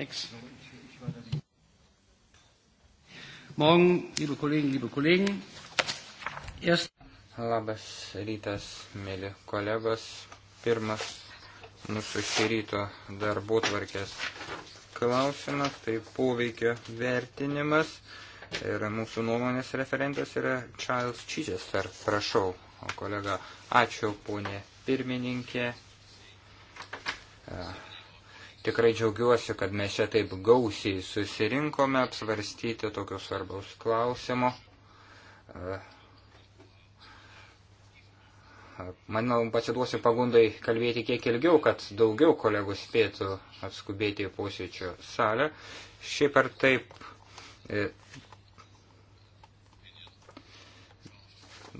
Ex. Morgen, liebe Kollegen, liebe Kollegen. Erst Labas rytas, mėly kolegos. Pirmas mūsų šį ryto darbų tvarkės klausimas, tai poveikio vertinimas. Ir mūsų nuomonės referentas yra Charles Chichester. Prašau, kolega. Ačiū, ponė pirmininkė. Tikrai džiaugiuosi, kad mes čia taip gausiai susirinkome apsvarstyti tokius svarbaus klausimų. Manau, pasiduosiu pagundai kalbėti kiek ilgiau, kad daugiau kolegų spėtų atskubėti į posėdžio salę. Šiaip ar taip e,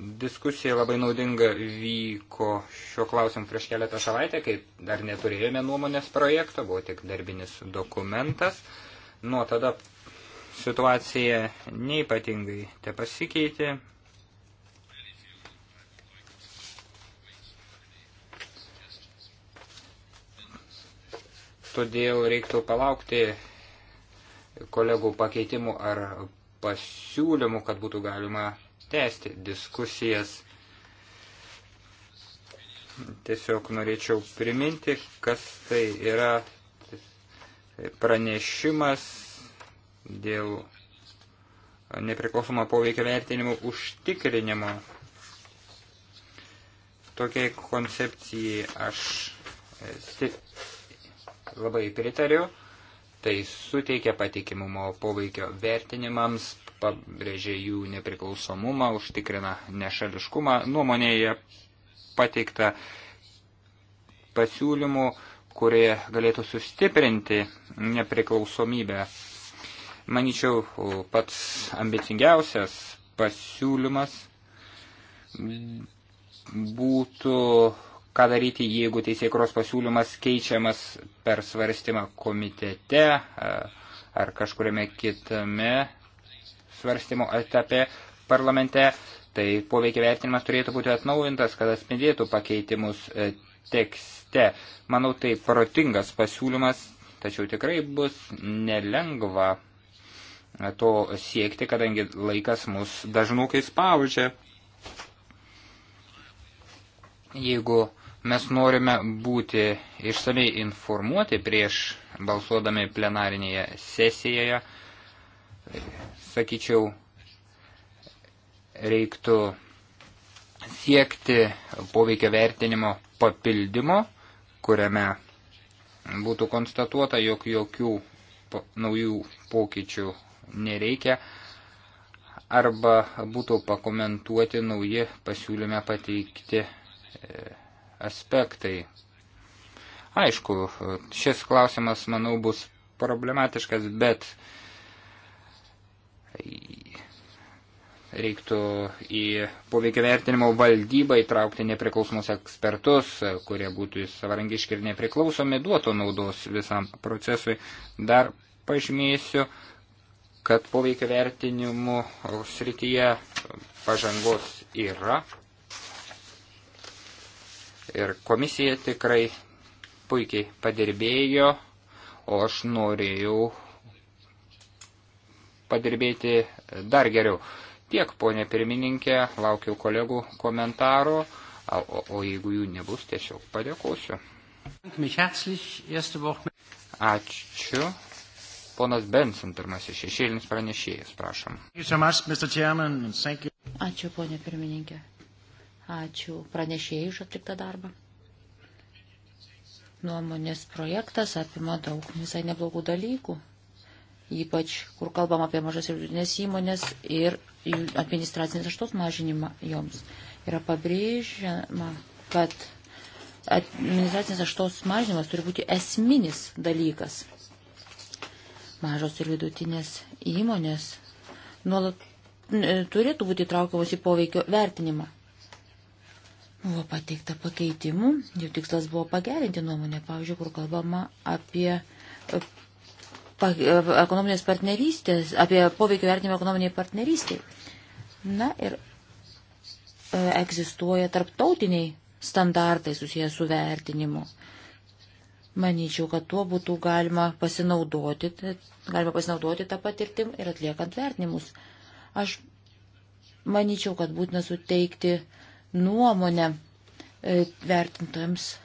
Diskusija labai naudinga vyko šio klausimu prieš keletą savaitę, kai dar neturėjome nuomonės projekto, buvo tik darbinis dokumentas. Nuo tada situacija neipatingai te pasikeitė. Todėl reiktų palaukti kolegų pakeitimų ar pasiūlymų, kad būtų galima tęsti diskusijas. Tiesiog norėčiau priminti, kas tai yra pranešimas dėl nepriklausomą poveikio vertinimų užtikrinimo. Tokiai koncepcijai aš labai pritariu. Tai suteikia patikimumo poveikio vertinimams, pabrėžia jų nepriklausomumą, užtikrina nešališkumą. Nuomonėje pateikta pasiūlymų, kurie galėtų sustiprinti nepriklausomybę. Maničiau, pats ambicingiausias pasiūlymas būtų ką daryti, jeigu teisėkros pasiūlymas keičiamas per svarstymą komitete ar kažkuriame kitame svarstymo etape parlamente, tai poveikia vertinimas turėtų būti atnaujintas, kad atspindėtų pakeitimus e, tekste. Manau, tai protingas pasiūlymas, tačiau tikrai bus nelengva e, to siekti, kadangi laikas mus dažnokai spaudžia. Jeigu Mes norime būti išsamei informuoti prieš balsuodami plenarinėje sesijoje. Sakyčiau, reiktų siekti poveikio vertinimo papildymo, kuriame būtų konstatuota, jog jokių naujų pokyčių nereikia, arba būtų pakomentuoti nauji pasiūlyme pateikti e, aspektai. Aišku, šis klausimas, manau, bus problematiškas, bet reiktų į poveikio vertinimo valdybą įtraukti nepriklausomus ekspertus, kurie būtų savarankiški ir nepriklausomi, duotų naudos visam procesui. Dar pažymėsiu, kad poveikio vertinimų srityje pažangos yra, Ir komisija tikrai puikiai padirbėjo, o aš norėjau padirbėti dar geriau. Tiek, ponė pirmininkė, laukiu kolegų komentarų, o, o jeigu jų nebus, tiesiog padėkosiu. Ačiū. Ponas Benson, pirmasis šešėlinis pranešėjas, prašom. Ačiū, ponė pirmininkė. Ačiū pranešėjai už atliktą darbą. Nuomonės projektas apima daug visai neblogų dalykų, ypač kur kalbam apie mažas ir vidutinės įmonės ir administracinės aštos mažinimą joms. Yra pabrėžiama, kad administracinės aštos mažinimas turi būti esminis dalykas. Mažos ir vidutinės įmonės nuolat turėtų būti traukiamos į poveikio vertinimą. Buvo pateikta pakeitimų, jų tikslas buvo pagerinti nuomonę, pavyzdžiui, kur kalbama apie e, e, ekonominės partnerystės, apie poveikio vertinimą ekonominiai partnerystiai. Na ir e, egzistuoja tarptautiniai standartai susijęs su vertinimu. Manyčiau, kad tuo būtų galima pasinaudoti, galima pasinaudoti tą patirtim ir atliekant vertinimus. Aš manyčiau, kad būtina suteikti nuomonę e, vertintojams e,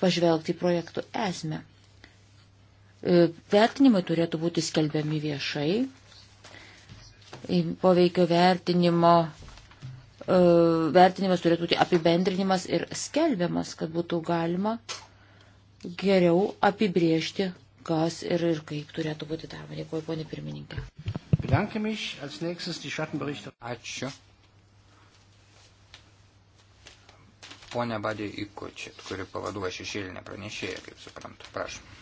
pažvelgti projektų esmę. E, vertinimai turėtų būti skelbiami viešai. Poveikio vertinimo vertinimas turėtų būti apibendrinimas ir skelbiamas, kad būtų galima geriau apibriežti, kas ir, ir kaip turėtų būti daroma. Dėkuoju, ponė pirmininkė. Ačiū. Pone Badė Ikočit, kuri pavaduoja šešėlinę pranešėją, kaip suprantu. Prašom.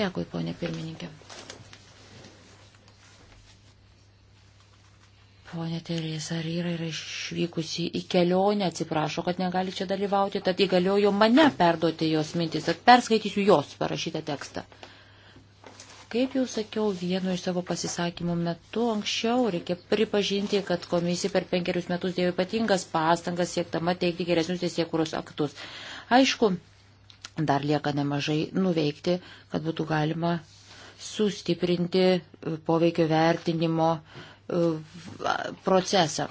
Dėkui, ponė pirmininkė. Pone Teresa, ar yra, yra išvykusi į kelionę, atsiprašo, kad negali čia dalyvauti, tad įgaliojo mane perduoti jos mintis ir perskaitysiu jos parašytą tekstą. Kaip jau sakiau vienu iš savo pasisakymų metu anksčiau, reikia pripažinti, kad komisija per penkerius metus dėjo ypatingas pastangas siektama teikti geresnius teisėkūros aktus. Aišku, dar lieka nemažai nuveikti, kad būtų galima sustiprinti poveikio vertinimo e, procesą.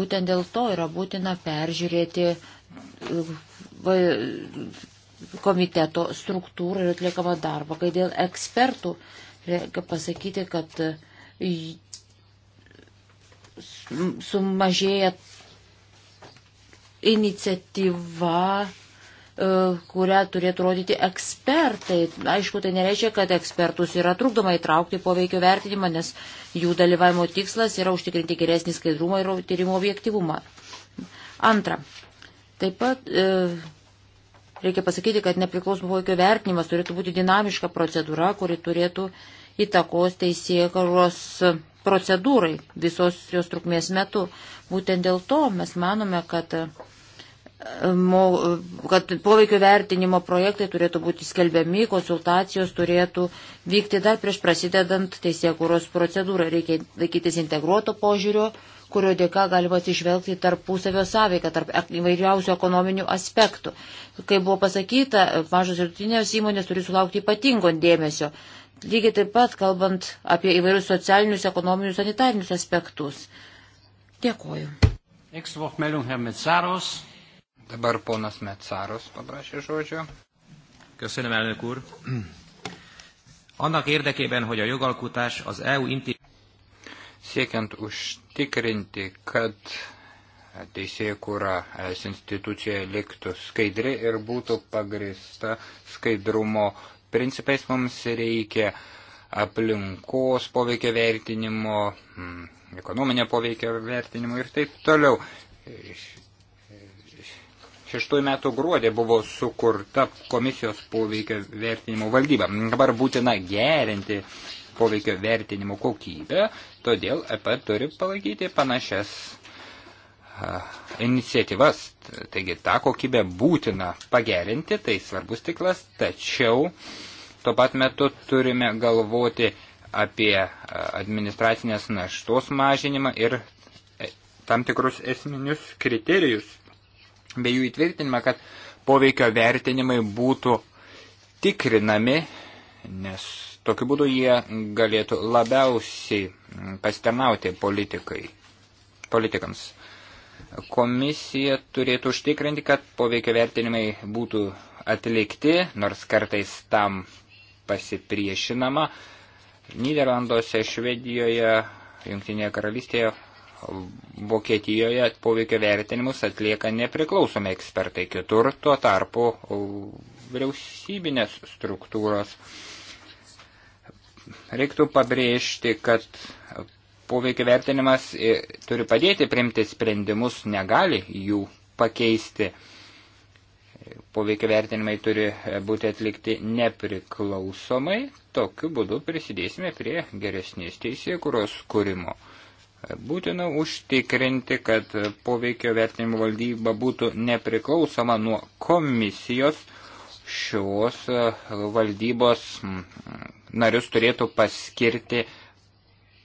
Būtent dėl to yra būtina peržiūrėti e, komiteto struktūrą ir atliekamą darbą. Kai dėl ekspertų, reikia pasakyti, kad e, sumažėja iniciatyva, e, kurią turėtų rodyti ekspertai. Aišku, tai nereiškia, kad ekspertus yra trukdoma įtraukti poveikio vertinimą, nes jų dalyvavimo tikslas yra užtikrinti geresnį skaidrumą ir tyrimo objektivumą. Antra, taip pat e, Reikia pasakyti, kad nepriklausomų poveikio vertinimas turėtų būti dinamiška procedūra, kuri turėtų įtakos teisėkaros procedūrai visos jos trukmės metu. Būtent dėl to mes manome, kad, e, kad poveikio vertinimo projektai turėtų būti skelbiami, konsultacijos turėtų vykti dar prieš prasidedant teisėkūros procedūrą. Reikia laikytis integruoto požiūrio, kurio dėka galima atsižvelgti tarpusavio sąveiką, tarp įvairiausių ekonominių aspektų. Kaip buvo pasakyta, mažos ir rutinės įmonės turi sulaukti ypatingo dėmesio. Lygiai taip pat kalbant apie įvairius socialinius, ekonominius, sanitarinius aspektus. Dėkoju. Dabar ponas Metsaros paprašė žodžio. Köszönöm, elnök úr. Annak érdekében, hogy a jogalkotás az EU intézmények siekiant užtikrinti, kad teisėjų kūra es institucija liktų skaidri ir būtų pagrista skaidrumo principais, mums reikia aplinkos poveikio vertinimo, hmm, ekonominio poveikio vertinimo ir taip toliau. Šeštųjų metų gruodė buvo sukurta komisijos poveikio vertinimo valdyba. Dabar būtina gerinti poveikio vertinimo kokybę Todėl EP turi palaikyti panašias iniciatyvas. Taigi tą kokybę būtina pagerinti, tai svarbus tiklas, tačiau tuo pat metu turime galvoti apie administracinės naštos mažinimą ir e, tam tikrus esminius kriterijus, bei jų įtvirtinimą, kad poveikio vertinimai būtų tikrinami, nes Tokiu būdu jie galėtų labiausiai pasitarnauti politikai, politikams. Komisija turėtų užtikrinti, kad poveikio vertinimai būtų atlikti, nors kartais tam pasipriešinama. Niderlanduose, Švedijoje, Junktinėje karalystėje, Vokietijoje poveikio vertinimus atlieka nepriklausomi ekspertai, kitur tuo tarpu uh, vyriausybinės struktūros. Uh, reiktų pabrėžti, kad poveikio vertinimas turi padėti priimti sprendimus, negali jų pakeisti. Poveikio vertinimai turi būti atlikti nepriklausomai, tokiu būdu prisidėsime prie geresnės teisėjų, kurios kūrimo. Būtina užtikrinti, kad poveikio vertinimo valdyba būtų nepriklausoma nuo komisijos šios e, valdybos narius turėtų paskirti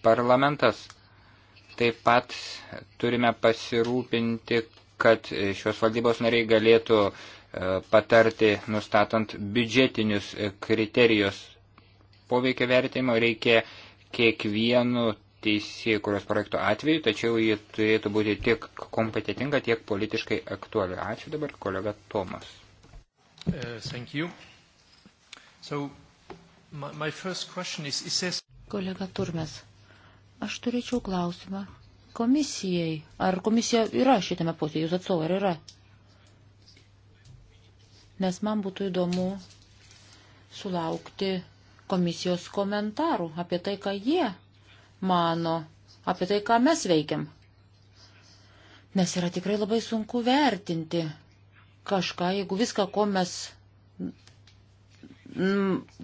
parlamentas. Taip pat turime pasirūpinti, kad šios valdybos nariai galėtų e, patarti, nustatant biudžetinius kriterijus poveikio vertimo, reikia kiekvienu teisėjų kurios projekto atveju, tačiau ji turėtų būti tiek kompetitinga, tiek politiškai aktuali. Ačiū dabar kolega Tomas. Uh, thank you. So, my, my first question is, is this... Kolega Turmes, aš turėčiau klausimą komisijai. Ar komisija yra šitame posėdėje, jūs atstovai, ar yra? Nes man būtų įdomu sulaukti komisijos komentarų apie tai, ką jie mano, apie tai, ką mes veikiam. Nes yra tikrai labai sunku vertinti kažką, jeigu viską, ko mes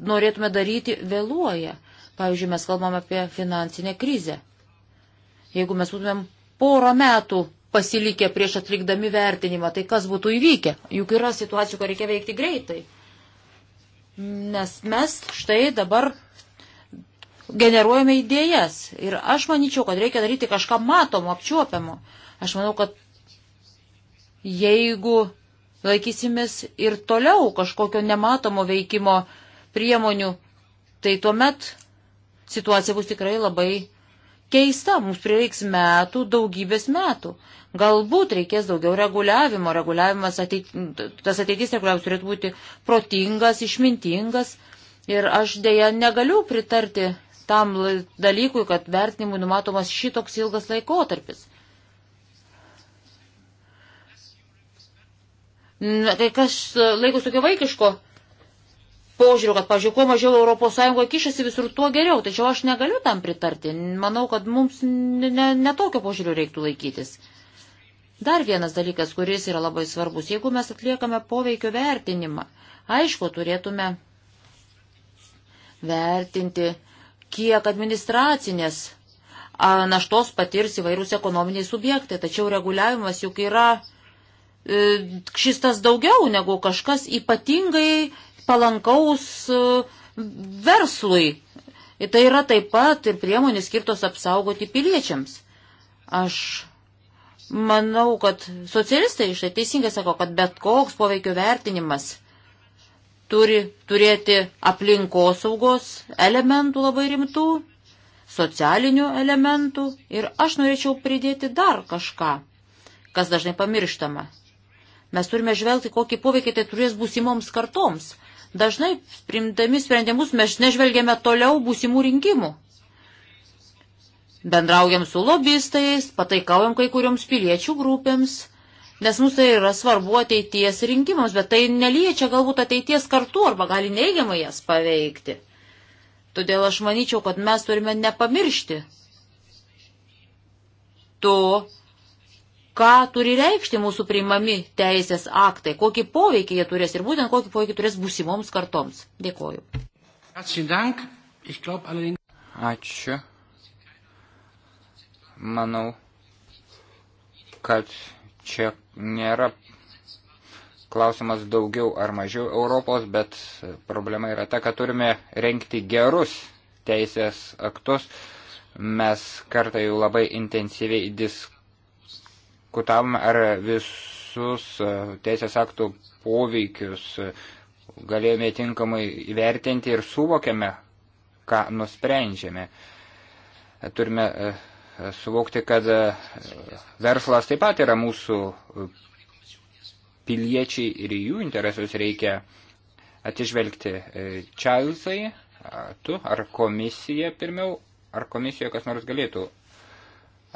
norėtume daryti, vėluoja. Pavyzdžiui, mes kalbam apie finansinę krizę. Jeigu mes būtumėm porą metų pasilikę prieš atlikdami vertinimą, tai kas būtų įvykę? Juk yra situacijų, kur reikia veikti greitai. Nes mes štai dabar generuojame idėjas. Ir aš manyčiau, kad reikia daryti kažką matomo, apčiuopiamo. Aš manau, kad jeigu laikysimės ir toliau kažkokio nematomo veikimo priemonių, tai tuomet situacija bus tikrai labai keista, mums prireiks metų, daugybės metų. Galbūt reikės daugiau reguliavimo, reguliavimas ateit, tas ateitis reguliavimas turėtų būti protingas, išmintingas ir aš dėja negaliu pritarti tam dalykui, kad vertinimui numatomas šitoks ilgas laikotarpis. Na, kai kas e, laikus tokio vaikiško požiūriu, kad, pažiūrėjau, kuo mažiau ES kišasi visur, tuo geriau. Tačiau aš negaliu tam pritarti. Manau, kad mums netokio ne, ne požiūriu reiktų laikytis. Dar vienas dalykas, kuris yra labai svarbus, jeigu mes atliekame poveikio vertinimą, aišku, turėtume vertinti, kiek administracinės naštos patirs įvairūs ekonominiai subjektai, tačiau reguliavimas juk yra E, šis tas daugiau negu kažkas ypatingai palankaus e, verslui. Ir tai yra taip pat ir priemonės skirtos apsaugoti piliečiams. Aš manau, kad socialistai iš tai teisingai sako, kad bet koks poveikio vertinimas turi turėti aplinkosaugos elementų labai rimtų, socialinių elementų ir aš norėčiau pridėti dar kažką, kas dažnai pamirštama. Mes turime žvelgti, kokį poveikį tai turės būsimoms kartoms. Dažnai, primdami sprendimus, mes nežvelgiame toliau būsimų rinkimų. Bendraujam su lobistais, pataikaujam kai kurioms piliečių grupėms, nes mums tai yra svarbu ateities rinkimams, bet tai neliečia galbūt ateities kartu arba gali neigiamai jas paveikti. Todėl aš manyčiau, kad mes turime nepamiršti to, ką turi reikšti mūsų priimami teisės aktai, kokį poveikį jie turės ir būtent kokį poveikį turės būsimoms kartoms. Dėkoju. Ačiū. Manau, kad čia nėra klausimas daugiau ar mažiau Europos, bet problema yra ta, kad turime renkti gerus teisės aktus. Mes kartą jau labai intensyviai diskutuojame diskutavome, ar visus e, teisės aktų poveikius e, galėjome tinkamai įvertinti ir suvokėme, ką nusprendžiame. E, turime suvokti, kad verslas taip pat yra mūsų piliečiai ir jų interesus reikia atižvelgti. Čailsai, tu ar komisija pirmiau, ar komisijoje kas nors galėtų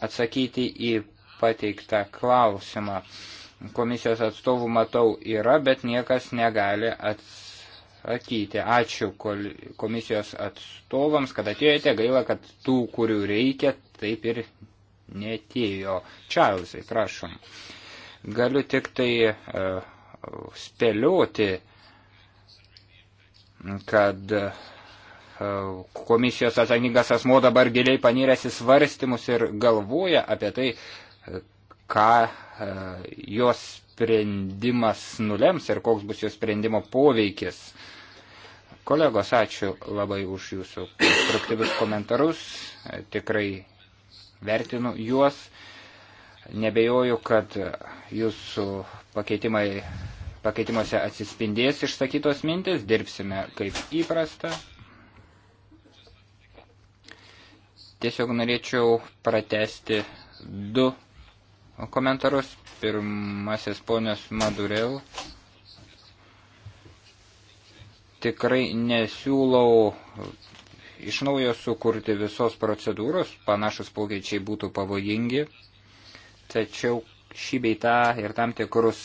atsakyti į pateiktą klausimą. Komisijos atstovų matau yra, bet niekas negali atsakyti. Ačiū komisijos atstovams, kad atėjote. Gaila, kad tų, kurių reikia, taip ir netėjo. Čarlzai, prašom. Galiu tik tai uh, spėlioti, kad e, komisijos atsakingas asmo dabar giliai panyręs į svarstymus ir galvoja apie tai, ką e, jos sprendimas nulems ir koks bus jos sprendimo poveikis. Kolegos, ačiū labai už jūsų konstruktyvius komentarus, e, tikrai vertinu juos. Nebejoju, kad jūsų pakeitimai, pakeitimuose atsispindės išsakytos mintis, dirbsime kaip įprasta. Tiesiog norėčiau pratesti du komentarus. Pirmasis ponios Madurėl. Tikrai nesiūlau iš naujo sukurti visos procedūros, panašus pokyčiai būtų pavojingi, tačiau šį beitą ir tam tikrus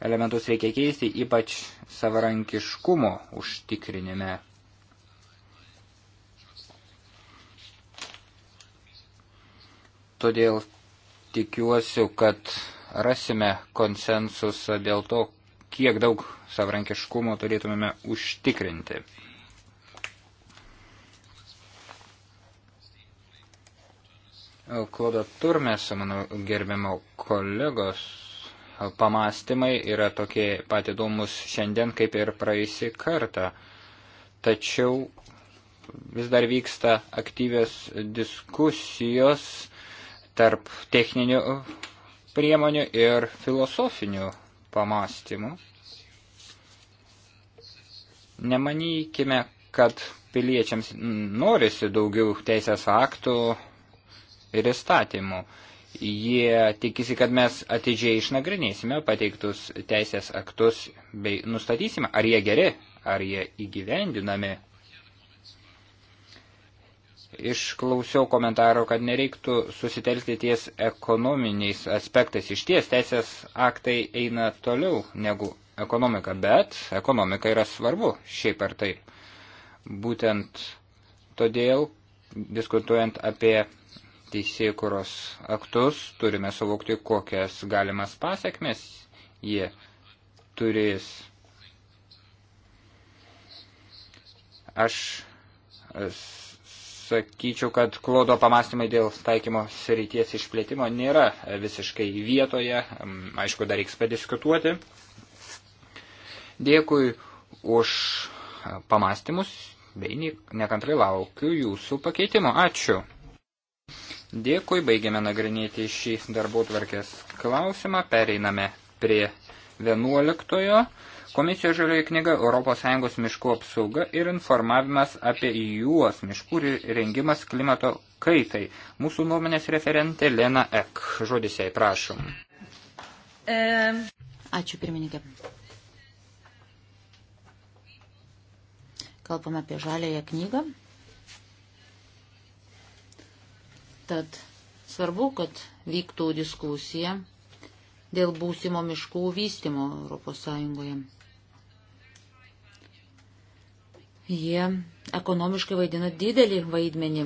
elementus reikia keisti, ypač savarankiškumo užtikrinime. Todėl tikiuosi, kad rasime konsensusą dėl to, kiek daug savrankiškumo turėtumėme užtikrinti. Klodo Turmes, mano gerbimo kolegos, pamastymai yra tokie pat įdomus šiandien kaip ir praeisį kartą. Tačiau vis dar vyksta aktyvios diskusijos tarp techninių priemonių ir filosofinių pamastymų. Nemanykime, kad piliečiams norisi daugiau teisės aktų ir įstatymų. Jie tikisi, kad mes atidžiai išnagrinėsime pateiktus teisės aktus bei nustatysime, ar jie geri, ar jie įgyvendinami išklausiau komentarų, kad nereiktų susitelkti ties ekonominiais aspektais. Iš ties teisės aktai eina toliau negu ekonomika, bet ekonomika yra svarbu šiaip ar taip. Būtent todėl, diskutuojant apie teisėkuros aktus, turime suvokti, kokias galimas pasiekmes jie turės. Aš sakyčiau, kad klodo pamastymai dėl taikymo srities išplėtimo nėra visiškai vietoje. Mm, aišku, dar reiks padiskutuoti. Dėkui už pamastymus, bei nekantrai laukiu jūsų pakeitimo. Ačiū. Dėkui, baigiame nagrinėti šį darbų tvarkės klausimą, pereiname prie 11. Komisijos žalioji knyga ES miškų apsauga ir informavimas apie juos miškų rengimas klimato kaitai. Mūsų nuomonės referentė Lena Ek. Žodis jai prašom. Ačiū pirmininkė. Kalbame apie žalėją knygą. Tad svarbu, kad vyktų diskusija dėl būsimo miškų vystimo Europos Sąjungoje. Jie ekonomiškai vaidina didelį vaidmenį.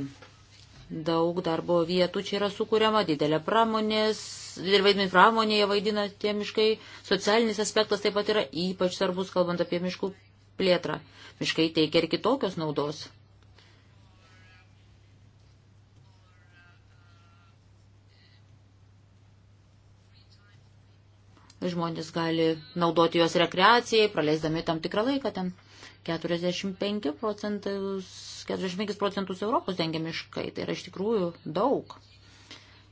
Daug darbo vietų čia yra sukūriama, didelė pramonės, didelį vaidmenį pramonėje vaidina tie miškai. Socialinis aspektas taip pat yra ypač svarbus, kalbant apie miškų plėtrą. Miškai teikia ir kitokios naudos. Žmonės gali naudoti juos rekreacijai, praleisdami tam tikrą laiką ten. 45 procentus, 45 procentus Europos dengia miškai. Tai yra iš tikrųjų daug.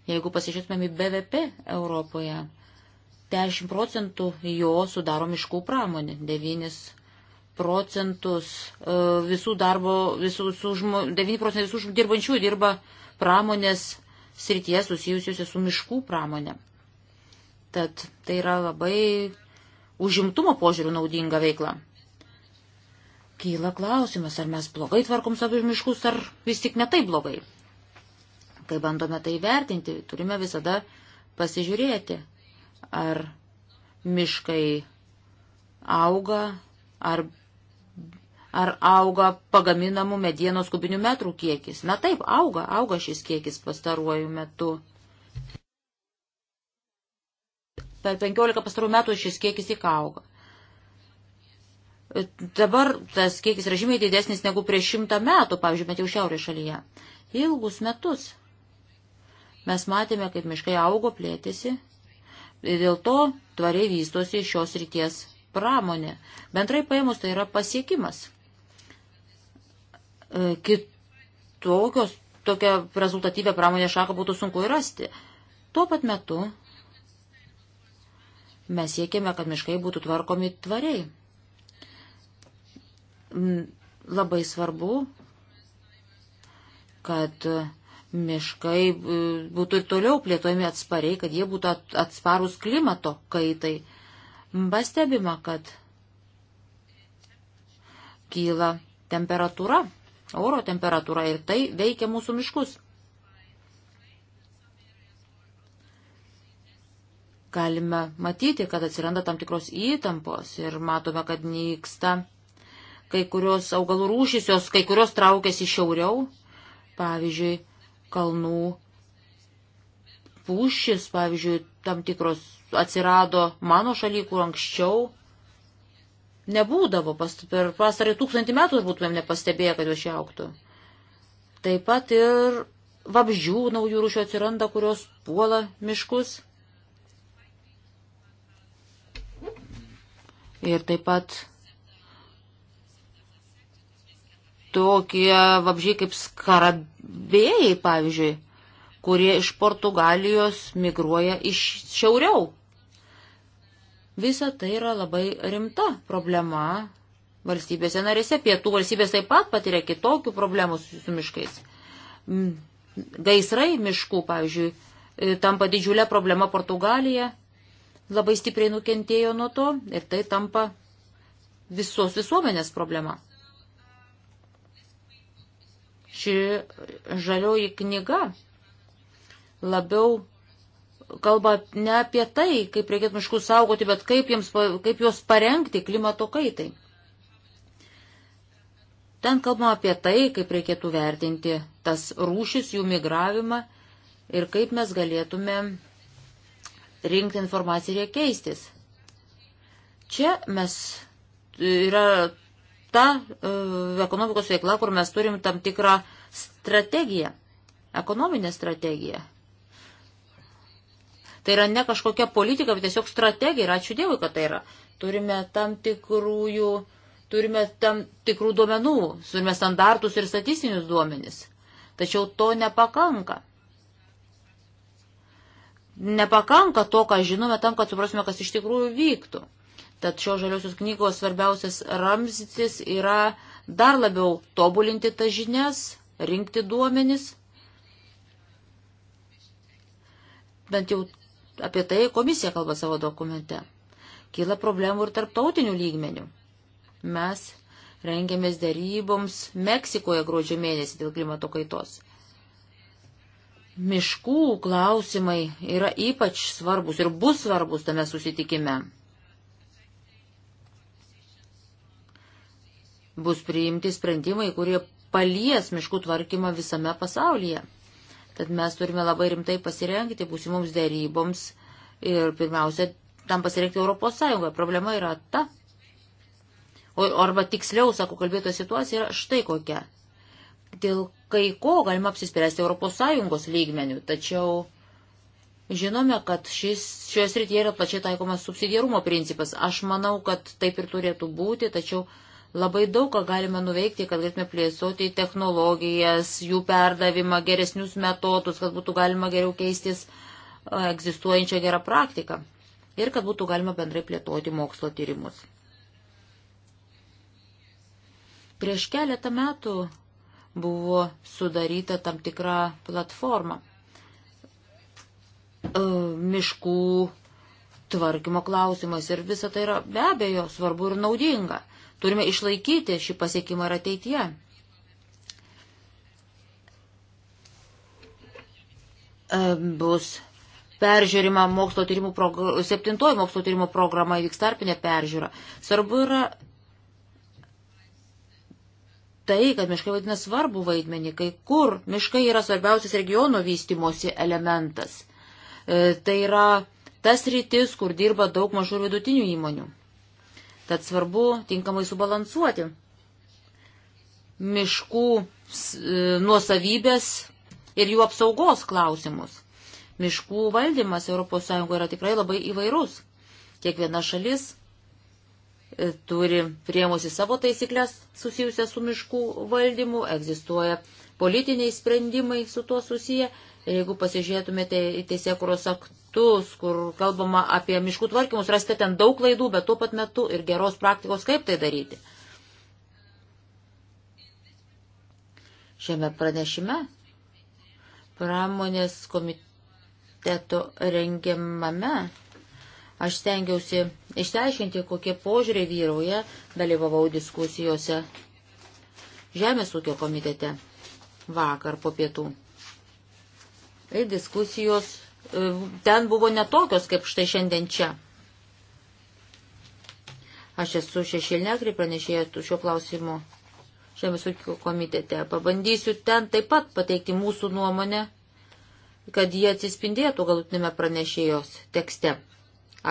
Jeigu pasižiūrėtumėm į BVP Europoje, 10 procentų jo sudaro miškų pramonė, 9 procentus e, visų darbo, visų, žmo, 9 procentų visų dirbančių dirba pramonės srityje susijusiuose su miškų pramonė. Tad tai yra labai užimtumo požiūrių naudinga veikla kyla klausimas, ar mes blogai tvarkom savo miškus, ar vis tik netai blogai. Kai bandome tai vertinti, turime visada pasižiūrėti, ar miškai auga, ar, ar auga pagaminamų medienos kubinių metrų kiekis. Na taip, auga, auga šis kiekis pastaruoju metu. Per 15 pastarų metų šis kiekis tik auga. Dabar tas kiekis yra žymiai didesnis negu prieš šimtą metų, pavyzdžiui, bet jau šiaurės šalyje. Ilgus metus mes matėme, kaip miškai augo, plėtėsi ir dėl to tvariai vystosi šios ryties pramonė. Bendrai paėmus tai yra pasiekimas. E, kitokios tokią rezultatyvę pramonę šaką būtų sunku įrasti. Tuo pat metu mes siekėme, kad miškai būtų tvarkomi tvariai. Labai svarbu, kad miškai būtų ir toliau plėtojami atspariai, kad jie būtų atsparus klimato kaitai. Pastebima, kad kyla temperatūra, oro temperatūra ir tai veikia mūsų miškus. Galime matyti, kad atsiranda tam tikros įtampos ir matome, kad nyksta kai kurios augalų rūšys, jos kai kurios traukiasi šiauriau, pavyzdžiui, kalnų pušis, pavyzdžiui, tam tikros atsirado mano šaly, kur anksčiau nebūdavo, past, per pastarį tūkstantį metų būtumėm nepastebėję, kad jos čia auktų. Taip pat ir vabzdžių naujų rūšių atsiranda, kurios puola miškus. Ir taip pat tokie vabžiai kaip skarabėjai, pavyzdžiui, kurie iš Portugalijos migruoja iš šiauriau. Visa tai yra labai rimta problema valstybėse narėse. Pietų valstybės taip pat patiria kitokių problemų su miškais. Mm, gaisrai miškų, pavyzdžiui, e, tampa didžiulė problema Portugalija, labai stipriai nukentėjo nuo to ir tai tampa visos visuomenės problema. Ši žalioji knyga labiau kalba ne apie tai, kaip reikėtų miškus saugoti, bet kaip, jiems, kaip juos parengti klimato kaitai. Ten kalbama apie tai, kaip reikėtų vertinti tas rūšis, jų migravimą ir kaip mes galėtume rinkti informaciją ir ją keistis. Čia mes yra ta e, ekonomikos veikla, kur mes turim tam tikrą strategiją, ekonominę strategiją. Tai yra ne kažkokia politika, bet tiesiog strategija ir ačiū Dievui, kad tai yra. Turime tam tikrųjų, turime tam tikrų duomenų, turime standartus ir statistinius duomenis. Tačiau to nepakanka. Nepakanka to, ką žinome, tam, kad suprasime, kas iš tikrųjų vyktų. Tad šios žaliosios knygos svarbiausias ramzitis yra dar labiau tobulinti tas žinias, rinkti duomenis. Bent jau apie tai komisija kalba savo dokumente. Kyla problemų ir tarptautinių lygmenių. Mes rengiamės daryboms Meksikoje gruodžio mėnesį dėl klimato kaitos. Miškų klausimai yra ypač svarbus ir bus svarbus tame susitikime. bus priimti sprendimai, kurie palies miškų tvarkymą visame pasaulyje. Tad mes turime labai rimtai pasirengti būsimoms dėryboms ir pirmiausia, tam pasirengti Europos Sąjungą. Problema yra ta, o, arba tiksliau, sako kalbėto situacija, yra štai kokia. Dėl kai ko galima apsispręsti Europos Sąjungos lygmenių, tačiau žinome, kad šis, šioje srityje yra plačiai taikomas subsidiarumo principas. Aš manau, kad taip ir turėtų būti, tačiau Labai daug ką galime nuveikti, kad galėtume plėsoti technologijas, jų perdavimą, geresnius metodus, kad būtų galima geriau keistis egzistuojančią gerą praktiką ir kad būtų galima bendrai plėtoti mokslo tyrimus. Prieš keletą metų buvo sudaryta tam tikra platforma miškų tvarkymo klausimas ir visa tai yra be abejo svarbu ir naudinga. Turime išlaikyti šį pasiekimą ir ateityje. E, bus peržiūrima mokslo tyrimų programa, septintoji mokslo tyrimų programa įvyks tarpinė peržiūra. Svarbu yra tai, kad miškai vadina svarbu vaidmenį, kai kur miškai yra svarbiausias regiono vystimosi elementas. E, tai yra tas rytis, kur dirba daug mažų ir vidutinių įmonių. Tad svarbu tinkamai subalansuoti miškų e, nuosavybės ir jų apsaugos klausimus. Miškų valdymas ES yra tikrai labai įvairus. Kiekviena šalis e, turi priemusi savo taisyklės susijusias su miškų valdymu, egzistuoja politiniai sprendimai su tuo susiję. Ir jeigu pasižiūrėtumėte į teisėkuros aktus, tekstus, kur kalbama apie miškų tvarkymus, rasite ten daug klaidų, bet tuo pat metu ir geros praktikos, kaip tai daryti. Šiame pranešime pramonės komiteto rengiamame aš stengiausi išteiškinti, kokie požiūriai vyrauja, dalyvavau diskusijose Žemės ūkio komitete vakar po pietų. Tai diskusijos ten buvo netokios, kaip štai šiandien čia. Aš esu šešilinekri pranešėjęs šiuo klausimu Žemės ūkio komitete. Pabandysiu ten taip pat pateikti mūsų nuomonę, kad jie atsispindėtų galutinėme pranešėjos tekste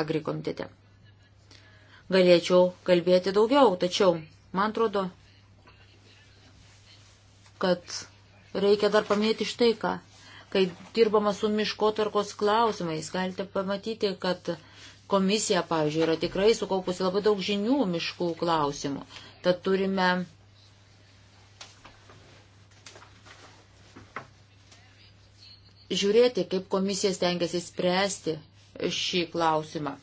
agri komitete. Galėčiau kalbėti daugiau, tačiau man atrodo, kad reikia dar paminėti štai ką kai dirbama su miškotvarkos klausimais, galite pamatyti, kad komisija, pavyzdžiui, yra tikrai sukaupusi labai daug žinių miškų klausimų. Tad turime žiūrėti, kaip komisija stengiasi spręsti šį klausimą.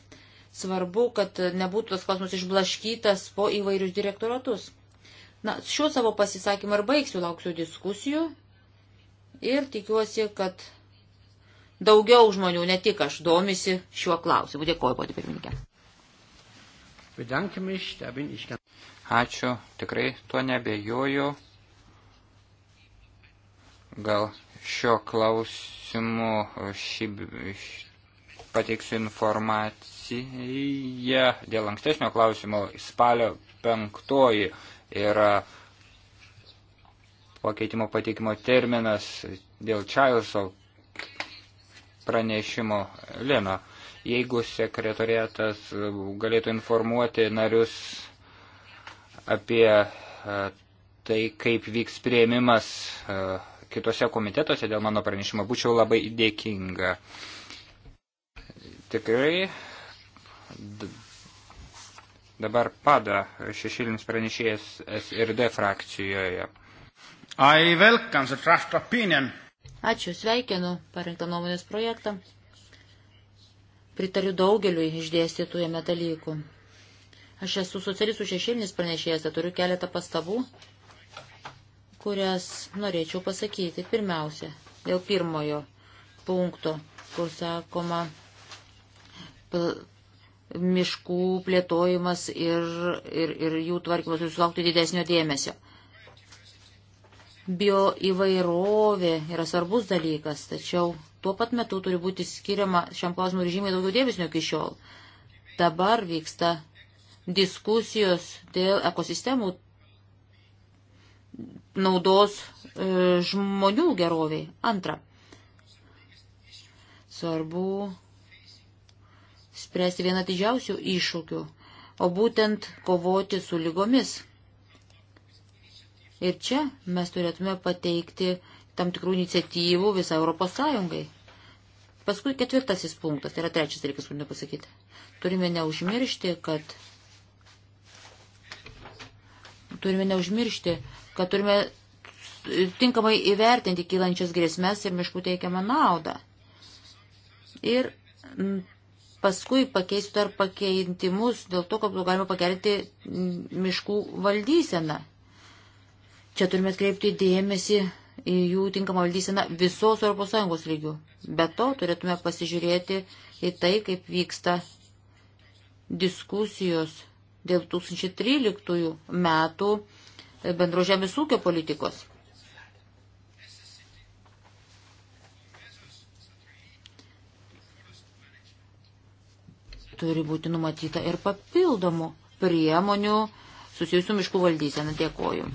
Svarbu, kad nebūtų tas klausimas išblaškytas po įvairius direktoratus. Na, šiuo savo pasisakymą ir baigsiu, lauksiu diskusijų ir tikiuosi, kad daugiau žmonių, ne tik aš, domisi šiuo klausimu. Dėkuoju, pati pirmininkė. Ačiū, tikrai tuo nebejoju. Gal šio klausimu šį, šį pateiksiu informaciją dėl ankstesnio klausimo. Spalio penktoji yra pakeitimo pateikimo terminas dėl Čailso pranešimo Lino. Jeigu sekretorietas galėtų informuoti narius apie e, tai, kaip vyks prieimimas e, kitose komitetuose dėl mano pranešimo, būčiau labai dėkinga. Tikrai dabar pada šešilinis pranešėjas SRD frakcijoje. I welcome the draft opinion. Ačiū, sveikinu parengtą nuomonės projektą. Pritariu daugeliu išdėstytujame dalykų. Aš esu socialistų šešėlinis pranešėjas, turiu keletą pastabų, kurias norėčiau pasakyti. Pirmiausia, dėl pirmojo punkto, kur sakoma miškų plėtojimas ir, ir, ir jų tvarkymas turi sulaukti didesnio dėmesio bio įvairovė yra svarbus dalykas, tačiau tuo pat metu turi būti skiriama šiam klausimui ir žymiai daugiau dėmesio iki šiol. Dabar vyksta diskusijos dėl ekosistemų naudos e, žmonių geroviai. Antra. Svarbu spręsti vieną didžiausių iššūkių, o būtent kovoti su lygomis. Ir čia mes turėtume pateikti tam tikrų iniciatyvų visą Europos Sąjungai. Paskui ketvirtasis punktas, tai yra trečias dalykas, kurį nepasakyti. Turime neužmiršti, kad turime neužmiršti, kad turime tinkamai įvertinti kylančias grėsmes ir miškų teikiamą naudą. Ir paskui pakeisiu dar pakeitimus dėl to, kad galima pagerinti miškų valdyseną. Čia turime atkreipti dėmesį į jų tinkamą valdyseną visos ES lygių. Be to turėtume pasižiūrėti į tai, kaip vyksta diskusijos dėl 2013 metų bendro žemės ūkio politikos. Turi būti numatyta ir papildomų priemonių, susijusių miškų valdyseną. Dėkoju.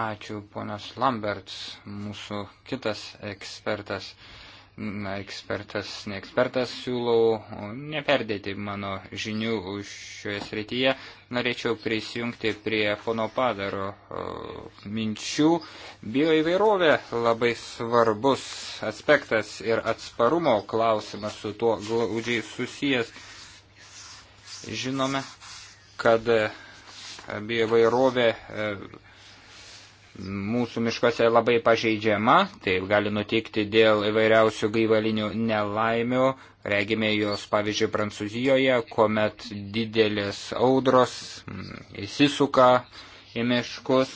Ačiū, ponas Lamberts, mūsų kitas ekspertas. Na, ekspertas, ne ekspertas, siūlau neperdėti mano žinių šioje srityje. Norėčiau prisijungti prie pono padaro minčių. Bioįvairovė labai svarbus aspektas ir atsparumo klausimas su tuo glaudžiai susijęs Žinome, kad e, biovairovė e, mūsų miškuose labai pažeidžiama, tai gali nutikti dėl įvairiausių gaivalinių nelaimių. Regime jos, pavyzdžiui, Prancūzijoje, kuomet didelis audros mm, įsisuka į miškus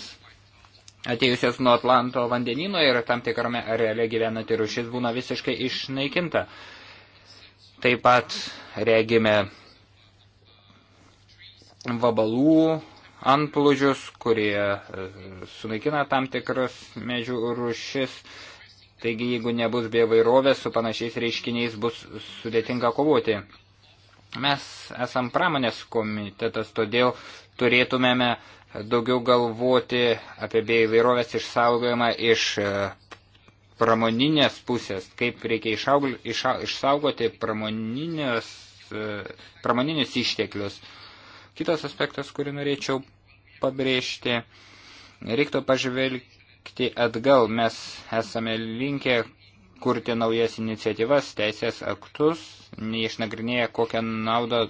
atėjusios nuo Atlanto vandenino ir tam tikrame areale gyvenanti rūšis būna visiškai išnaikinta. Taip pat regime vabalų antplūdžius, kurie e, sunaikina tam tikras medžių rušis. Taigi, jeigu nebus be vairovės, su panašiais reiškiniais bus sudėtinga kovoti. Mes esam pramonės komitetas, todėl turėtumėme daugiau galvoti apie bei vairovės išsaugojimą iš e, pramoninės pusės, kaip reikia išaugli, iša, išsaugoti pramoninės, e, pramoninius išteklius. Kitas aspektas, kurį norėčiau pabrėžti, reiktų pažvelgti atgal. Mes esame linkę kurti naujas iniciatyvas, teisės aktus, neišnagrinėję, kokią naudą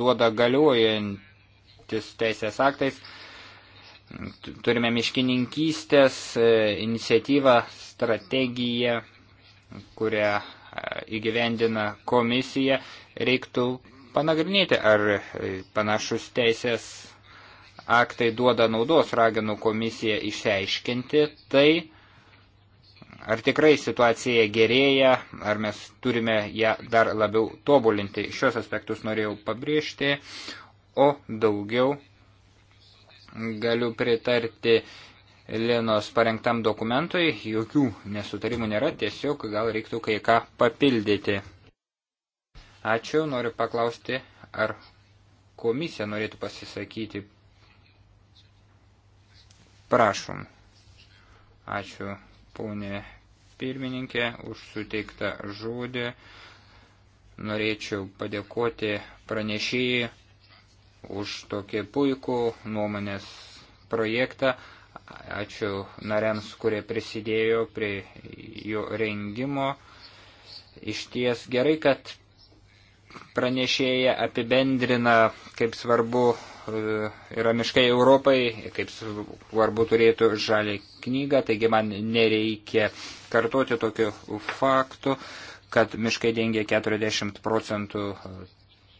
duoda galiuojantis teisės aktais. Turime miškininkystės e, iniciatyvą, strategiją, kurią e, įgyvendina komisija. Reiktų panagrinėti, ar panašus teisės aktai duoda naudos, raginu komisiją išsiaiškinti tai, ar tikrai situacija gerėja, ar mes turime ją dar labiau tobulinti. Šios aspektus norėjau pabrėžti, o daugiau galiu pritarti Lenos parengtam dokumentui, jokių nesutarimų nėra, tiesiog gal reiktų kai ką papildyti. Ačiū, noriu paklausti, ar komisija norėtų pasisakyti. Prašom. Ačiū, ponė pirmininkė, už suteiktą žodį. Norėčiau padėkoti pranešėjai už tokį puikų nuomonės projektą. Ačiū nariams, kurie prisidėjo prie jo rengimo. Iš ties gerai, kad pranešėja apibendrina, kaip svarbu e, yra miškai Europai, kaip svarbu turėtų žalį knygą, taigi man nereikia kartuoti tokių faktų, kad miškai dengia 40 procentų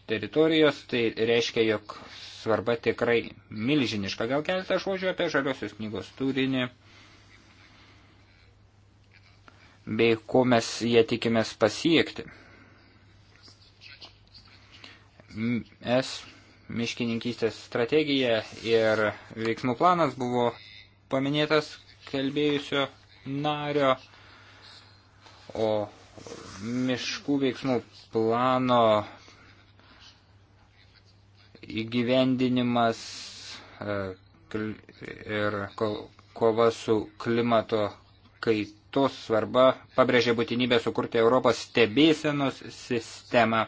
teritorijos, tai reiškia, jog svarba tikrai milžiniška. Gal keletą žodžių apie žaliosios knygos turinį bei ko mes jie tikimės pasiekti es miškininkystės strategija ir veiksmų planas buvo paminėtas kalbėjusio nario, o miškų veiksmų plano įgyvendinimas e, ir kova su klimato kaitos svarba pabrėžė būtinybę sukurti Europos stebėsenos sistemą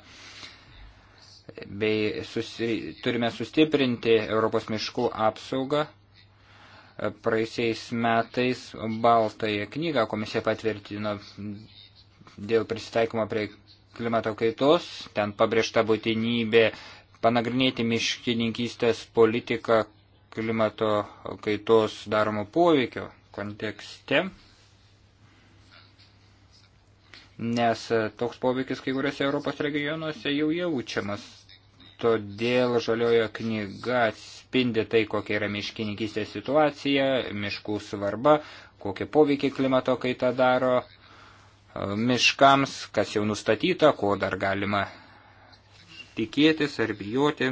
bei susi, turime sustiprinti Europos miškų apsaugą. Praeisiais metais Baltąją knygą komisija patvirtino dėl prisitaikymo prie klimato kaitos. Ten pabrėžta būtinybė panagrinėti miškininkystės politiką klimato kaitos daromo poveikio kontekste nes toks poveikis kai kuriuose Europos regionuose jau jaučiamas todėl žaliojo knyga atspindi tai, kokia yra miškininkystės situacija, miškų svarba, kokie poveikiai klimato kaita daro e, miškams, kas jau nustatyta, ko dar galima tikėtis ar bijoti.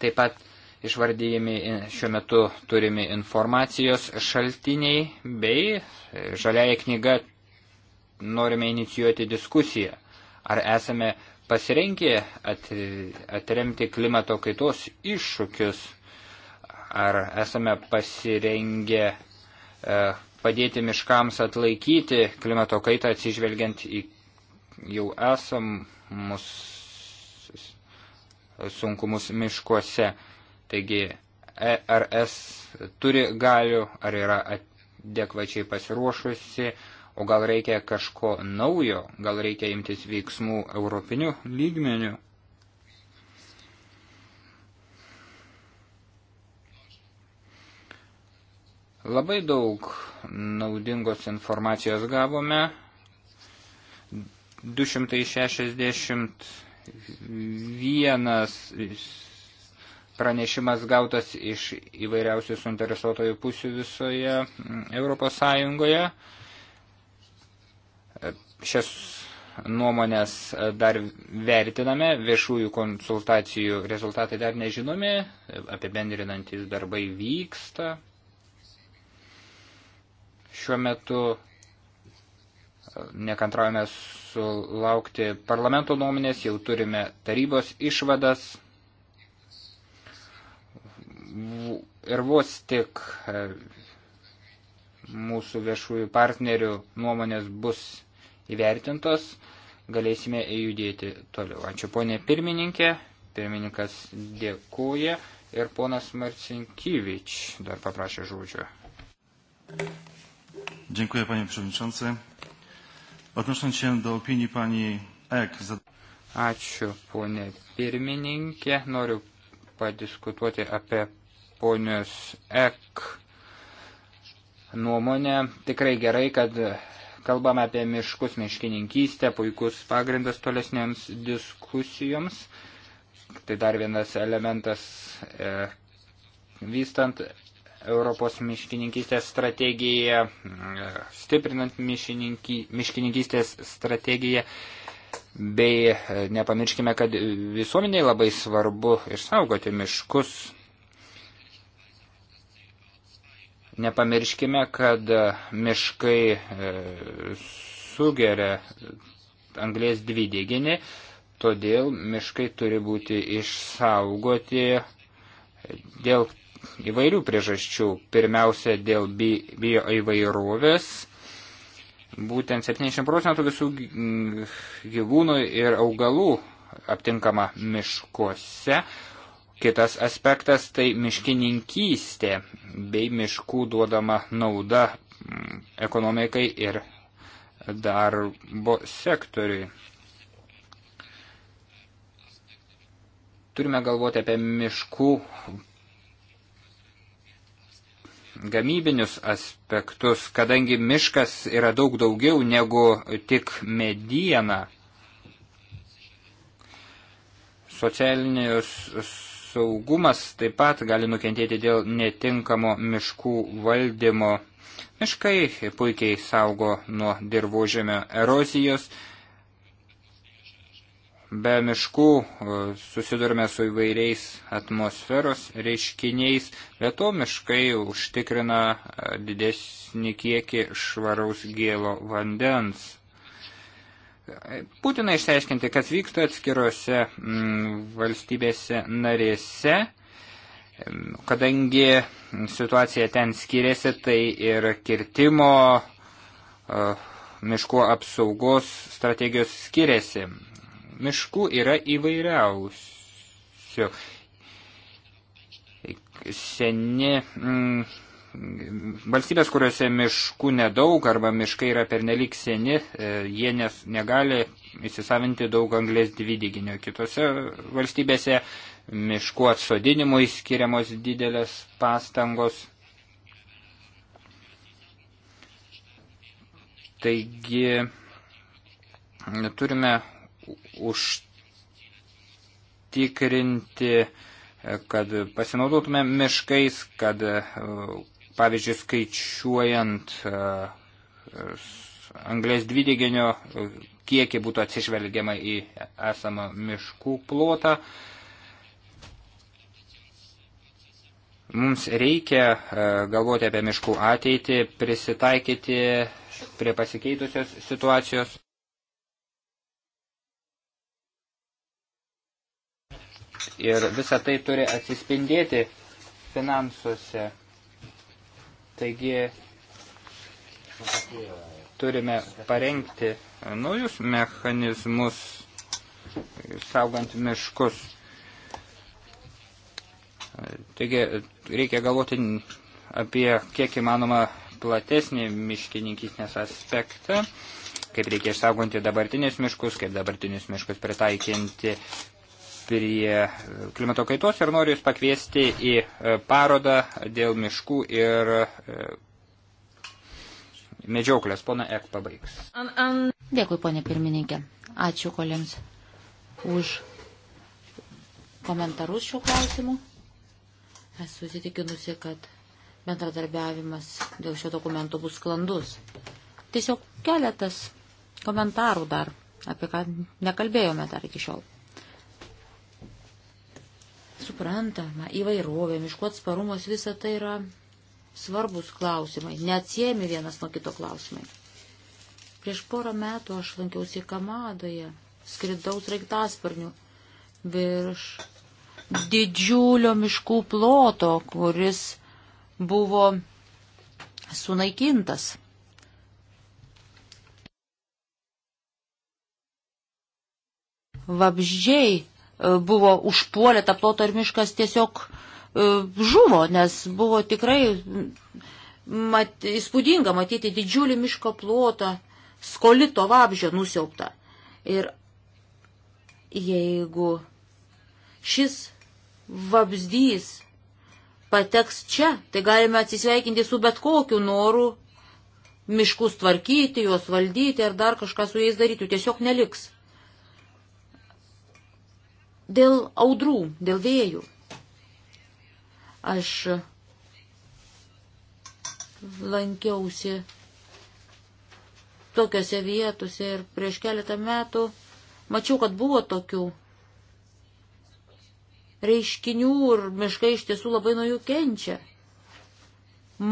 Taip pat išvardyjami e, šiuo metu turimi informacijos šaltiniai bei žaliaja knyga norime inicijuoti diskusiją Ar esame pasirengę atremti klimato kaitos iššūkius? Ar esame pasirengę e, padėti miškams atlaikyti klimato kaitą atsižvelgiant į jau esamus sunkumus miškuose. Taigi ERS turi galių, ar yra adekvačiai pasiruošusi, O gal reikia kažko naujo, gal reikia imtis veiksmų europinių lygmenių? Labai daug naudingos informacijos gavome. 261 pranešimas gautas iš įvairiausių suinteresuotojų pusių visoje mm, Europos Sąjungoje šias nuomonės dar vertiname, viešųjų konsultacijų rezultatai dar nežinomi, apibendrinantis darbai vyksta. Šiuo metu nekantraujame sulaukti parlamento nuomonės, jau turime tarybos išvadas. Ir vos tik e, mūsų viešųjų partnerių nuomonės bus įvertintos, galėsime judėti toliau. Ačiū ponė pirmininkė, pirmininkas dėkuoja ir ponas Marcinkivič dar paprašė žodžio. Dziękuję panie przewodniczący. Odnosząc się do opinii pani Ek. Ačiū ponė pirmininkė, noriu padiskutuoti apie ponios Ek nuomonę. Tikrai gerai, kad Kalbame apie miškus, miškininkystę, puikus pagrindas tolesnėms diskusijoms. Tai dar vienas elementas e, vystant Europos miškininkystės strategiją, e, stiprinant mišininky, miškininkystės strategiją. Bei e, nepamirškime, kad visuomeniai labai svarbu išsaugoti miškus, Nepamirškime, kad e, miškai e, sugeria anglės dvideginį, todėl miškai turi būti išsaugoti dėl įvairių priežasčių. Pirmiausia, dėl bio įvairovės. Būtent 70 procentų visų gyvūnų ir augalų aptinkama miškuose. Kitas aspektas tai miškininkystė bei miškų duodama nauda mm, ekonomikai ir darbo sektoriui. Turime galvoti apie miškų gamybinius aspektus, kadangi miškas yra daug daugiau negu tik mediena. Socialinius saugumas taip pat gali nukentėti dėl netinkamo miškų valdymo. Miškai puikiai saugo nuo dirbožėmio erozijos. Be miškų e, susidurime su įvairiais atmosferos reiškiniais, bet to miškai užtikrina e, didesnį kiekį švaraus gėlo vandens. Būtina išsiaiškinti, kas vyksta atskirose mm, valstybėse narėse, mm, kadangi situacija ten skiriasi, tai ir kirtimo e, miškų apsaugos strategijos skiriasi. Miškų yra įvairiausių. Seni mm, valstybės, kuriuose miškų nedaug arba miškai yra pernelyg seni, e, jie nes, negali įsisavinti daug anglės dvideginio. Kitose valstybėse miškų atsodinimui skiriamos didelės pastangos. Taigi turime užtikrinti kad pasinaudotume miškais, kad Pavyzdžiui, skaičiuojant e, anglės dvideginio e, kiekį būtų atsižvelgiama į esamą miškų plotą. Mums reikia e, galvoti apie miškų ateitį, prisitaikyti prie pasikeitusios situacijos. Ir visa tai turi atsispindėti finansuose. Taigi turime parengti naujus mechanizmus, saugant miškus. Taigi reikia galvoti apie kiek įmanoma platesnį miškininkysnės aspektą, kaip reikia išsaugoti dabartinius miškus, kaip dabartinius miškus pritaikinti prie e, klimato kaitos ir noriu Jūs pakviesti į e, parodą dėl miškų ir e, medžioklės. Pona Ek pabaigs. Dėkui, ponė pirmininkė. Ačiū kolegams už komentarus šiuo klausimu. Esu įsitikinusi, kad bendradarbiavimas dėl šio dokumento bus sklandus. Tiesiog keletas komentarų dar, apie ką nekalbėjome dar iki šiol suprantama, įvairovė, miškų atsparumas, visa tai yra svarbus klausimai, neatsiemi vienas nuo kito klausimai. Prieš porą metų aš lankiausi Kamadoje, skridau sraigtasparniu virš didžiulio miškų ploto, kuris buvo sunaikintas. Vabžiai E, buvo užpuolę tą plotą ir miškas tiesiog e, žuvo, nes buvo tikrai mat, įspūdinga matyti didžiulį miško plotą, skolito vabžio nusiauptą. Ir jeigu šis vabzdys pateks čia, tai galime atsisveikinti su bet kokiu noru miškus tvarkyti, juos valdyti ar dar kažką su jais daryti, jų tiesiog neliks. Dėl audrų, dėl vėjų. Aš lankiausi tokiose vietose ir prieš keletą metų mačiau, kad buvo tokių reiškinių ir miškai iš tiesų labai nuo jų kenčia.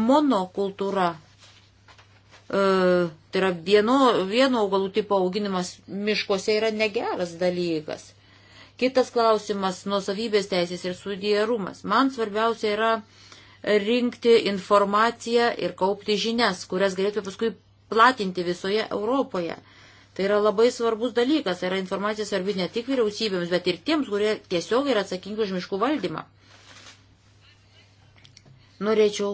Monokultūra. E, tai yra vieno, vieno augalų tipo auginimas miškuose yra negeras dalykas. Kitas klausimas - nuosavybės teisės ir sudierumas. Man svarbiausia yra rinkti informaciją ir kaupti žinias, kurias galėtume paskui platinti visoje Europoje. Tai yra labai svarbus dalykas, tai yra informacija svarbi ne tik vyriausybėms, bet ir tiems, kurie tiesiog yra atsakingi už miškų valdymą. Norėčiau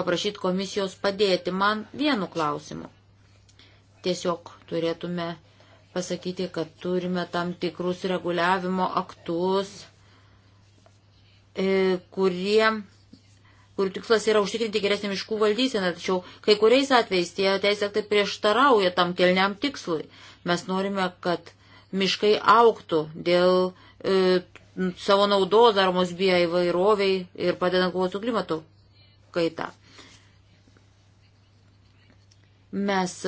paprašyti komisijos padėti man vienu klausimu. Tiesiog turėtume pasakyti, kad turime tam tikrus reguliavimo aktus, e, kurie kurių tikslas yra užtikrinti geresnį miškų valdyseną, tačiau kai kuriais atvejais tie teisės aktai prieštarauja tam kelniam tikslui. Mes norime, kad miškai auktų dėl e, savo naudos daromos bija įvairoviai ir padedant kovoti su klimatu kaita. Mes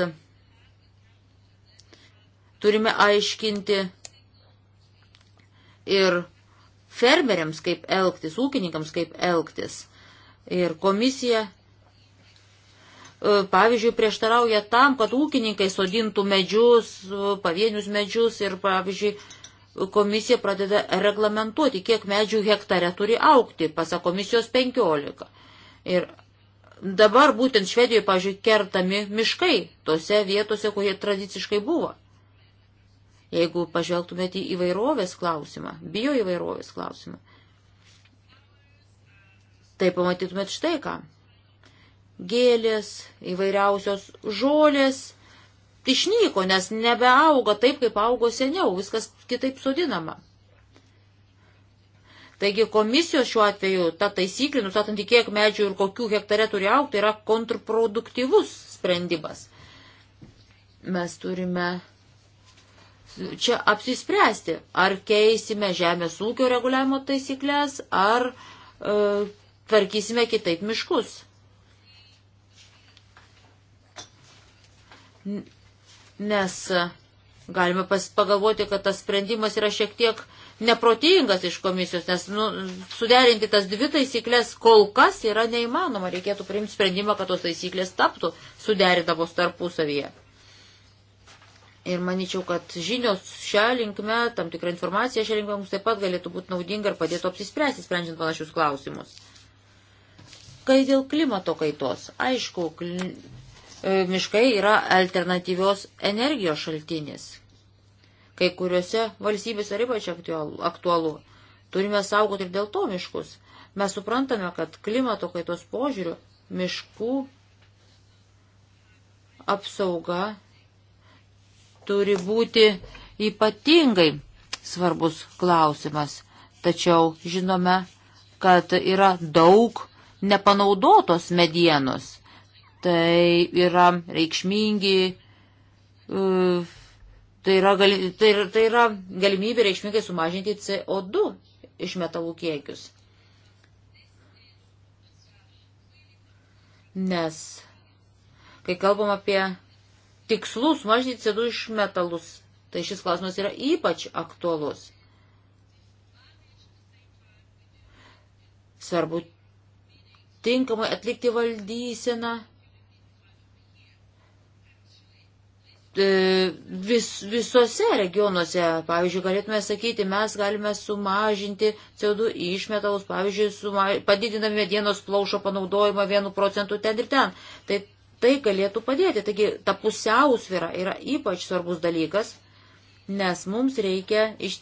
Turime aiškinti ir fermeriams, kaip elgtis, ūkininkams, kaip elgtis. Ir komisija, e, pavyzdžiui, prieštarauja tam, kad ūkininkai sodintų medžius, e, pavienius medžius ir, pavyzdžiui, komisija pradeda reglamentuoti, kiek medžių hektare turi aukti, pasak komisijos 15. Ir dabar būtent Švedijoje, pavyzdžiui, kertami miškai tose vietose, kur jie tradiciškai buvo jeigu pažvelgtumėte į įvairovės klausimą, bio įvairovės klausimą, tai pamatytumėt štai ką. Gėlės, įvairiausios žolės išnyko, nes nebeauga taip, kaip augo seniau, viskas kitaip sodinama. Taigi komisijos šiuo atveju ta taisyklė, nustatant kiek medžių ir kokių hektare turi aukti, yra kontrproduktyvus sprendimas. Mes turime čia apsispręsti, ar keisime žemės ūkio reguliavimo taisyklės, ar e, tvarkysime kitaip miškus. Nes galime pagalvoti, kad tas sprendimas yra šiek tiek neprotingas iš komisijos, nes nu, suderinti tas dvi taisyklės kol kas yra neįmanoma. Reikėtų priimti sprendimą, kad tos taisyklės taptų suderinamos tarpusavyje. Ir manyčiau, kad žinios šią linkmę, tam tikra informacija šią linkmę mums taip pat galėtų būti naudinga ir padėtų apsispręsti, sprendžiant panašius klausimus. Kai dėl klimato kaitos, aišku, kli... E, miškai yra alternatyvios energijos šaltinis. Kai kuriuose valstybėse ar ypač aktualu, turime saugoti ir dėl to miškus. Mes suprantame, kad klimato kaitos požiūriu miškų apsauga turi būti ypatingai svarbus klausimas. Tačiau žinome, kad yra daug nepanaudotos medienos. Tai yra reikšmingi, e, tai yra, gali, tai, yra, tai yra galimybė reikšmingai sumažinti CO2 iš metalų kiekius. Nes, kai kalbam apie tikslus mažinti CO2 išmetalus. Tai šis klausimas yra ypač aktuolus. Svarbu tinkamai atlikti valdyseną e, vis, visose regionuose, pavyzdžiui, galėtume sakyti, mes galime sumažinti CO2 išmetalus, pavyzdžiui, suma, padidinami medienos plaušo panaudojimą vienu procentu ten ir ten. Tai tai galėtų padėti. Taigi ta pusiausvira yra ypač svarbus dalykas, nes mums reikia iš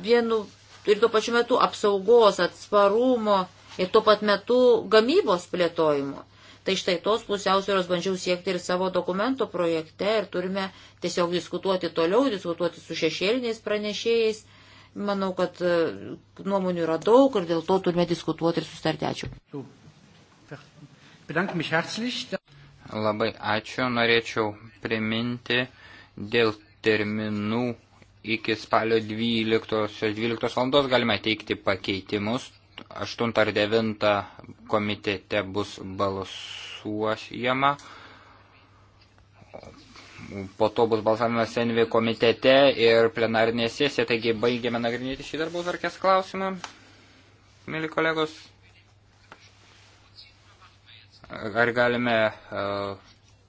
vienų ir tuo pačiu metu apsaugos, atsparumo ir tuo pat metu gamybos plėtojimo. Tai štai tos pusiausvėros bandžiau siekti ir savo dokumento projekte ir turime tiesiog diskutuoti toliau, diskutuoti su šešėliniais pranešėjais. Manau, kad e, nuomonių yra daug ir dėl to turime diskutuoti ir sustarti. Ačiū. Labai ačiū. Norėčiau priminti dėl terminų iki spalio 12, 12 valandos galime teikti pakeitimus. 8 ar 9 komitete bus balsuojama. Po to bus balsavimas Senvi komitete ir plenarinė sesija, taigi baigiame nagrinėti šį darbų tvarkės klausimą. Mili kolegos. Ar galime e,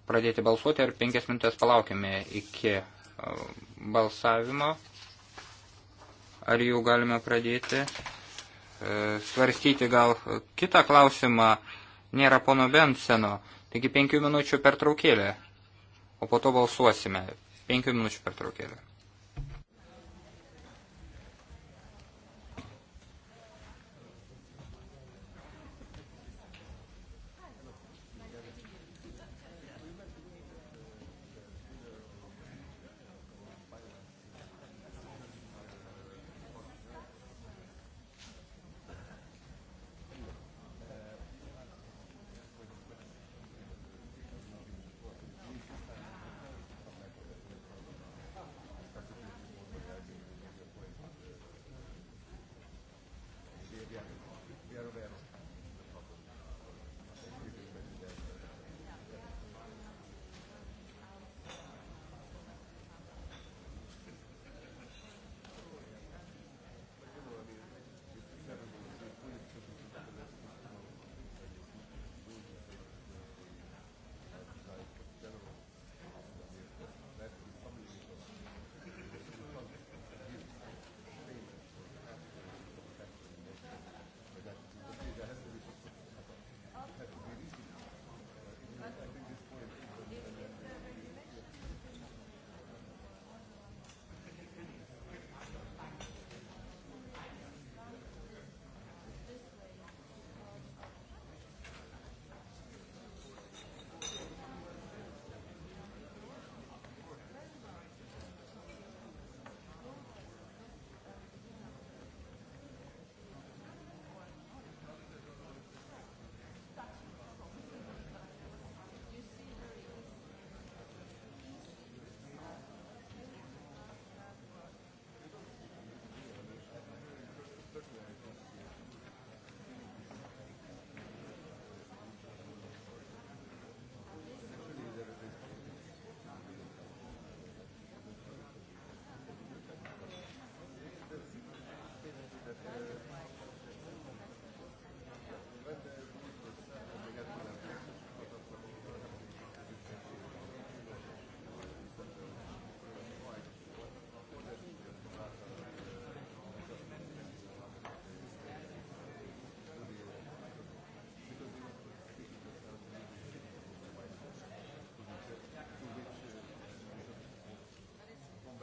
pradėti balsuoti, ar penkias minutės palaukime iki e, balsavimo? Ar jau galime pradėti? E, svarstyti gal kitą klausimą nėra pono Benseno, taigi penkių minučių pertraukėlė, o po to balsuosime. Penkių minučių pertraukėlė.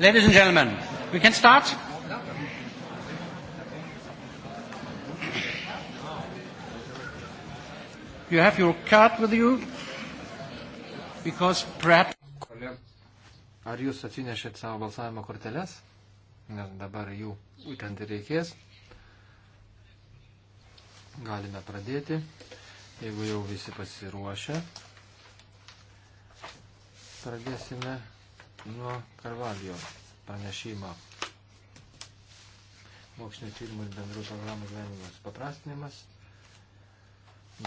Ladies and gentlemen, we can start. You have your card with you because perhaps. Ar jūs atsinešėt savo balsavimo korteles? Nes dabar jų būtent reikės. Galime pradėti, jeigu jau visi pasiruošę. Pradėsime nuo Karvalijo pranešimo. Mokslinio tyrimų ir bendrų programų gyvenimas paprastinimas.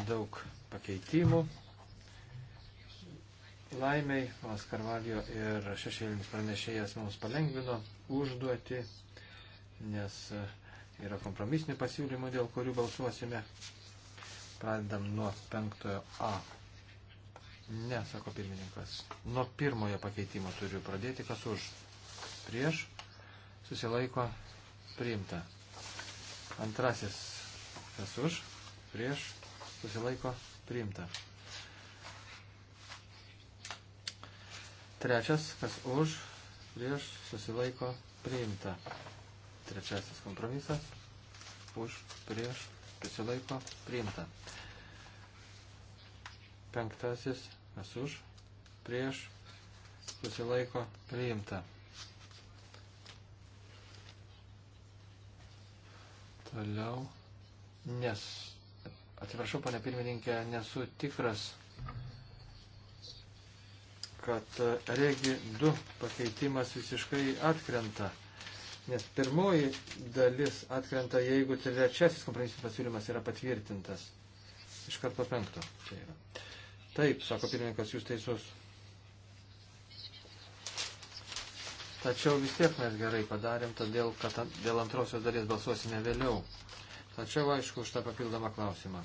Daug pakeitimų. Laimiai, Mas Karvalijo ir šešėlinis pranešėjas mums palengvino užduoti, nes yra kompromisinių pasiūlymų, dėl kurių balsuosime. Pradedam nuo penktojo A Ne, sako pirmininkas. Nuo pirmojo pakeitimo turiu pradėti, kas už. Prieš susilaiko priimta. Antrasis, kas už. Prieš susilaiko priimta. Trečias, kas už. Prieš susilaiko priimta. Trečiasis kompromisas. Už, prieš, susilaiko priimta. Penktasis, kas už, prieš, susilaiko, priimta. Toliau, nes, atsiprašau, pane pirmininkė, nesu tikras, kad e, regi 2 pakeitimas visiškai atkrenta. Nes pirmoji dalis atkrenta, jeigu trečiasis kompromisinis pasiūlymas yra patvirtintas. Iš karto penkto. Čia yra. Taip, sako pirmininkas, jūs teisus. Tačiau vis tiek mes gerai padarėm, todėl, kad dėl antrosios dalies balsuosime vėliau. Tačiau, aišku, už tą papildomą klausimą.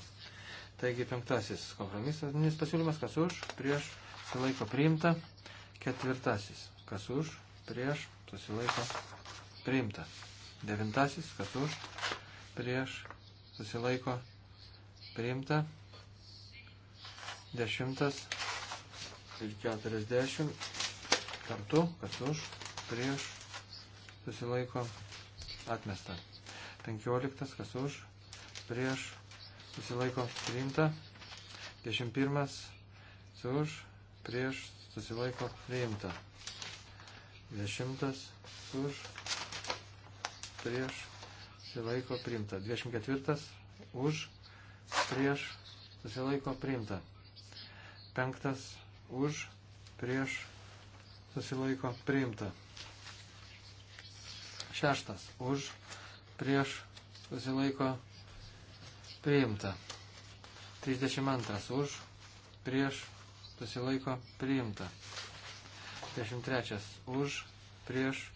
Taigi, penktasis kompromisas, pasiūlymas, kas už, prieš, susilaiko priimta. Ketvirtasis, kas už, prieš, susilaiko priimta. Devintasis, kas už, prieš, susilaiko priimta ir 40 kartu, kas už, prieš, susilaiko, atmesta. 15, kas už, prieš, susilaiko, priimta. 11, kas už, prieš, susilaiko, priimta. 10, už, prieš, susilaiko, priimta. 24, už, prieš, susilaiko, priimta. Penktas už, prieš, susilaiko, priimta. Šeštas už, prieš, susilaiko, priimta. 32 už, prieš, susilaiko, priimta. 33 už, prieš,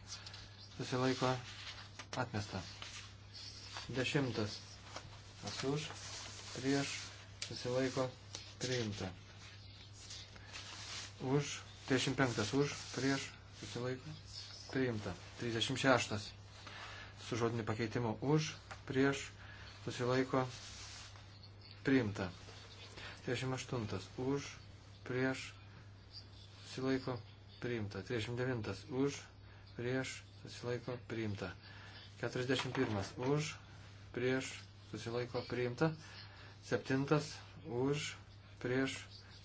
susilaiko, atmesta. 10 už, prieš, susilaiko, priimta už, 35 už, prieš, susilaiko, priimta. 36 su žodiniu pakeitimu už, prieš, susilaiko, priimta. 38 už, prieš, susilaiko, priimta. 39 už, prieš, susilaiko, priimta. 41 už, prieš, susilaiko, priimta. 7 už, prieš,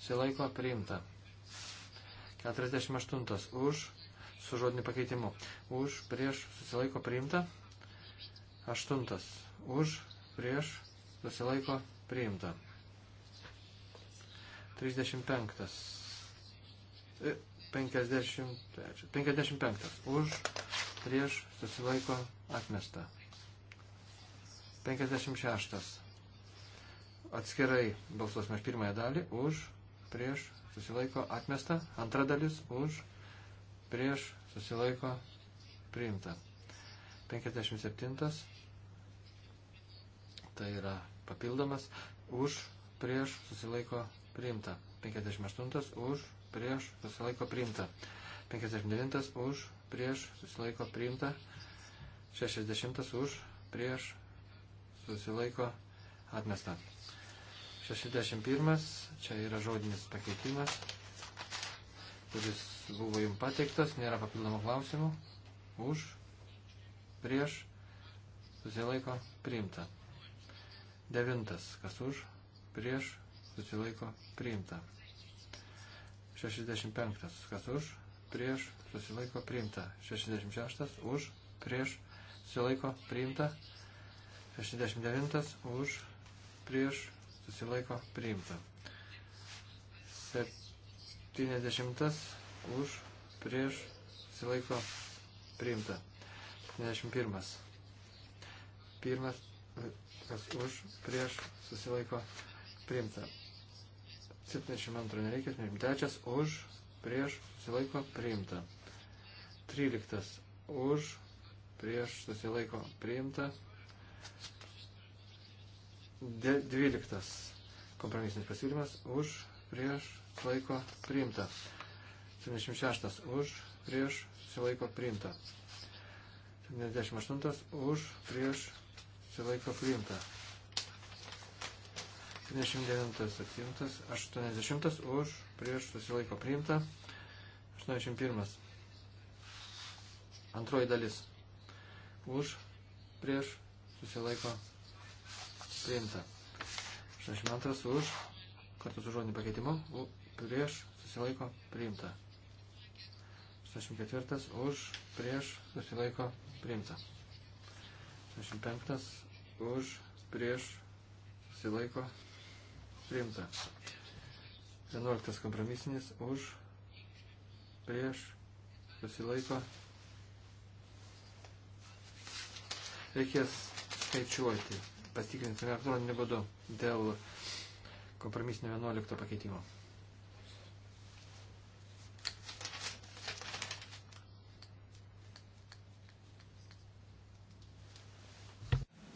susilaiko, priimta. 48 už, su žodiniu pakeitimu. Už, prieš, susilaiko priimta. 8 už, prieš, susilaiko priimta. 35. 50, 55. Už, prieš, susilaiko atmesta. 56. Atskirai balsuosime pirmąją dalį. Už, prieš, susilaiko atmesta, antra dalis už, prieš, susilaiko priimta. 57. Tai yra papildomas už, prieš, susilaiko priimta. 58. už, prieš, susilaiko priimta. 59. už, prieš, susilaiko priimta. 60. už, prieš, susilaiko atmesta. 61. Čia yra žodinis pakeitimas, kuris buvo jums pateiktas, nėra papildomų klausimų. Už, prieš, susilaiko, priimta. Devintas, kas už, prieš, susilaiko, priimta. 65. Kas už, prieš, susilaiko, priimta. 66. Už, prieš, susilaiko, priimta. 69. Už, prieš, susilaiko priimta. 70 už prieš susilaiko priimta. 71. Pirmas kas už prieš susilaiko priimta. 72 nereikia, 73 už prieš susilaiko priimta. 13 už prieš susilaiko priimta. 12 kompromisinis pasiūlymas už prieš laiko priimta. 76 už prieš laiko priimta. 78 už prieš laiko priimta. 79 atsimtas, 80 už prieš susilaiko priimta, 81 antroji dalis už prieš susilaiko priimta priimta. 62 už, kartu su žodiniu pakeitimu, prieš, susilaiko, priimta. 64 už, prieš, susilaiko, priimta. 65 už, prieš, susilaiko, priimta. 11 kompromisinis už, prieš, susilaiko. Reikės skaičiuoti pasitikrinsime elektroniniu būdu dėl kompromisinio 11 pakeitimo.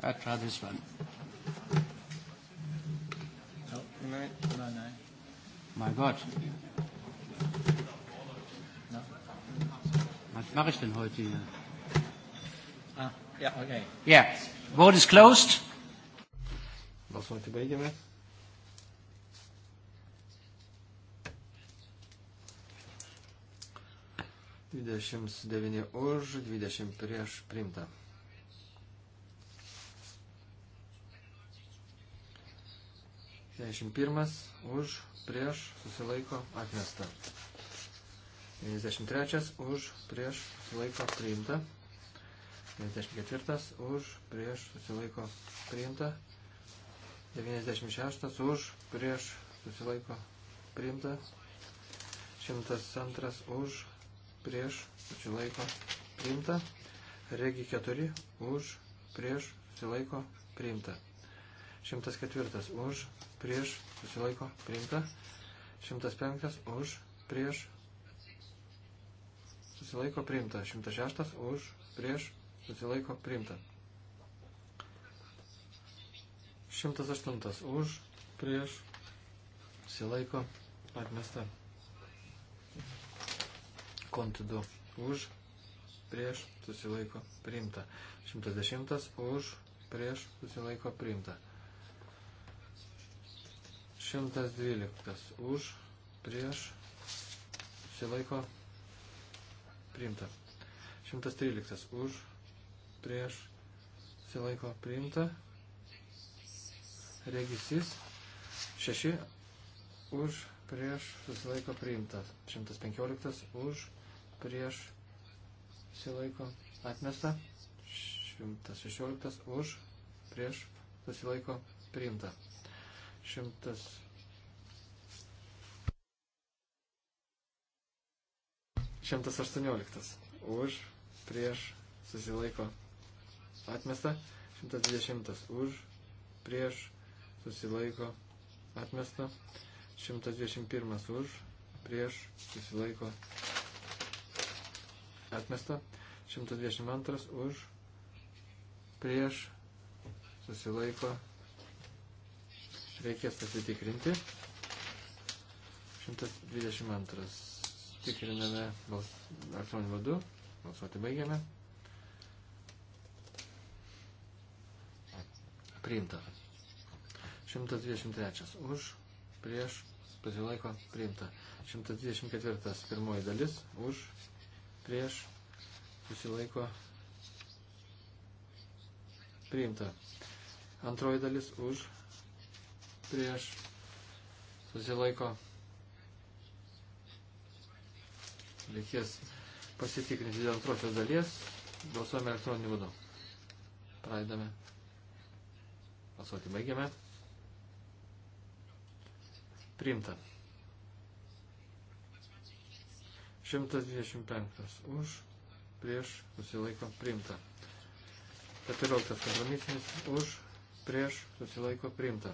I try this one. No, no, no, no. My God. No. Was mache ich denn heute hier? Ah, ja, yeah, okay. Yeah. Vote is closed. Balsuoti baigiame. Dvidešimt devyni už, dvidešimt prieš primtą. Devidešimt pirmas už, prieš, susilaiko, atmesta. 93 už prieš susilaiko priimta. 94 už prieš susilaiko priimta. 96 už, prieš, susilaiko priimta. 102 už, prieš, susilaiko priimta. Regi 4 už, prieš, susilaiko priimta. 104 už, prieš, susilaiko priimta. 105 už, prieš, susilaiko priimta. 106 už, prieš, susilaiko priimta. 108 už, prieš, silaiko, atmesta. Kont 2 už, prieš, susilaiko, priimta. 110 už, prieš, susilaiko, priimta. 112 už, prieš, susilaiko, priimta. 113 už, prieš, susilaiko, priimta regisys 6 už prieš susilaiko priimtas. 115 už prieš susilaiko atmesta. 116 už prieš susilaiko priimta. 100 118 už prieš susilaiko atmesta. 120 už prieš susilaiko atmesta. 121 už, prieš susilaiko atmesta. 122 už, prieš susilaiko reikės pasitikrinti. 122. Tikriname bals, elektroniniu vadu. Balsuoti baigiame. Priimta. 123 už, prieš, pasilaiko priimta. 124 pirmoji dalis už, prieš, susilaiko priimta. Antroji dalis už, prieš, susilaiko reikės pasitikrinti dėl antrosios dalies, balsuojame elektroniniu būdu. Praeidame. Balsuoti baigiame. Priimta. 125 už, prieš, susilaiko, priimta. 14 kompromisinis už, prieš, susilaiko, priimta.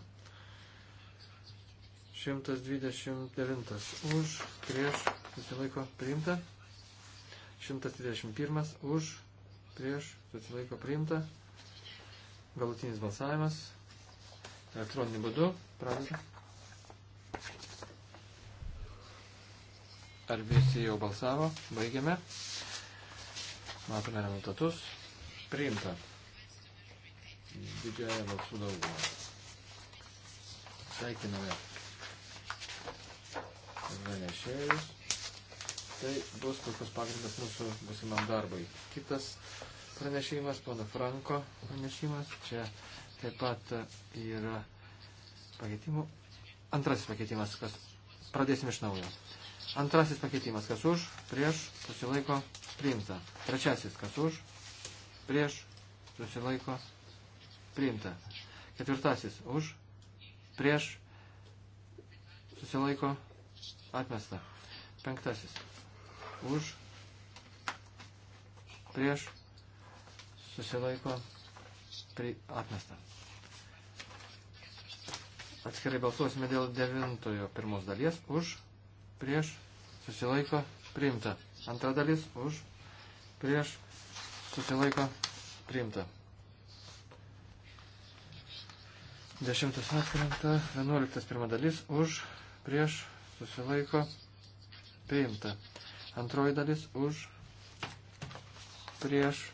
129 už, prieš, susilaiko, priimta. 121 už, prieš, susilaiko, priimta. Galutinis balsavimas elektroniniu būdu. Pradeda. Ar visi jau balsavo? Baigiame. Matome rezultatus. Priimta. Didžiąją balsų daugumą. Sveikiname pranešėjus. Tai bus tokios pagrindas mūsų būsimam darbui. Kitas pranešimas, pono Franko pranešimas. Čia taip pat yra pakeitimų. Antrasis pakeitimas, kas pradėsim iš naujo. Antrasis pakeitimas, kas už, prieš, susilaiko, priimta. Trečiasis, kas už, prieš, susilaiko, priimta. Ketvirtasis, už, prieš, susilaiko, atmesta. Penktasis, už, prieš, susilaiko, pri, atmesta. Atskirai balsuosime dėl devintojo pirmos dalies, už, prieš, susilaiko, priimta. Antra dalis už, prieš, susilaiko, priimta. Dešimtas atkrenta, vienuoliktas pirma dalis už, prieš, susilaiko, priimta. Antroji dalis už, prieš,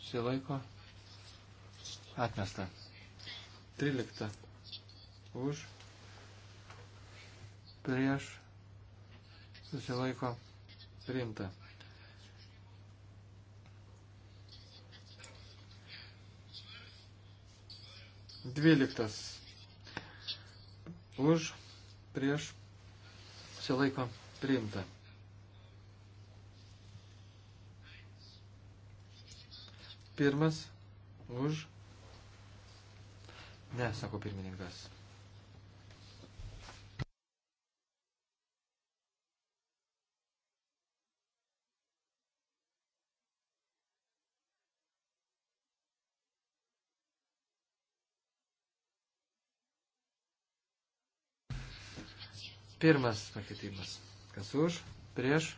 susilaiko, atmesta. Trylikta už, prieš, susilaiko priimta. Dvyliktas. Už, prieš, susilaiko priimta. Pirmas, už. Ne, sako pirmininkas. Pirmas pakeitimas. Kas už, prieš,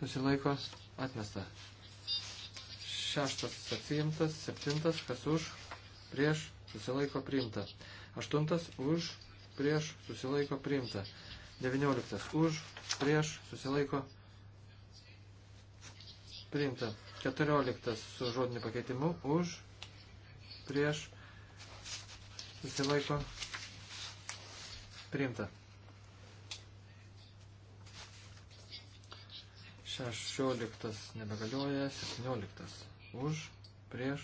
susilaiko, atmesta. Šeštas atsiimtas, septintas, kas už, prieš, susilaiko, priimta. Aštuntas, už, prieš, susilaiko, priimta. Devinioliktas, už, prieš, susilaiko, priimta. Keturioliktas, su žodiniu pakeitimu, už, prieš, susilaiko, priimta. 16 nebegalioja, 17 už, prieš,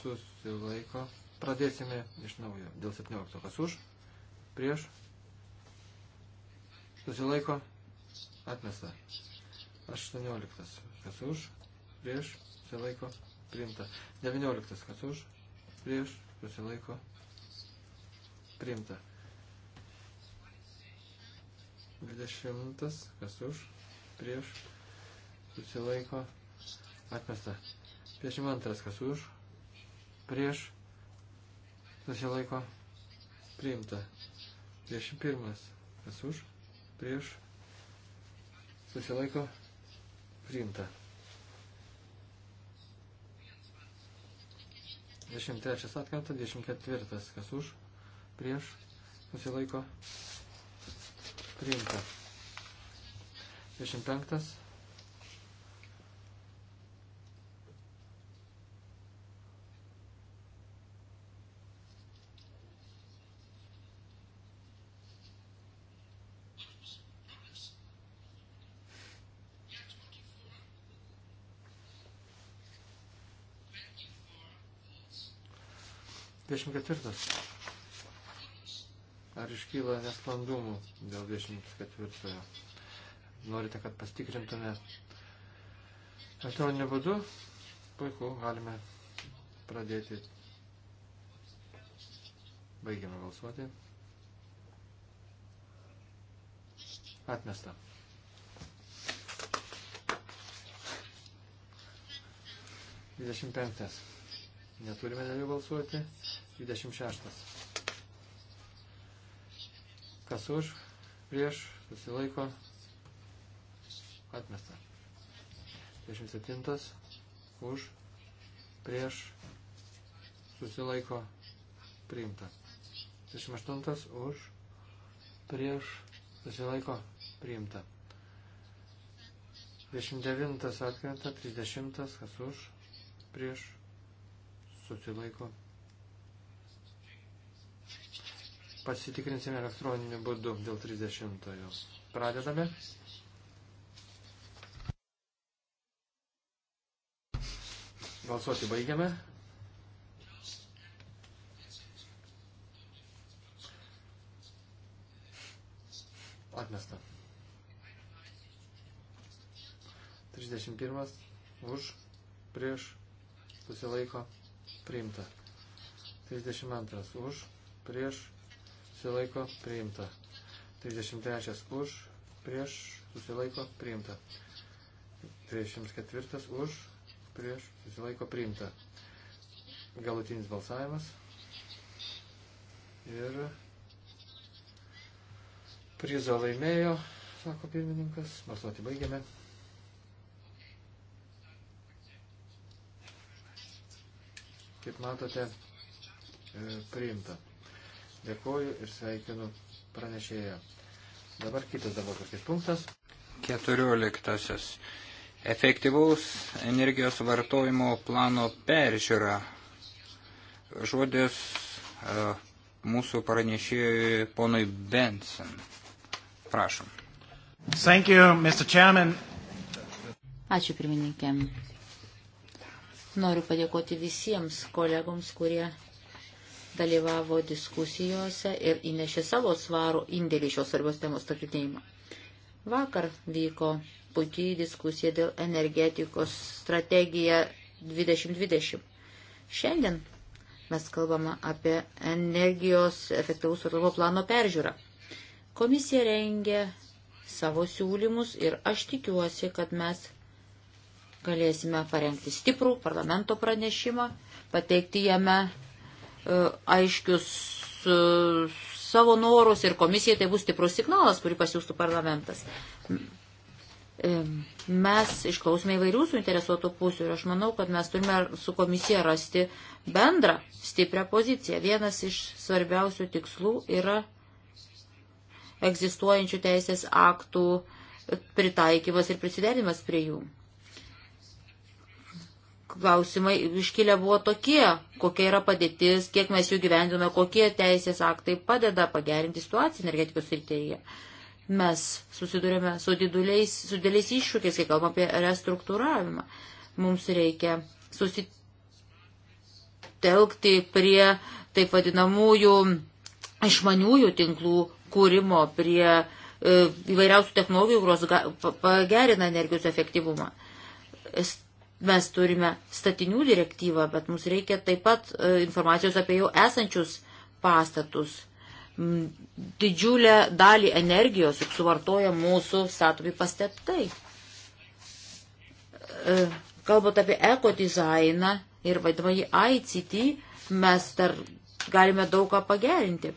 susilaiko. Pradėsime iš naujo. Dėl 17 kas už, prieš, susilaiko, atmesta. 18 kas už, prieš, susilaiko, priimta. 19 kas už, prieš, susilaiko, priimta. 20 kas už, prieš, susilaiko, atmesta. 52 kas už, prieš, susilaiko, priimta. 21 kas už, prieš, susilaiko, priimta. 23 atkrenta, 24 kas už, prieš, susilaiko, priimta. 25. Dvidešimt ketvirtas. Ar iškyla nesklandumų dėl dvidešimt ketvirtojo? norite, kad pastikrintume elektroniniu būdu. Puiku, galime pradėti. Baigiame balsuoti. Atmesta. Dvidešimt penktas. Neturime dėl jų balsuoti. Dvidešimt šeštas. Kas už? Prieš? Susilaiko? atmesta. 27 už, prieš, susilaiko, priimta. 28 už, prieš, susilaiko, priimta. 29 atkrenta, 30 kas už, prieš, susilaiko. Pasitikrinsime elektroniniu būdu dėl 30. -ojo. Pradedame. Balsuoti baigiame. Atmesta. 31 už, prieš, susilaiko, priimta. 32 už, prieš, susilaiko, priimta. 33 už, prieš, susilaiko, priimta. 34 už, prieš susilaiko priimta. Galutinis balsavimas. Ir prizą laimėjo, sako pirmininkas. Balsuoti baigiame. Kaip matote, e, priimta. Dėkuoju ir sveikinu pranešėją. Dabar kitas dabar kokias punktas. Keturioliktasis Efektyvaus energijos vartojimo plano peržiūra. Žodis e, mūsų pranešėjui ponui Benson. Prašom. Thank you, Mr. Chairman. Ačiū pirmininkė. Noriu padėkoti visiems kolegoms, kurie dalyvavo diskusijose ir įnešė savo svarų indėlį šios svarbios temos tarptautinimą. Vakar vyko puikiai diskusija dėl energetikos strategija 2020. Šiandien mes kalbame apie energijos efektyvus vartojimo plano peržiūrą. Komisija rengia savo siūlymus ir aš tikiuosi, kad mes galėsime parengti stiprų parlamento pranešimą, pateikti jame e, aiškius e, savo norus ir komisijai tai bus stiprus signalas, kurį pasiūstų parlamentas. E, mes išklausime įvairių suinteresuotų pusių ir aš manau, kad mes turime su komisija rasti bendrą stiprią poziciją. Vienas iš svarbiausių tikslų yra egzistuojančių teisės aktų pritaikymas ir prisidėdimas prie jų. Klausimai iškilę buvo tokie, kokia yra padėtis, kiek mes jų gyvendiname, kokie teisės aktai padeda pagerinti situaciją energetikos rytėje. Tai Mes susidurėme su dideliais, su dideliais iššūkiais, kai kalbam apie restruktūravimą. Mums reikia susitelkti prie taip vadinamųjų išmaniųjų tinklų kūrimo, prie e, įvairiausių technologijų, kurios pagerina energijos efektyvumą mes turime statinių direktyvą, bet mums reikia taip pat e, informacijos apie jau esančius pastatus didžiulę dalį energijos juk suvartoja mūsų statomi pastatai. E, kalbant apie ekodizainą ir vadinamąjį ICT, mes dar galime daug ką pagerinti.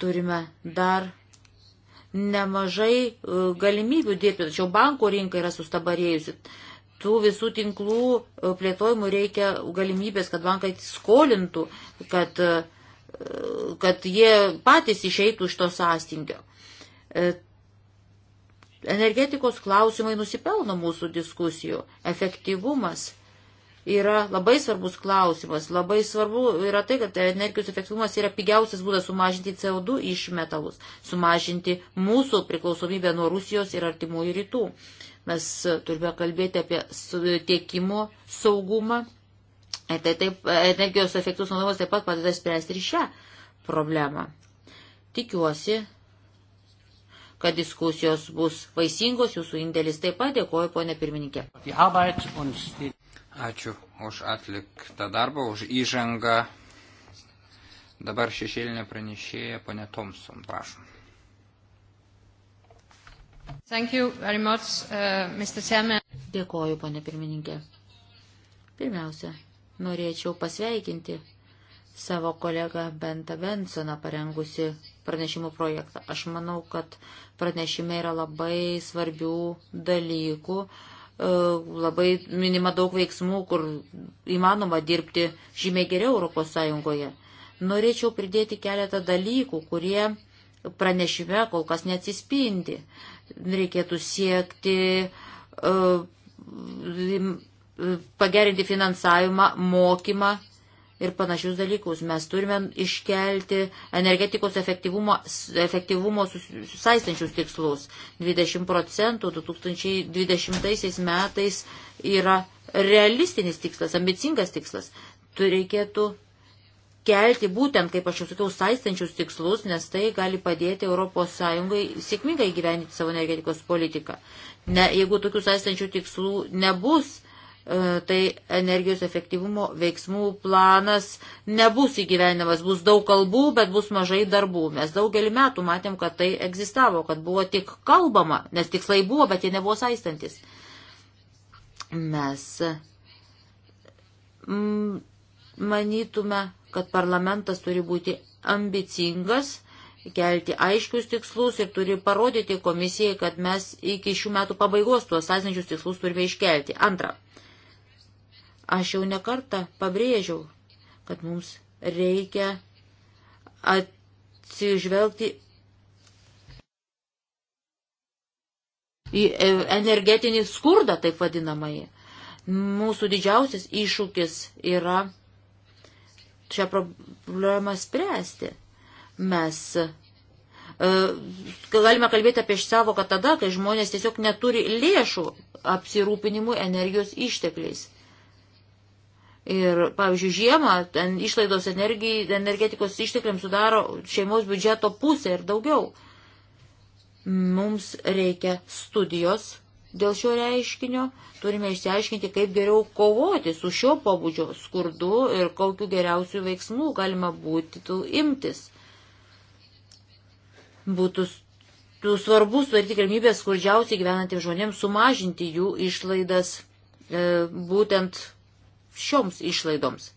Turime dar nemažai e, galimybių dirbti, tačiau banko rinka yra sustabarėjusi. Tų visų tinklų e, plėtojimų reikia galimybės, kad bankai skolintų, kad uh, kad jie patys išeitų iš to sąstingio. E, energetikos klausimai nusipelno mūsų diskusijų. Efektyvumas yra labai svarbus klausimas. Labai svarbu yra tai, kad energijos efektyvumas yra pigiausias būdas sumažinti CO2 išmetalus, sumažinti mūsų priklausomybę nuo Rusijos ir artimųjų rytų. Mes turime kalbėti apie tiekimo saugumą Tai taip, energijos efektus naudojimas taip pat padeda spręsti ir šią problemą. Tikiuosi, kad diskusijos bus vaisingos, jūsų indėlis taip pat dėkoju, ponė pirmininkė. Ačiū už atliktą darbą, už įžangą. Dabar šešėlinė pranešėja, ponė Thompson, prašom. Thank you very much, uh, Mr. Chairman. Dėkoju, ponė pirmininkė. Pirmiausia, norėčiau pasveikinti savo kolegą Bentą Bensoną parengusi pranešimų projektą. Aš manau, kad pranešime yra labai svarbių dalykų, e, labai minima daug veiksmų, kur įmanoma dirbti žymiai geriau Europos Sąjungoje. Norėčiau pridėti keletą dalykų, kurie pranešime kol kas neatsispindi. Reikėtų siekti uh, pagerinti finansavimą, mokymą ir panašius dalykus. Mes turime iškelti energetikos efektyvumo, efektyvumo susaistančius tikslus. 20 procentų 2020 metais yra realistinis tikslas, ambicingas tikslas. Tu reikėtų kelti būtent, kaip aš jau sakiau, saistančius tikslus, nes tai gali padėti ES sėkmingai gyventi savo energetikos politiką. Ne, jeigu tokių saistančių tikslų nebus, E, tai energijos efektyvumo veiksmų planas nebus įgyvenimas, bus daug kalbų, bet bus mažai darbų. Mes daugelį metų matėm, kad tai egzistavo, kad buvo tik kalbama, nes tikslai buvo, bet jie nebuvo saistantis. Mes mm, manytume, kad parlamentas turi būti ambicingas, kelti aiškius tikslus ir turi parodyti komisijai, kad mes iki šių metų pabaigos tuos sąsinčius tikslus turime iškelti. Antra, Aš jau nekartą pabrėžiau, kad mums reikia atsižvelgti į e, energetinį skurdą, taip vadinamai. Mūsų didžiausias iššūkis yra šią problemą spręsti. Mes e, galime kalbėti apie savoką tada, kai žmonės tiesiog neturi lėšų apsirūpinimui energijos ištekliais. Ir, pavyzdžiui, žiemą ten išlaidos energijai, energetikos ištekliams sudaro šeimos biudžeto pusę ir daugiau. Mums reikia studijos dėl šio reiškinio, turime išsiaiškinti, kaip geriau kovoti su šio pobūdžio skurdu ir kokiu geriausių veiksmų galima būtų imtis. Būtų svarbu sudaryti galimybės skurdžiausiai gyvenantiems žmonėms sumažinti jų išlaidas e, būtent šioms išlaidoms.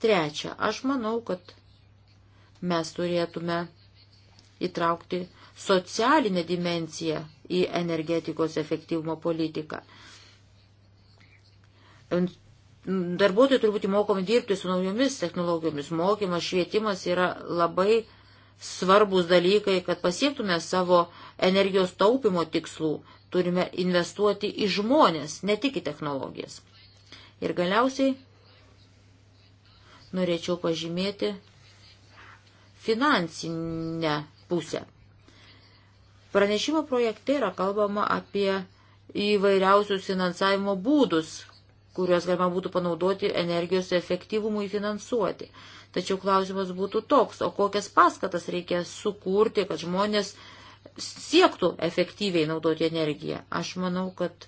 Trečia, aš manau, kad mes turėtume įtraukti socialinę dimenciją į energetikos efektyvumo politiką. Darbuotojai turbūt mokomi dirbti su naujomis technologijomis. Mokymas, švietimas yra labai svarbus dalykai, kad pasiektume savo energijos taupimo tikslų. Turime investuoti į žmonės, ne tik į technologijas. Ir galiausiai norėčiau pažymėti finansinę pusę. Pranešimo projekte yra kalbama apie įvairiausius finansavimo būdus, kuriuos galima būtų panaudoti energijos efektyvumui finansuoti. Tačiau klausimas būtų toks, o kokias paskatas reikia sukurti, kad žmonės siektų efektyviai naudoti energiją. Aš manau, kad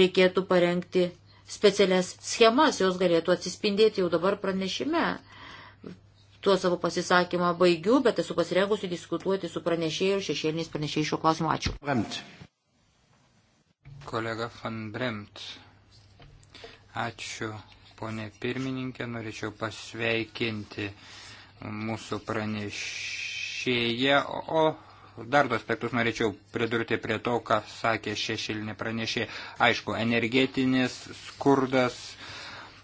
reikėtų parengti specialias schemas, jos galėtų atsispindėti jau dabar pranešime. Tuo savo pasisakymą baigiu, bet esu pasirengusi diskutuoti su pranešėjai ir šešėliniais pranešėjai šio klausimo. Ačiū. Bremt. Kolega van Bremt. Ačiū, ponė pirmininkė. Norėčiau pasveikinti mūsų pranešėją, o dar du aspektus norėčiau pridurti prie to, ką sakė šešilinė pranešė. Aišku, energetinis skurdas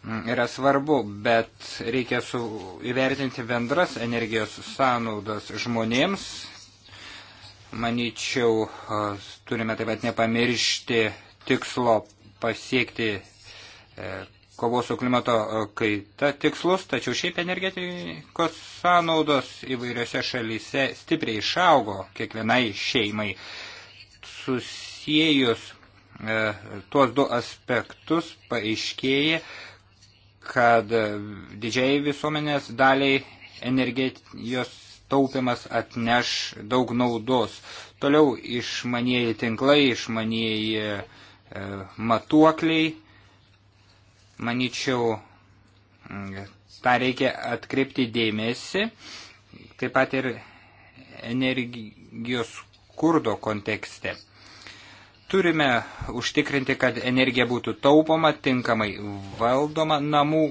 mm, yra svarbu, bet reikia su, įvertinti bendras energijos sąnaudas žmonėms. Manyčiau, turime taip pat nepamiršti tikslo pasiekti e, kovos su klimato e, kaita tikslus, tačiau šiaip energetikos sąnaudos įvairiose šalyse stipriai išaugo kiekvienai šeimai. Susijus e, tuos du aspektus paaiškėja, kad didžiai visuomenės daliai energijos taupimas atneš daug naudos. Toliau išmanieji tinklai, išmanieji e, matuokliai Maničiau, mm, tą reikia atkreipti dėmesį, taip pat ir energijos skurdo kontekste. Turime užtikrinti, kad energija būtų taupoma, tinkamai valdoma namų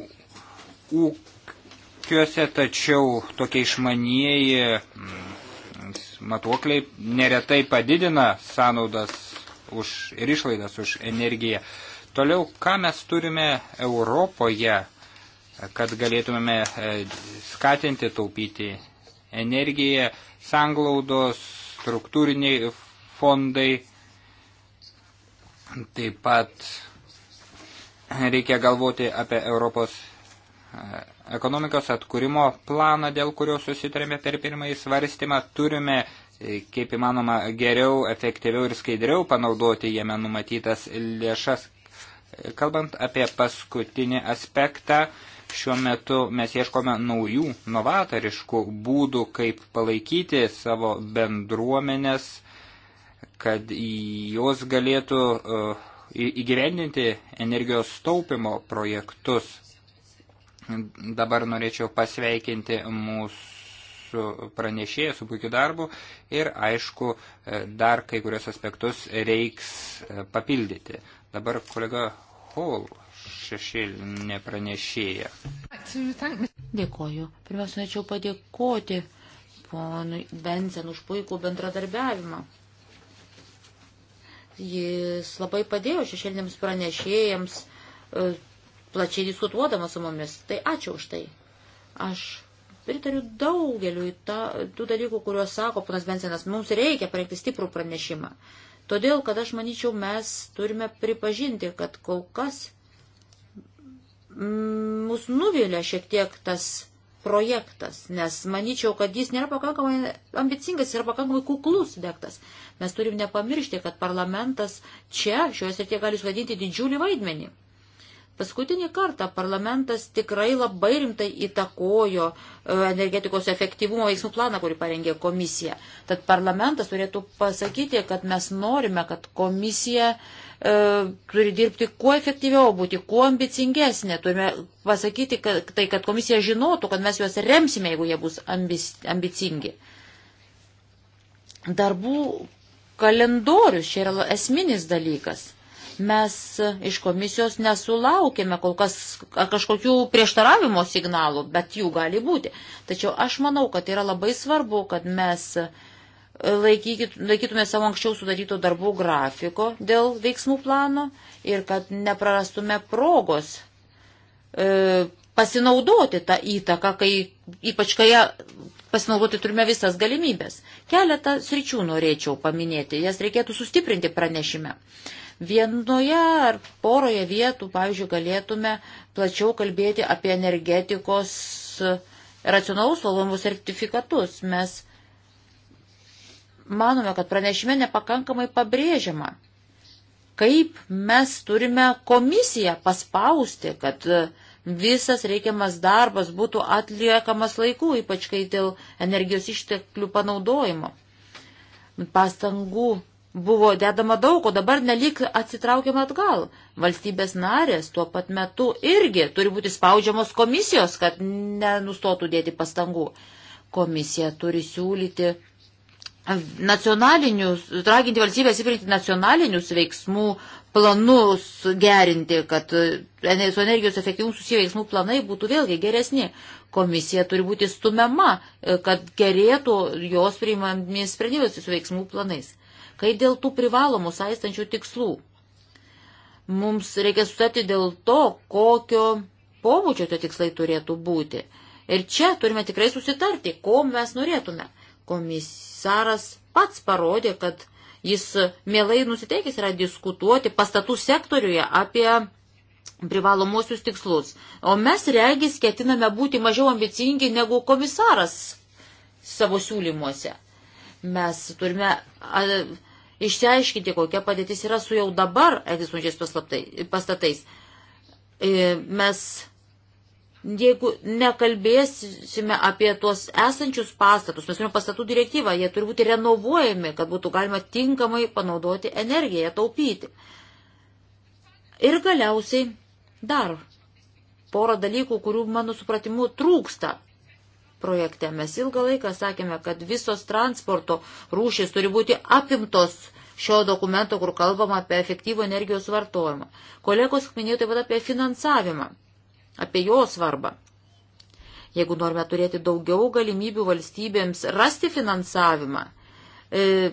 ūkiuose, tačiau tokie išmanieji mm, matuokliai neretai padidina sąnaudas už, ir išlaidas už energiją. Toliau, ką mes turime Europoje, kad galėtumėme e, skatinti taupyti energiją, sanglaudos, struktūriniai fondai. Taip pat reikia galvoti apie Europos e, ekonomikos atkūrimo planą, dėl kurio susitarėme per pirmąjį svarstymą. Turime, e, kaip įmanoma, geriau, efektyviau ir skaidriau panaudoti jame numatytas lėšas. Kalbant apie paskutinį aspektą, šiuo metu mes ieškome naujų, novatoriškų būdų, kaip palaikyti savo bendruomenės, kad jos galėtų uh, įgyvendinti energijos taupimo projektus. Dabar norėčiau pasveikinti mūsų pranešėją su puikiu darbu ir aišku, uh, dar kai kurios aspektus reiks uh, papildyti. Dabar kolega Hall šešėlinė pranešėja. Dėkoju. Pirmiausia, norėčiau padėkoti ponui Bensen už puikų bendradarbiavimą. Jis labai padėjo šešėlinėms pranešėjams e, plačiai diskutuodamas su mumis. Tai ačiū už tai. Aš pritariu daugeliu ta, tų dalykų, kuriuos sako ponas Bensenas. Mums reikia parengti stiprų pranešimą. Uh, Todėl, kad aš manyčiau, mes turime pripažinti, kad kol kas mus nuvilia šiek tiek tas projektas, nes manyčiau, kad jis nėra pakankamai ambicingas, yra pakankamai kuklus dektas. Mes turim nepamiršti, kad parlamentas čia šioje srityje gali suvaidinti didžiulį vaidmenį. Paskutinį kartą parlamentas tikrai labai rimtai įtakojo e, energetikos efektyvumo veiksmų planą, kurį parengė komisija. Tad parlamentas turėtų pasakyti, kad mes norime, kad komisija e, turi dirbti kuo efektyviau, būti kuo ambicingesnė. Turime pasakyti, kad, tai, kad komisija žinotų, kad mes juos remsime, jeigu jie bus ambicingi. Darbų kalendorius čia yra esminis dalykas Mes iš komisijos nesulaukėme kol kas kažkokių prieštaravimo signalų, bet jų gali būti. Tačiau aš manau, kad yra labai svarbu, kad mes laikytume savo anksčiau sudaryto darbų grafiko dėl veiksmų plano ir kad neprarastume progos e, pasinaudoti tą įtaką, kai, ypač kai pasinaudoti turime visas galimybės. Keletą sričių norėčiau paminėti, jas reikėtų sustiprinti pranešime. E, Vienoje ar poroje vietų, pavyzdžiui, galėtume plačiau kalbėti apie energetikos e, racionalus valdomų sertifikatus. Mes manome, kad pranešime nepakankamai pabrėžiama, kaip mes turime komisiją paspausti, kad e, visas reikiamas darbas būtų atliekamas laiku, ypač kai dėl energijos išteklių panaudojimo. Pastangų buvo dedama daug, o dabar nelik atsitraukiama atgal. Valstybės narės tuo pat metu irgi turi būti spaudžiamos komisijos, kad nenustotų dėti pastangų. Komisija turi siūlyti nacionalinius, raginti valstybės įpilti nacionalinius veiksmų planus gerinti, kad su energijos efektyvumu susiję veiksmų planai būtų vėlgi geresni. Komisija turi būti stumiama, kad gerėtų jos priimami sprendimai su veiksmų planais. Kai dėl tų privalomų saistančių tikslų, mums reikia sustati dėl to, kokio pobūdžio tie tikslai turėtų būti. Ir čia turime tikrai susitarti, ko mes norėtume. Komisaras pats parodė, kad jis mielai nusiteikęs yra diskutuoti pastatų sektoriuje apie privalomosius tikslus. O mes regis ketiname būti mažiau ambicingi negu komisaras savo siūlymuose. Mes turime išsiaiškinti, kokia padėtis yra su jau dabar egzistuojančiais pastatais. E, mes, jeigu nekalbėsime apie tuos esančius pastatus, mes turime pastatų direktyvą, jie turi būti renovuojami, kad būtų galima tinkamai panaudoti energiją, taupyti. Ir galiausiai dar porą dalykų, kurių mano supratimu trūksta projekte. Mes ilgą laiką sakėme, kad visos transporto rūšys turi būti apimtos šio dokumento, kur kalbama apie efektyvų energijos vartojimą. Kolegos minėjo taip pat apie finansavimą, apie jo svarbą. Jeigu norime turėti daugiau galimybių valstybėms rasti finansavimą, e,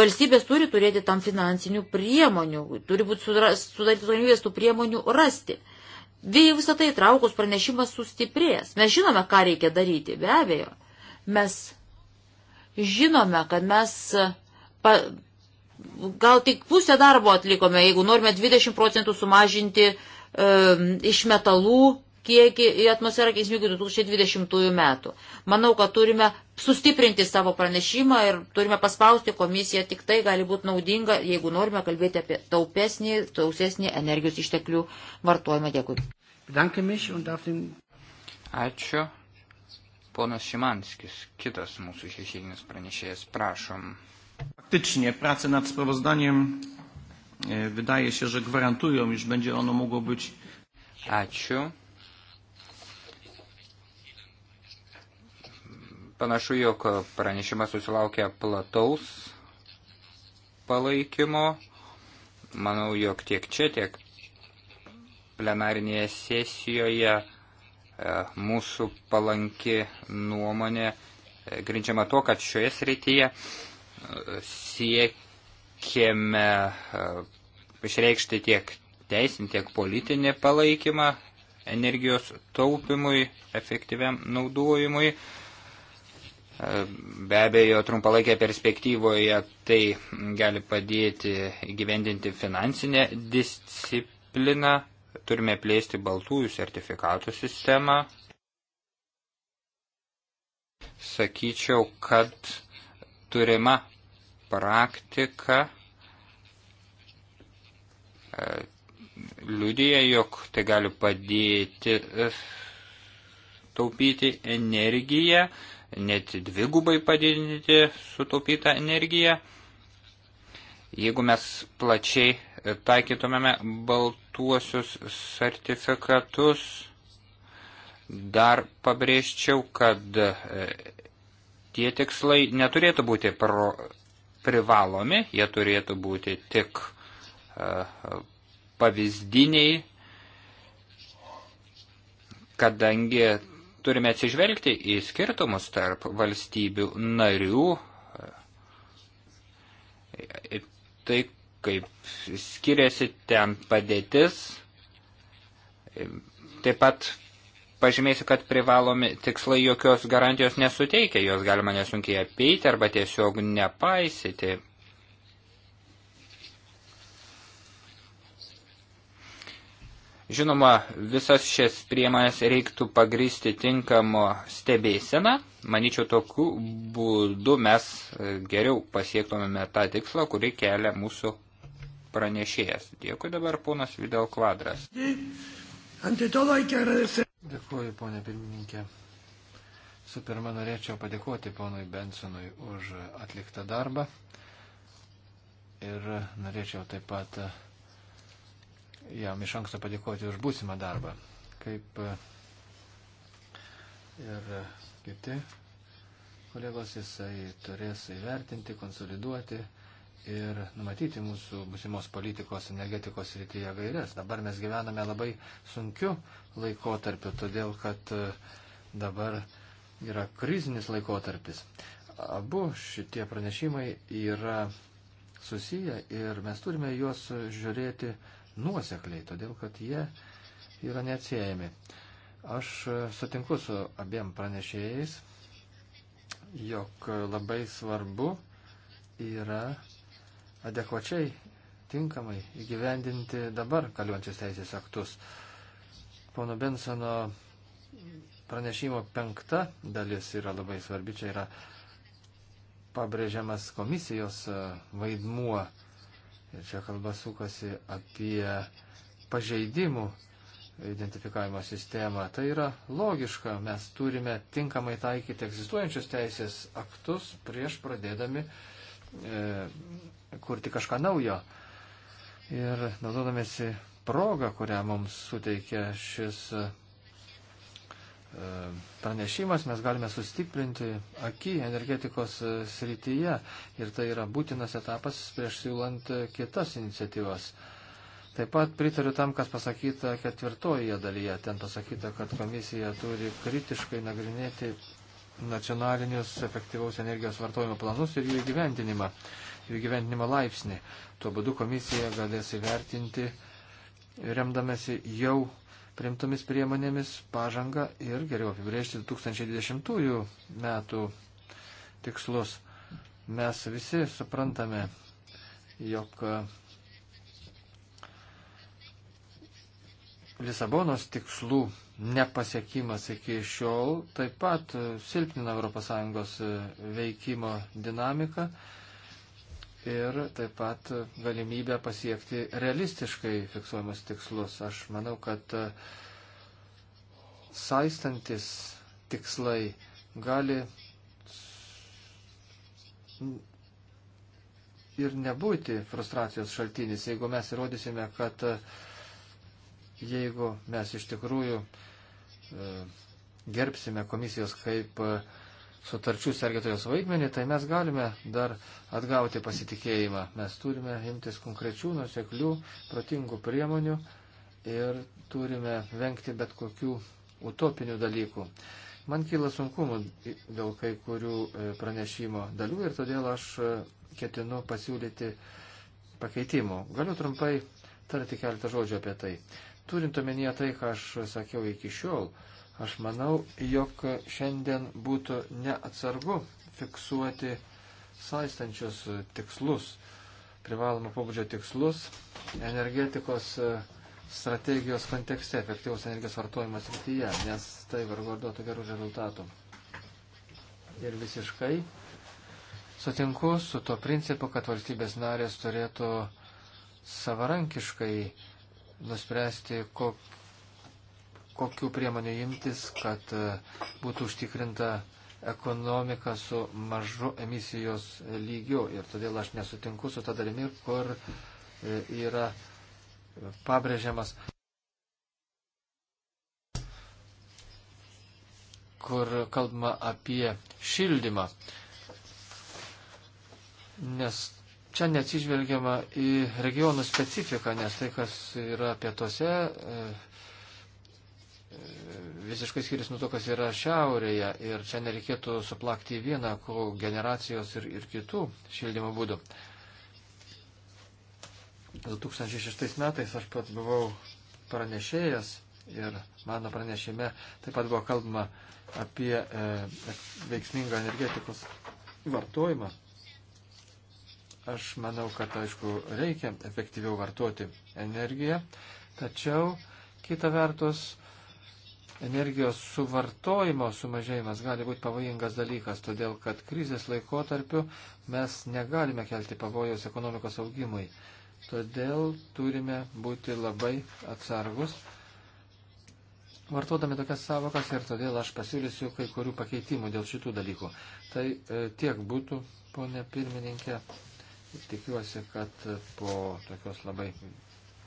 valstybės turi turėti tam finansinių priemonių, turi būti sudaryti galimybės tų priemonių rasti. E, Vėjai visą tai traukus pranešimas sustiprės. Mes žinome, ką reikia daryti, be abejo. Mes žinome, kad mes pa, gal tik pusę darbo atlikome, jeigu norime 20 procentų sumažinti e, iš metalų kiekį į atmosferą keismių iki 2020 metų. Manau, kad turime sustiprinti savo pranešimą ir turime paspausti komisiją, tik tai gali būti naudinga, jeigu norime kalbėti apie taupesnį, tausesnį energijos išteklių vartojimą. Dėkui. Ačiū. Ponas Šimanskis, kitas mūsų šešėlinis pranešėjas, prašom. Faktycznie prace nad sprawozdaniem e, wydaje się, że gwarantują, iż będzie ono mogło być. Ačiū. Panašu, jog pranešimas susilaukia plataus palaikymo. Manau, jog tiek čia, tiek plenarinėje sesijoje e, mūsų palanki nuomonė e, grindžiama to, kad šioje srityje e, siekėme išreikšti tiek teisinį, tiek politinį palaikymą energijos taupimui, efektyviam naudojimui. Be abejo, trumpalaikė perspektyvoje tai gali padėti gyvendinti finansinę discipliną. Turime plėsti baltųjų sertifikatų sistemą. Sakyčiau, kad turima praktika e, liudyja, jog tai gali padėti e, taupyti energiją, net dvigubai padidinti sutaupytą energiją. Jeigu mes plačiai taikytumėme baltuosius sertifikatus, dar pabrėžčiau, kad e, tie tikslai neturėtų būti pro, privalomi, jie turėtų būti tik e, pavyzdiniai, kadangi turime atsižvelgti į skirtumus tarp valstybių narių, e, tai kaip skiriasi ten padėtis. E, taip pat pažymėsiu, kad privalomi tikslai jokios garantijos nesuteikia, jos galima nesunkiai apeiti arba tiesiog nepaisyti. Žinoma, visas šias priemonės reiktų pagristi tinkamo stebėseną. Manyčiau, tokiu būdu mes e, geriau pasiektumėme tą tikslą, kurį kelia mūsų pranešėjas. Dėkui dabar, ponas Vidal Kvadras. Dėkuoju, ponė pirmininkė. Su pirma, norėčiau padėkoti ponui Bensonui už atliktą darbą. Ir norėčiau taip pat jam iš anksto padėkoti už būsimą darbą, kaip e, ir e, kiti kolegos jisai turės įvertinti, konsoliduoti ir numatyti mūsų būsimos politikos energetikos rytyje gairias. Dabar mes gyvename labai sunkiu laikotarpiu, todėl kad e, dabar yra krizinis laikotarpis. Abu šitie pranešimai yra susiję ir mes turime juos žiūrėti uh, nuosekliai, todėl kad jie yra neatsiejami. Aš sutinku su abiem pranešėjais, jog labai svarbu yra adekvačiai, tinkamai įgyvendinti dabar galiuojančius teisės aktus. Pono Bensono pranešimo penkta dalis yra labai svarbi, čia yra pabrėžiamas komisijos vaidmuo Ir čia kalba sukasi apie pažeidimų identifikavimo sistemą. Tai yra logiška, mes turime tinkamai taikyti egzistuojančius teisės aktus prieš pradėdami e, kurti kažką naujo. Ir naudodamėsi progą, kurią mums suteikia šis pranešimas, e, mes galime sustiprinti akį energetikos e, srityje ir tai yra būtinas etapas prieš siūlant e, kitas iniciatyvas. Taip pat pritariu tam, kas pasakyta ketvirtoje dalyje. Ten pasakyta, kad komisija turi kritiškai nagrinėti nacionalinius efektyvaus energijos vartojimo planus ir jų įgyvendinimą, jų įgyvendinimo laipsnį. Tuo būdu komisija galės įvertinti, remdamėsi jau priimtomis priemonėmis pažangą ir geriau apibrėžti 2020 metų tikslus. Mes visi suprantame, jog Lisabonos tikslų nepasiekimas iki šiol taip pat silpnina ES veikimo dinamiką ir taip pat galimybę pasiekti realistiškai fiksuojamus tikslus. Aš manau, kad e, saistantis tikslai gali ir nebūti frustracijos šaltinis, jeigu mes įrodysime, kad e, jeigu mes iš tikrųjų e, gerbsime komisijos kaip sutarčių sergėtojos vaidmenį, tai mes galime dar atgauti pasitikėjimą. Mes turime imtis konkrečių, nuseklių, protingų priemonių ir turime vengti bet kokių utopinių dalykų. Man kyla sunkumų dėl kai kurių e, pranešimo dalių ir todėl aš e, ketinu pasiūlyti pakeitimų. Galiu trumpai tarti keletą žodžių apie tai. Turint omenyje tai, ką aš sakiau iki šiol, uh, Aš manau, jog šiandien būtų neatsargu fiksuoti saistančius tikslus, privalomą pobūdžio tikslus energetikos strategijos kontekste, efektyvus energijos vartojimas rytyje, nes tai vargu ar duotų gerų rezultatų. Ir visiškai sutinku su to principu, kad valstybės narės turėtų savarankiškai nuspręsti, kokie kokiu priemonių imtis, kad e, būtų užtikrinta ekonomika su mažu emisijos lygiu. Ir todėl aš nesutinku su ta dalimi, kur e, yra pabrėžiamas kur kalbama apie šildymą. Nes čia neatsižvelgiama į regionų specifiką, nes tai, kas yra pietuose, e, visiškai skiriasi nuo to, kas yra šiaurėje ir čia nereikėtų suplakti į vieną generacijos ir, ir kitų šildymo būdų. 2006 metais aš pats buvau pranešėjas ir mano pranešime taip pat buvo kalbama apie e, veiksmingą energetikos vartojimą. Aš manau, kad aišku reikia efektyviau vartoti energiją, tačiau kita vertus energijos suvartojimo sumažėjimas gali būti pavojingas dalykas, todėl kad krizės laikotarpiu mes negalime kelti pavojaus ekonomikos augimui. Todėl turime būti labai atsargus, vartodami tokias savokas ir todėl aš pasiūlysiu kai kurių pakeitimų dėl šitų dalykų. Tai e, tiek būtų, ponė pirmininkė. Tikiuosi, kad e, po tokios labai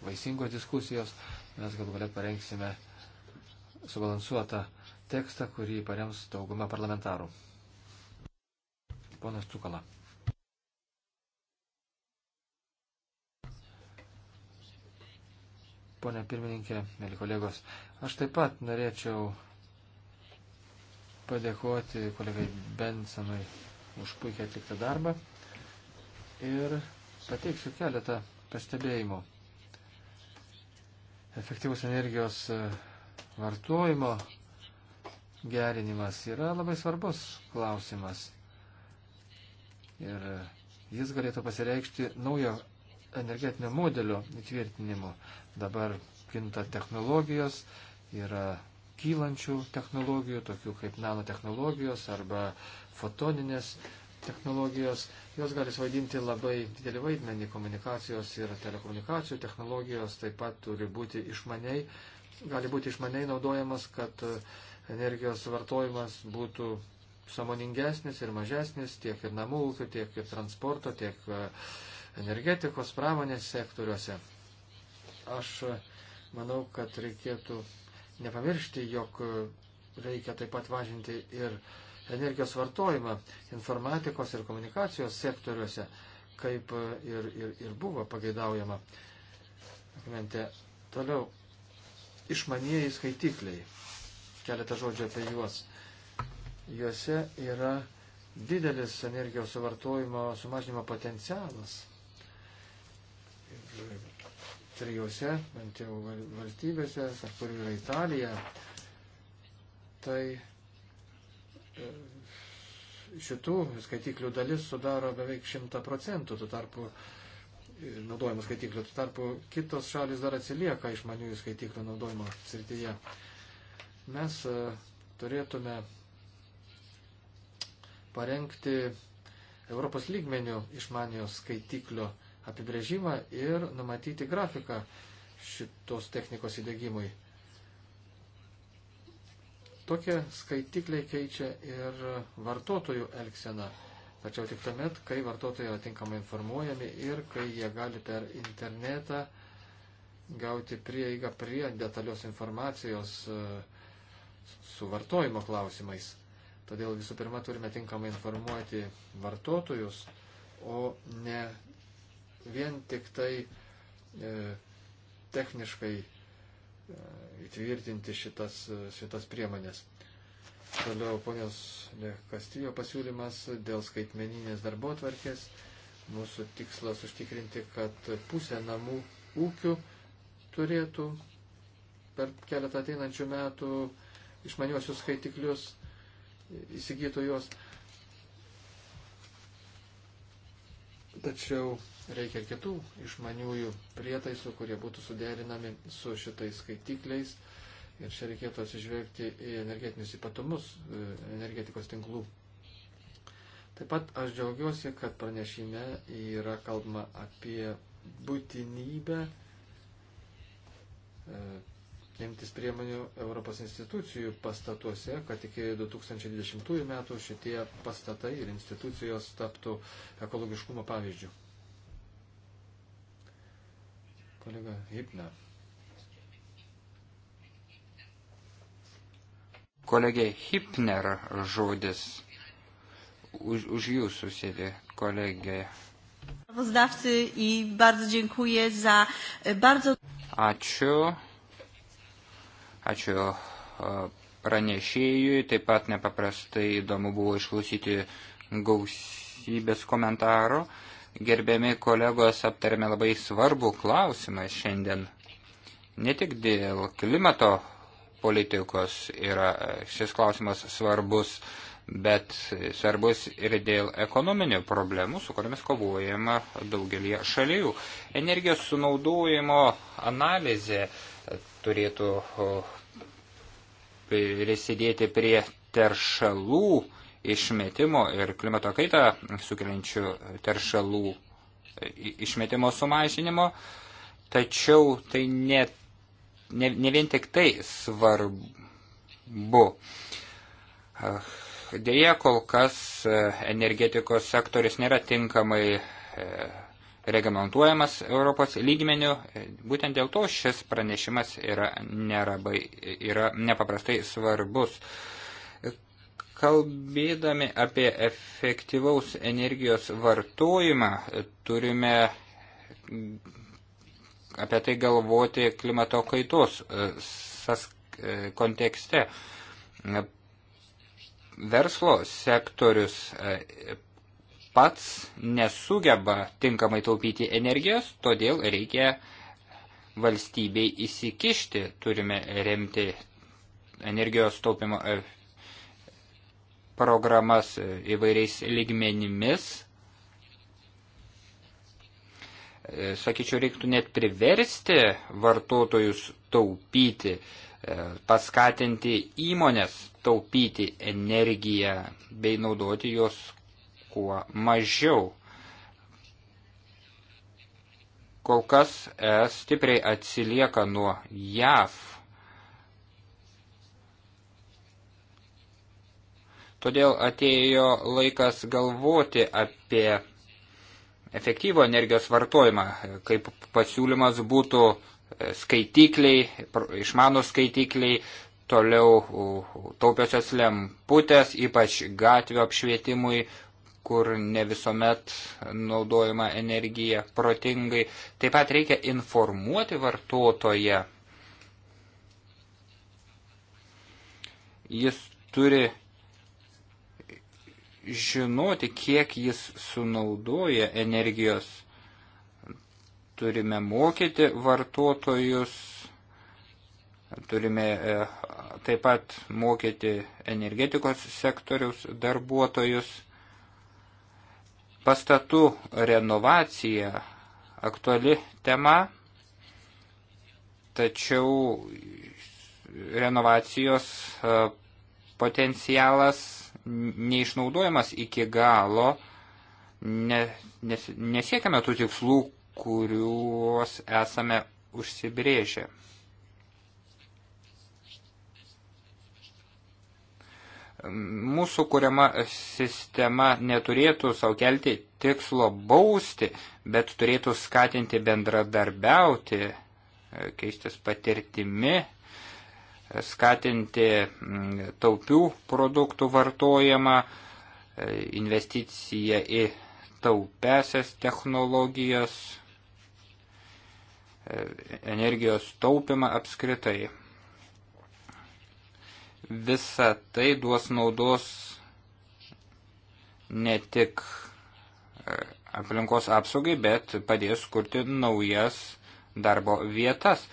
vaisingos diskusijos mes gal galia parengsime subalansuotą tekstą, kurį parems dauguma parlamentarų. Ponas Cukala. Pone pirmininkė, mėly kolegos, aš taip pat norėčiau padėkoti kolegai Bensonui už puikiai atliktą darbą ir pateiksiu keletą pastebėjimų. Efektyvus energijos vartojimo gerinimas yra labai svarbus klausimas. Ir jis galėtų pasireikšti naujo energetinio modelio įtvirtinimu. Dabar kinta technologijos, yra kylančių technologijų, tokių kaip nanotehnologijos arba fotoninės technologijos. Jos gali svaidinti labai didelį vaidmenį komunikacijos ir telekomunikacijų technologijos, taip pat turi būti išmaniai gali būti išmaniai naudojamas, kad e, energijos vartojimas būtų samoningesnis ir mažesnis tiek ir namų ūkių, tiek ir transporto, tiek e, energetikos pramonės sektoriuose. Aš e, manau, kad reikėtų nepamiršti, jog reikia taip pat mažinti ir energijos vartojimą informatikos ir komunikacijos sektoriuose, kaip ir, ir, ir buvo pageidaujama. Dokumente. Toliau išmanieji skaitikliai. Keletą žodžių apie juos. Juose yra didelis energijos suvartojimo sumažinimo potencialas. Ir trijose, bent jau valstybėse, ar kur yra Italija, tai e, šitų skaitiklių dalis sudaro beveik 100 procentų, tuo tarpu naudojimo skaitiklių. Tuo tarpu kitos šalis dar atsilieka išmaniųjų skaitiklių naudojimo srityje. Mes e, turėtume parengti Europos lygmenių išmanio skaitiklio apibrėžimą ir numatyti grafiką šitos technikos įdėgymui. Tokie skaitikliai keičia ir vartotojų elkseną tačiau tik tuomet, kai vartotojai yra tinkamai informuojami ir kai jie gali per internetą gauti prieigą prie detalios informacijos e, su vartojimo klausimais. Todėl visų pirma turime tinkamai informuoti vartotojus, o ne vien tik tai e, techniškai e, įtvirtinti šitas, e, šitas priemonės. Toliau ponios Kastijo pasiūlymas dėl skaitmeninės darbo tvarkės. Mūsų tikslas užtikrinti, kad pusė namų ūkių turėtų per keletą ateinančių metų išmaniosius skaitiklius įsigytų juos. Tačiau reikia kitų išmaniųjų prietaisų, kurie būtų suderinami su šitais skaitikliais. Uh, Ir čia reikėtų atsižvelgti į energetinius ypatumus e, energetikos tinklų. Taip pat aš džiaugiuosi, kad pranešime yra kalbama apie būtinybę e, imtis priemonių Europos institucijų pastatuose, kad iki 2020 metų šitie pastatai ir institucijos taptų ekologiškumo pavyzdžių. Kolega Hipna. kolegė Hipner žodis. Už, už jūsų sėdi kolegė. E, Ačiū. Ačiū e, pranešėjui. Taip pat nepaprastai įdomu buvo išklausyti gausybės komentarų. Gerbiami kolegos aptarėme labai svarbų klausimą šiandien. Ne tik dėl klimato politikos yra e, šis klausimas svarbus, bet svarbus ir dėl ekonominių problemų, su kuriamis kovojama daugelie šalių. Energijos sunaudojimo analizė turėtų prisidėti prie teršalų išmetimo ir klimato kaitą sukeliančių teršalų e, išmetimo sumažinimo, tačiau tai net ne, ne vien tik tai svarbu. Dėja, kol kas e, energetikos sektorius nėra tinkamai e, reglamentuojamas Europos lygmenių. E, būtent dėl to šis pranešimas yra, nerabai, yra nepaprastai svarbus. Kalbėdami apie efektyvaus energijos vartojimą, turime apie tai galvoti klimato kaitos e, sas, e, kontekste. E, verslo sektorius pats nesugeba tinkamai taupyti energijos, todėl reikia valstybei įsikišti, turime remti energijos taupimo programas įvairiais lygmenimis E, sakyčiau, reiktų net priversti vartotojus taupyti, e, paskatinti įmonės taupyti energiją bei naudoti jos kuo mažiau. Kol kas es stipriai atsilieka nuo JAV. Todėl atėjo laikas galvoti apie efektyvų energijos vartojimą, kaip pasiūlymas būtų e, skaitikliai, išmanus skaitikliai, toliau taupiosios lemputės, ypač gatvių apšvietimui, kur ne visuomet naudojama energija protingai. Taip pat reikia informuoti vartotoje. Jis turi žinoti, kiek jis sunaudoja energijos. Turime mokyti vartotojus, turime e, taip pat mokyti energetikos sektoriaus darbuotojus. Pastatų renovacija aktuali tema, tačiau renovacijos e, potencialas neišnaudojamas iki galo, ne, nes, nesiekame tų tikslų, kuriuos esame užsibrėžę. Mūsų kuriama sistema neturėtų savo kelti tikslo bausti, bet turėtų skatinti bendradarbiauti, keistis patirtimi skatinti mm, taupių produktų vartojimą, e, investicija į taupesias technologijas, e, energijos taupimą apskritai. Visa tai duos naudos ne tik e, aplinkos apsaugai, bet padės kurti naujas darbo vietas.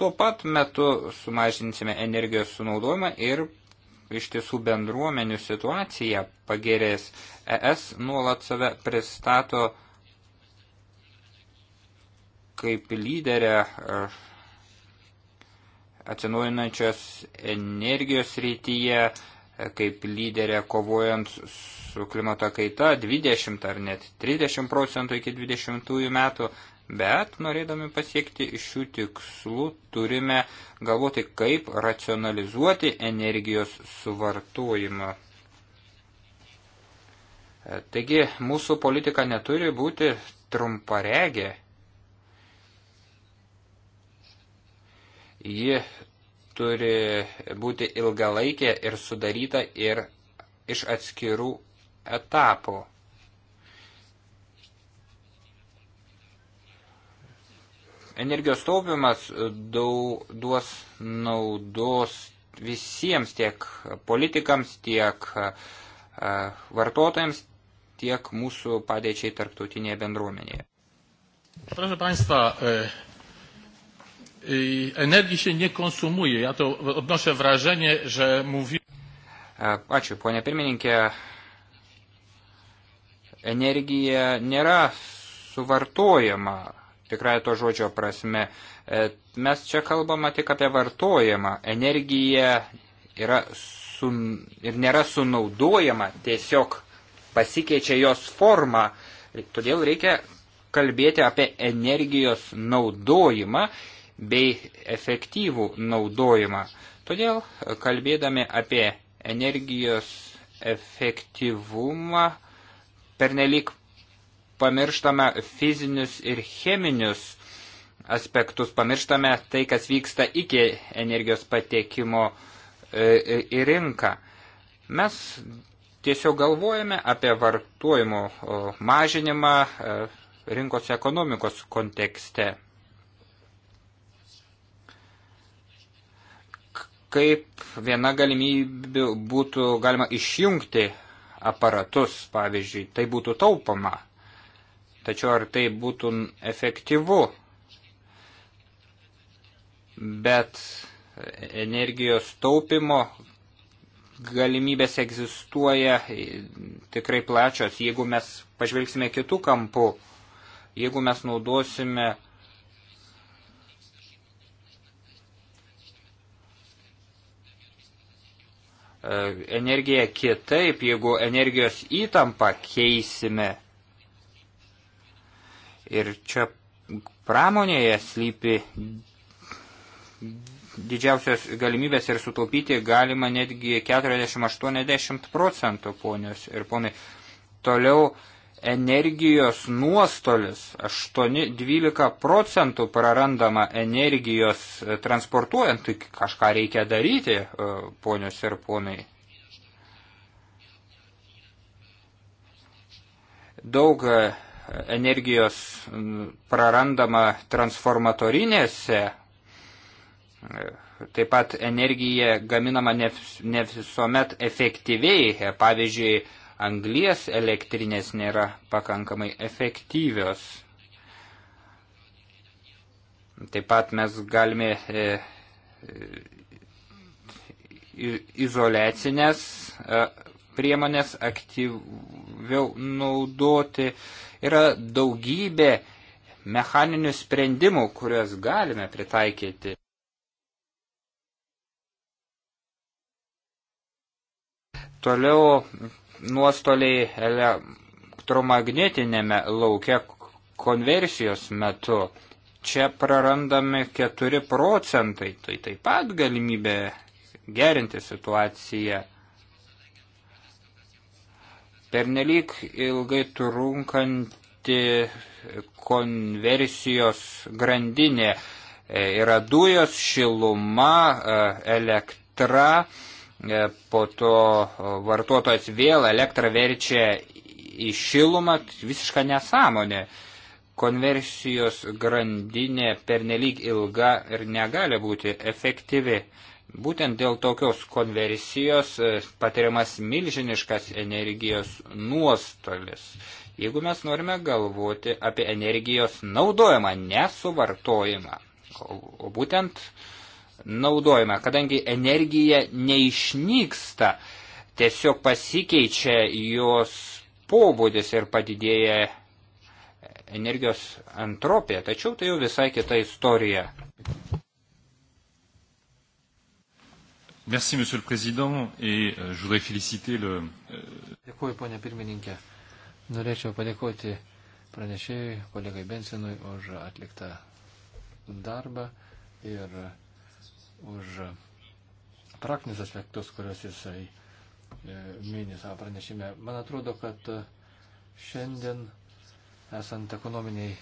Tuo pat metu sumažinsime energijos sunaudojimą ir iš tiesų bendruomenių situacija pagerės. ES nuolat save pristato kaip lyderę e, atsinaujinančios energijos rytyje, e, kaip lyderė kovojant su klimato kaita 20 ar net 30 procentų iki 20 metų bet norėdami pasiekti šių tikslų turime galvoti, kaip racionalizuoti energijos suvartojimą. Taigi mūsų politika neturi būti trumparegė. Ji turi būti ilgalaikė ir sudaryta ir iš atskirų etapų. Energijos taupimas e, daug, duos naudos visiems tiek politikams, tiek e, e, vartotojams, tiek mūsų padėčiai tarptautinėje bendruomenėje. Proszę Państwa, energii się nie konsumuje. Ja to odnoszę wrażenie, że mówi... Ačiū, ponia pirmininkė. Energija nėra suvartojama tikrai to žodžio prasme. E, mes čia kalbame tik apie vartojimą. Energija yra sun, ir nėra sunaudojama, tiesiog pasikeičia jos forma. Todėl reikia kalbėti apie energijos naudojimą bei efektyvų naudojimą. Todėl kalbėdami apie energijos efektyvumą, pernelyg pamirštame fizinius ir cheminius aspektus, pamirštame tai, kas vyksta iki energijos patekimo e, e, į rinką. Mes tiesiog galvojame apie vartojimo mažinimą e, rinkos ekonomikos kontekste. Kaip viena galimybė būtų galima išjungti aparatus, pavyzdžiui, tai būtų taupama. Tačiau ar tai būtų efektyvu? Bet energijos taupimo galimybės egzistuoja tikrai plačios. Jeigu mes pažvelgsime kitų kampų, jeigu mes naudosime energiją kitaip, jeigu energijos įtampą keisime, Ir čia pramonėje slypi didžiausios galimybės ir sutaupyti galima netgi 40-80 procentų, ponios ir ponai. Toliau energijos nuostolis 8-12 procentų prarandama energijos transportuojant, tai kažką reikia daryti, e, ponios ir ponai. Daug energijos prarandama transformatorinėse, e, taip pat energija gaminama ne, ne visuomet efektyviai, e, pavyzdžiui, anglies elektrinės nėra pakankamai efektyvios. Taip pat mes galime e, e izolacinės priemonės aktyviau naudoti. Yra daugybė mechaninių sprendimų, kuriuos galime pritaikyti. Toliau nuostoliai elektromagnetinėme laukia konversijos metu. Čia prarandame 4 procentai, tai taip pat galimybė gerinti situaciją. Pernelyg ilgai trunkanti konversijos grandinė e, yra dujos, šiluma, e, elektra, e, po to vartotojas vėl elektrą verčia į šilumą, visiška nesąmonė. Konversijos grandinė pernelyg ilga ir negali būti efektyvi. Būtent dėl tokios konversijos e, patiriamas milžiniškas energijos nuostolis. Jeigu mes norime galvoti apie energijos naudojimą, nesuvartojimą, o būtent naudojimą, kadangi energija neišnyksta, tiesiog pasikeičia jos pobūdis ir padidėja energijos antropija, tačiau tai jau visai kita istorija. Merci, Monsieur le Président, et euh, je voudrais féliciter le. Euh, Dėkuoju, ponė pirmininkė. Norėčiau padėkoti pranešėjui, kolegai Bensinui, už atliktą darbą ir už praktinius aspektus, kuriuos jisai e, mini savo pranešime. Man atrodo, kad šiandien esant ekonominiai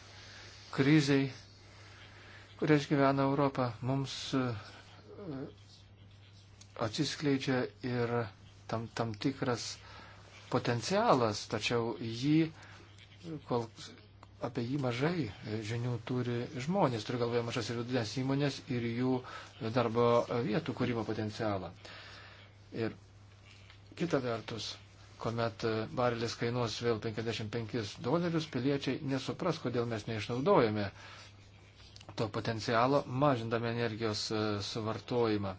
kriziai, kurie išgyvena Europą, mums e, atsiskleidžia ir tam, tam tikras potencialas, tačiau jį, kol apie jį mažai žinių turi žmonės, turiu galvoje mažas ir vidutinės įmonės ir jų darbo vietų kūrimo potencialą. Ir kita vertus, kuomet barelis kainuos vėl 55 dolerius, piliečiai nesupras, kodėl mes neišnaudojame to potencialo, mažindami energijos suvartojimą.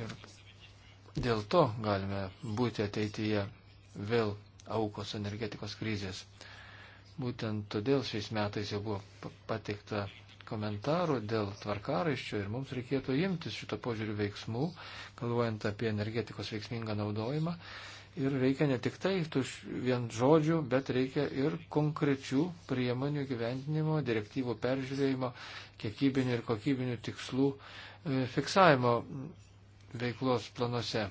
Ir dėl to galime būti ateityje vėl aukos energetikos krizės. Būtent todėl šiais metais jau buvo pateikta komentarų dėl tvarkaraiščio ir mums reikėtų imtis šito požiūrių veiksmų, kalbant apie energetikos veiksmingą naudojimą. Ir reikia ne tik tai tuš vien žodžių, bet reikia ir konkrečių priemonių gyvendinimo, direktyvų peržiūrėjimo, kiekybinių ir kokybinių tikslų E, fiksavimo veiklos planuose,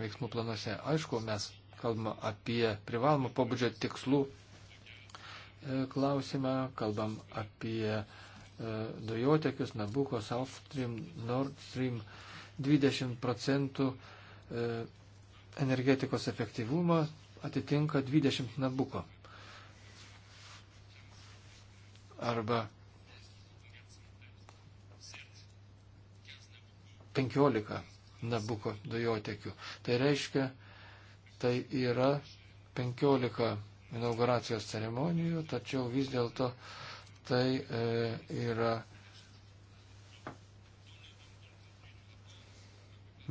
veiksmų planuose. Aišku, mes kalbame apie privalomą pobūdžio tikslų e, klausimą, kalbam apie e, dujotekius Nabuko, South Stream, Nord Stream 20 procentų energetikos efektyvumo atitinka 20 Nabuko. Arba 15 nabuko dujotekių. Tai reiškia, tai yra 15 inauguracijos ceremonijų, tačiau vis dėlto tai e, yra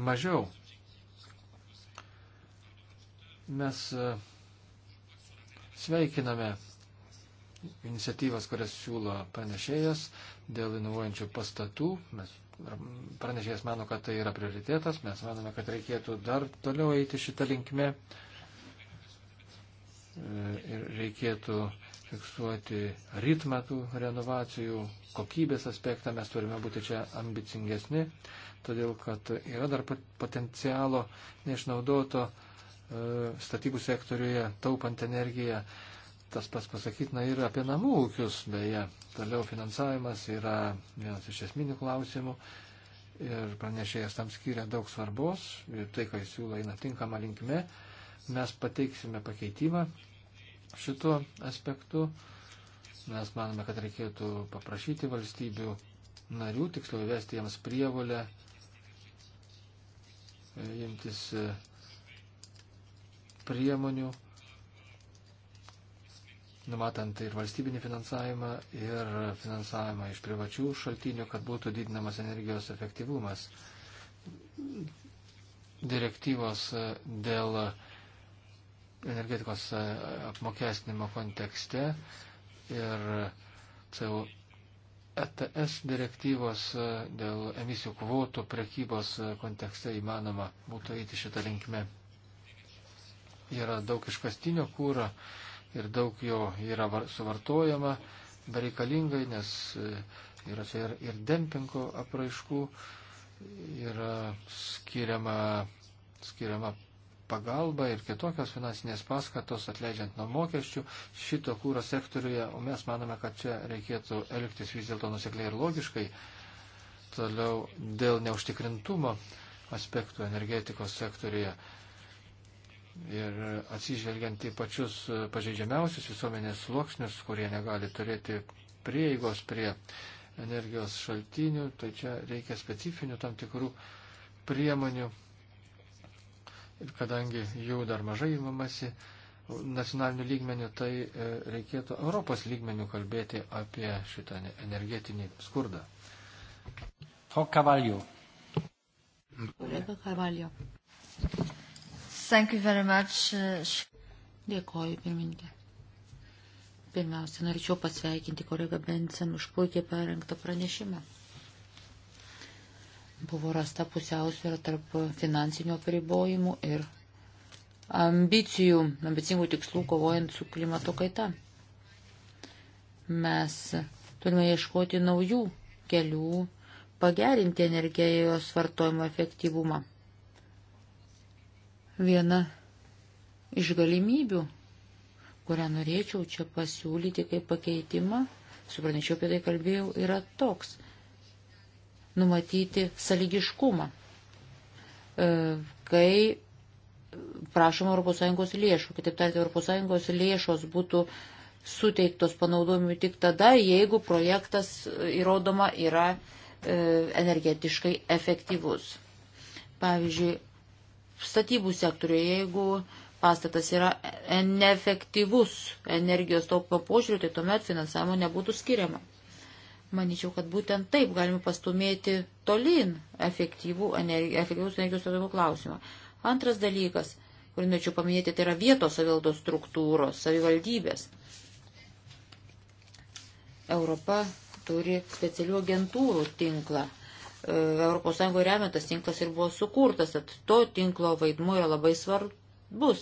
mažiau. Mes e, sveikiname iniciatyvas, kurias siūlo pranešėjas dėl inovuojančių pastatų. Mes Pranešėjas mano, kad tai yra prioritėtas, mes manome, kad reikėtų dar toliau eiti šitą linkmę ir reikėtų fiksuoti ritmą tų renovacijų, kokybės aspektą, mes turime būti čia ambicingesni, todėl kad yra dar potencialo neišnaudoto e, statybų sektoriuje taupant energiją. Tas pas pasakytina ir apie namų ūkius, beje. Toliau finansavimas yra vienas iš esminių klausimų ir pranešėjas tam skiria daug svarbos ir tai, ką jis siūlo, eina tinkama linkme. Mes pateiksime pakeitimą šituo aspektu. Mes manome, kad reikėtų paprašyti valstybių narių, tiksliau įvesti jiems prievolę e, imtis e, priemonių, numatant ir valstybinį finansavimą, ir finansavimą iš privačių šaltinių, kad būtų didinamas energijos efektyvumas. Direktyvos e, dėl energetikos e, apmokestinimo kontekste ir CO ETS direktyvos e, dėl emisijų kvotų prekybos kontekste įmanoma būtų eiti šitą linkmę. Yra daug iškastinio kūro, ir daug jo yra suvartojama bereikalingai, nes e, yra čia ir, ir dempingo apraiškų, yra skiriama, skiriama pagalba ir kitokios finansinės paskatos atleidžiant nuo mokesčių šito kūro sektoriuje, o mes manome, kad čia reikėtų elgtis vis dėlto nusekliai ir logiškai. Toliau dėl neužtikrintumo aspektų energetikos sektoriuje ir atsižvelgiant į pačius pažeidžiamiausius visuomenės sluoksnius, kurie negali turėti prieigos prie energijos šaltinių, tai čia reikia specifinių tam tikrų priemonių. Ir kadangi jų dar mažai įmamasi nacionalinių lygmenių, tai e, reikėtų Europos lygmenių kalbėti apie šitą energetinį skurdą. Frau Cavallo. Kolega Cavallo. Thank you very much. Uh, Dėkoju, pirmininkė. Pirmiausia, norėčiau pasveikinti kolegą Bensen už puikiai parengtą pranešimą. Buvo rasta pusiausvėra tarp finansinio apribojimų ir ambicijų, ambicingų tikslų kovojant su klimato kaita. Mes turime ieškoti naujų kelių pagerinti energijos vartojimo efektyvumą. Viena iš galimybių, kurią norėčiau čia pasiūlyti kaip pakeitimą, supranečiau apie tai kalbėjau, yra toks – numatyti saligiškumą, e, kai prašoma ES lėšų. Kitaip tariant, ES lėšos būtų suteiktos panaudojimui tik tada, jeigu projektas įrodoma yra e, energetiškai efektyvus. Pavyzdžiui, statybų sektoriuje, jeigu pastatas yra neefektyvus energijos taupimo požiūriu, tai tuomet finansavimo nebūtų skiriama. Manyčiau, kad būtent taip galime pastumėti tolin efektyvų energi, efektyvus energijos taupimo klausimą. Antras dalykas, kurį norėčiau paminėti, tai yra vietos savivaldos struktūros, savivaldybės. Europa turi specialių agentūrų tinklą ES remiantas tinklas ir buvo sukurtas, tad to tinklo vaidmuo yra labai svarbus.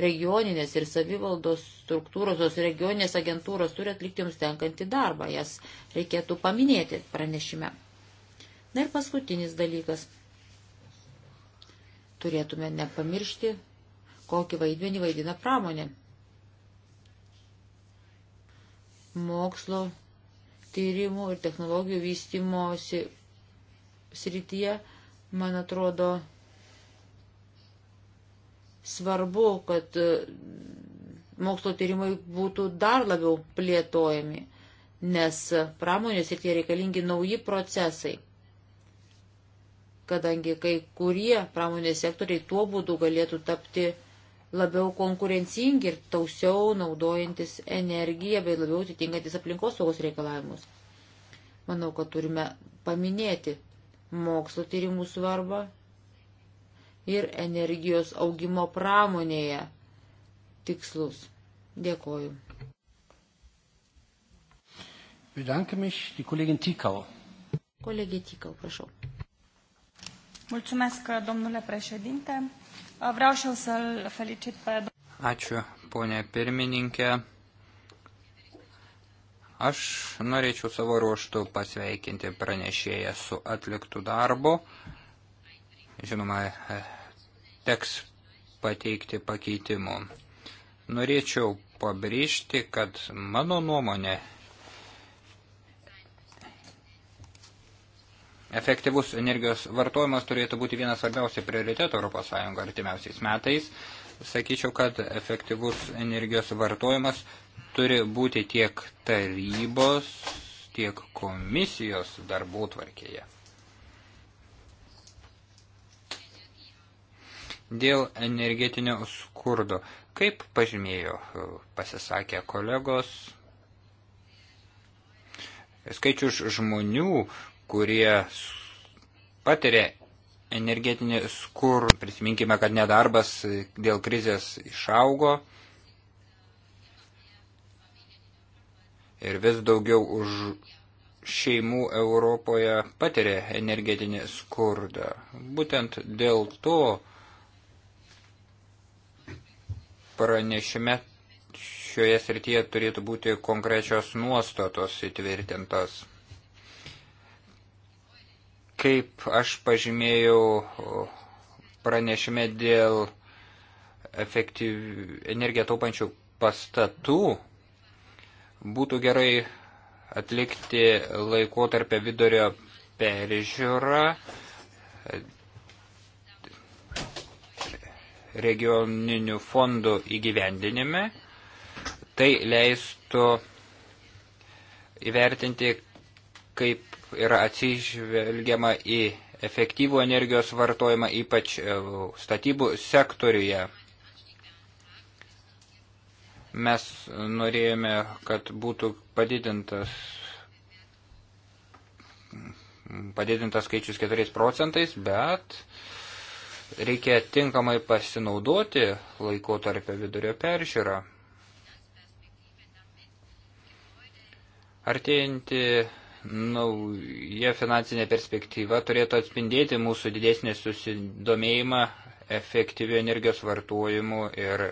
Regioninės ir savivaldos struktūros, tos regioninės agentūros turi atlikti jums tenkantį darbą, jas reikėtų paminėti pranešime. Na ir paskutinis dalykas. Turėtume nepamiršti, kokį vaidmenį vaidina pramonė. Mokslo tyrimų ir technologijų vystimosi srityje, man atrodo, svarbu, kad e, mokslo tyrimai būtų dar labiau plėtojami, nes pramonės ir tie reikalingi nauji procesai, kadangi kai kurie pramonės sektoriai tuo būdu galėtų tapti labiau konkurencingi ir tausiau naudojantis energiją, bei labiau atitinkantis aplinkosaugos reikalavimus. Manau, kad turime paminėti mokslo tyrimų svarbą ir energijos augimo pramonėje tikslus. Dėkoju. Bedanke mich, die Kollegin Tikau. Kolegė Tikau, prašau. Mulțumesc, domnule președinte. Vreau și eu să-l felicit pe... Ačiū, ponė pirmininkė. Aš norėčiau savo ruoštų pasveikinti pranešėją su atliktų darbu. Žinoma, teks pateikti pakeitimų. Norėčiau pabrėžti, kad mano nuomonė efektyvus energijos vartojimas turėtų būti vienas svarbiausių prioritetų ES artimiausiais metais. Sakyčiau, kad efektyvus energijos vartojimas turi būti tiek tarybos, tiek komisijos darbų tvarkėje. Dėl energetinio skurdo, kaip pažymėjo e, pasisakę kolegos, skaičius žmonių, kurie patiria energetinį skur, prisiminkime, kad nedarbas dėl krizės išaugo, ir vis daugiau už šeimų Europoje patiria energetinį skurdą. Būtent dėl to pranešime šioje srityje turėtų būti konkrečios nuostatos įtvirtintos. Kaip aš pažymėjau pranešime dėl efektyv... energiją taupančių pastatų Būtų gerai atlikti laikotarpio vidurio peržiūrą regioninių fondų įgyvendinime. Tai leistų įvertinti, kaip yra atsižvelgiama į efektyvų energijos vartojimą, ypač e, statybų sektoriuje. Mes norėjome, kad būtų padidintas padidintas skaičius 4 procentais, bet reikia tinkamai pasinaudoti laiko tarp vidurio peržiūrą. Artėjanti nauja finansinė perspektyva turėtų atspindėti mūsų didesnį susidomėjimą efektyvių energijos vartojimu ir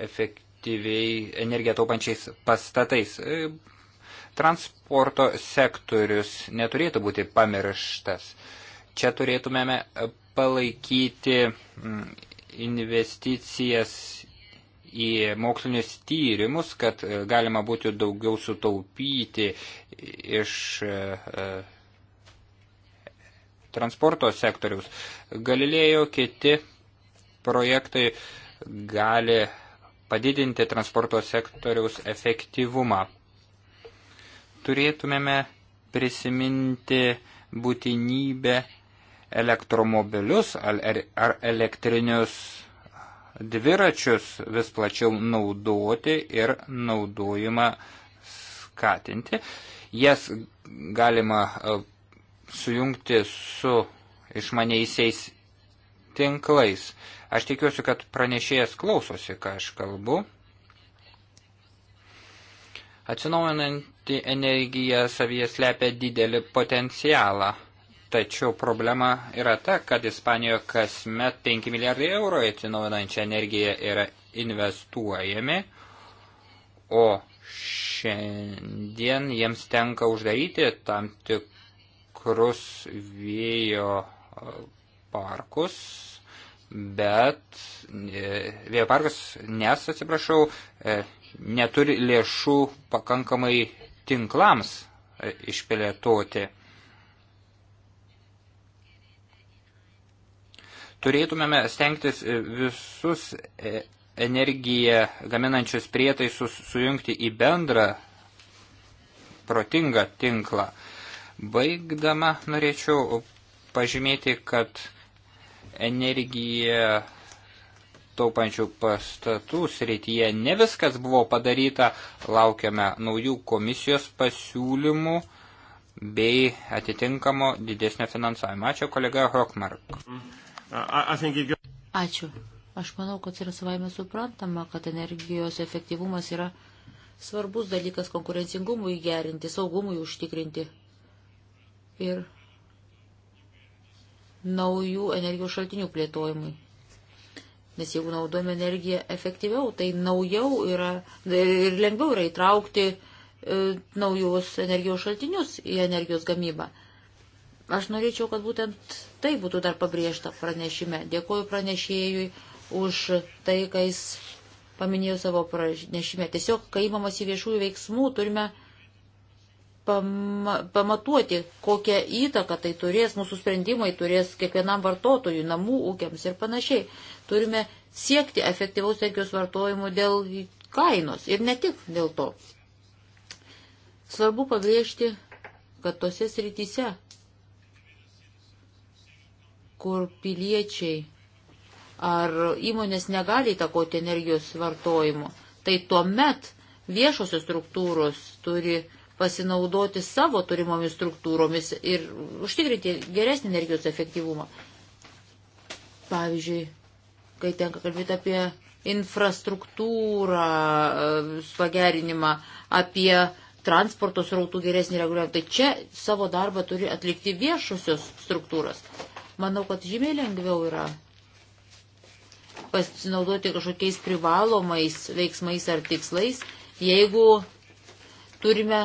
efektyviai energiją taupančiais pastatais. E, transporto sektorius neturėtų būti pamirštas. Čia turėtumėme palaikyti mm, investicijas į mokslinius tyrimus, kad e, galima būtų daugiau sutaupyti iš e, transporto sektoriaus. Galilėjo kiti projektai gali padidinti transporto sektoriaus efektyvumą. Turėtumėme prisiminti būtinybę elektromobilius ar elektrinius dviračius vis plačiau naudoti ir naudojimą skatinti. Jas galima e, sujungti su išmaniaisiais tinklais. Aš tikiuosi, kad pranešėjas klausosi, ką aš kalbu. Atsinaujinanti energija savyje slepia didelį potencialą. Tačiau problema yra ta, kad Ispanijoje kasmet 5 milijardai eurų atsinaujinančią energiją yra investuojami, o šiandien jiems tenka uždaryti tam tikrus vėjo parkus bet e, vėjo parkas, nes, atsiprašau, e, neturi lėšų pakankamai tinklams e, išpilėtoti. Turėtumėme stengtis visus energiją gaminančius prietaisus sujungti į bendrą protingą tinklą. Baigdama norėčiau pažymėti, kad energiją taupančių pastatų srityje ne viskas buvo padaryta, laukiame naujų komisijos pasiūlymų bei atitinkamo didesnio finansavimo. Ačiū kolega Hockmark. Ačiū. Aš manau, kad yra savaime suprantama, kad energijos efektyvumas yra svarbus dalykas konkurencingumui gerinti, saugumui užtikrinti. Ir naujų energijos šaltinių plėtojimui. Nes jeigu naudojame energiją efektyviau, tai naujau yra ir lengviau yra įtraukti e, naujus energijos šaltinius į energijos gamybą. Aš norėčiau, kad būtent tai būtų dar pabrėžta pranešime. Dėkuoju pranešėjui už tai, ką jis paminėjo savo pranešime. Tiesiog, kai įmamas į viešųjų veiksmų, turime pamatuoti, kokią įtaką tai turės, mūsų sprendimai turės kiekvienam vartotojui, namų ūkiams ir panašiai. Turime siekti efektyvaus energijos vartojimo dėl kainos ir ne tik dėl to. Svarbu pabrėžti, kad tose srityse, kur piliečiai ar įmonės negali įtakoti energijos vartojimo, tai tuomet viešosios struktūros turi pasinaudoti savo turimomis struktūromis ir užtikrinti geresnį energijos efektyvumą. Pavyzdžiui, kai tenka kalbėti apie infrastruktūrą e, pagerinimą, apie transporto srautų geresnį reguliavimą. Tai čia savo darbą turi atlikti viešosios struktūros. Manau, kad žymiai lengviau yra pasinaudoti kažkokiais privalomais veiksmais ar tikslais, jeigu turime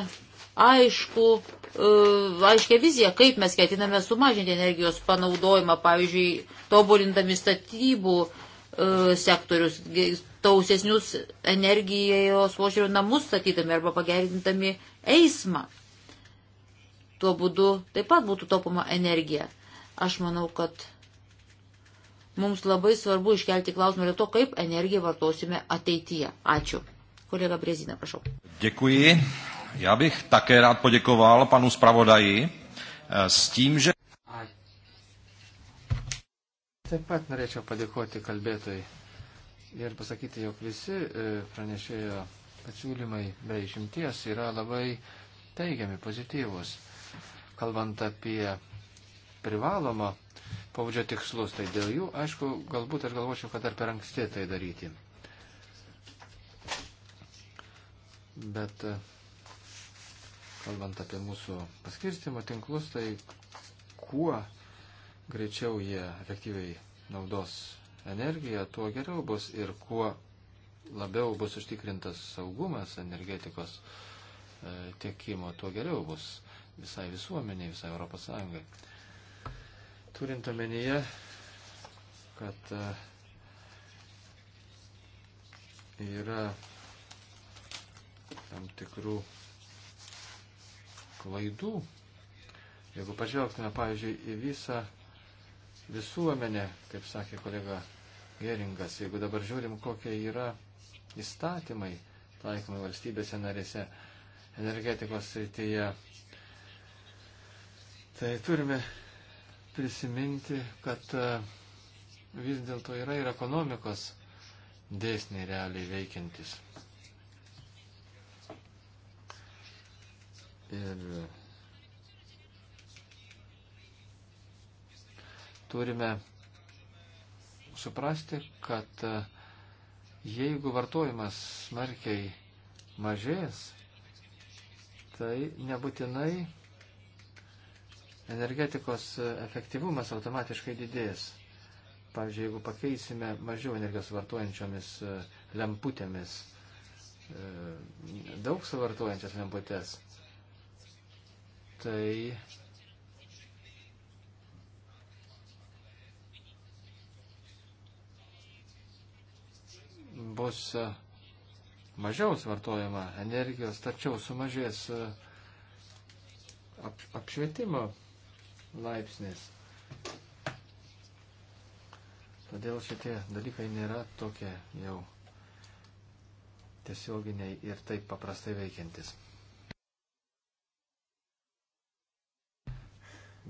aišku, e, aiškia vizija, kaip mes ketiname sumažinti energijos panaudojimą, pavyzdžiui, tobulindami statybų e, sektorius, tausesnius energijos požiūrių namus statydami arba pagerintami eismą. Tuo būdu taip pat būtų taupoma energija. Aš manau, kad mums labai svarbu iškelti klausimą dėl to, kaip energiją vartosime ateityje. Ačiū. Kolega Brezina, prašau. Dėkui. Já bych také rád poděkoval panu zpravodaji eh, s tím, že. Taip pat norėčiau padėkoti kalbėtojai ir pasakyti, jog visi e, pranešėjo pasiūlymai be išimties yra labai teigiami, pozityvus. Kalbant apie privalomą paudžio tikslus, tai dėl jų, aišku, galbūt aš galvočiau, kad dar per anksti tai daryti. Bet uh, kalbant apie mūsų paskirstimo tinklus, tai kuo greičiau jie efektyviai naudos energiją, tuo geriau bus ir kuo labiau bus užtikrintas saugumas energetikos e, tiekimo, tuo geriau bus visai visuomeniai, visai Europos Sąjungai. Turint omenyje, kad e, yra tam tikrų klaidų. Jeigu pažvelgtume, pavyzdžiui, į visą visuomenę, kaip sakė kolega Geringas, jeigu dabar žiūrim, kokie yra įstatymai taikomi valstybėse narėse energetikos srityje, tai turime prisiminti, kad e, vis dėlto yra ir ekonomikos dėsniai realiai veikiantis. Ir turime suprasti, kad e, jeigu vartojimas smarkiai mažės, tai nebūtinai energetikos efektyvumas automatiškai didės. Pavyzdžiui, jeigu pakeisime mažiau energijos vartojančiomis e, lemputėmis, e, daug suvartojančias lemputės, tai bus mažiau vartojama energijos, tačiau sumažės ap, apšvietimo laipsnis. Todėl šitie dalykai nėra tokie jau tiesioginiai ir taip paprastai veikiantis.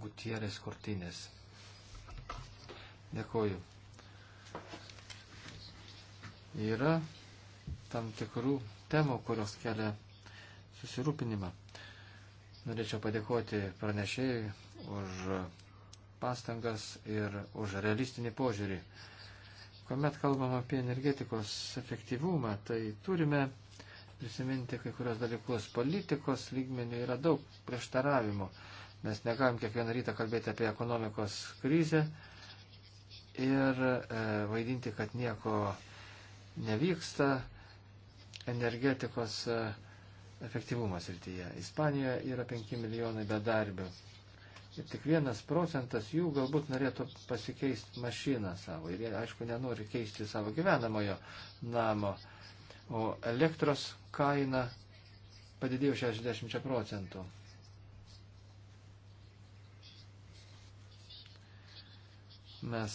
Gutierės Kortinės. Dėkoju. Yra tam tikrų temų, kurios kelia susirūpinimą. Norėčiau padėkoti pranešėjui už pastangas ir už realistinį požiūrį. Komet kalbam apie energetikos efektyvumą, tai turime prisiminti kai kurios dalykus. Politikos lygmenių yra daug prieštaravimų. Mes negalim kiekvieną rytą kalbėti apie ekonomikos krizę ir e, vaidinti, kad nieko nevyksta energetikos e, efektyvumas rytyje. Ispanijoje yra 5 milijonai bedarbių. Ir tik vienas procentas jų galbūt norėtų pasikeisti mašiną savo. Ir jie, aišku, nenori keisti savo gyvenamojo namo. O elektros kaina padidėjo 60 procentų. Mes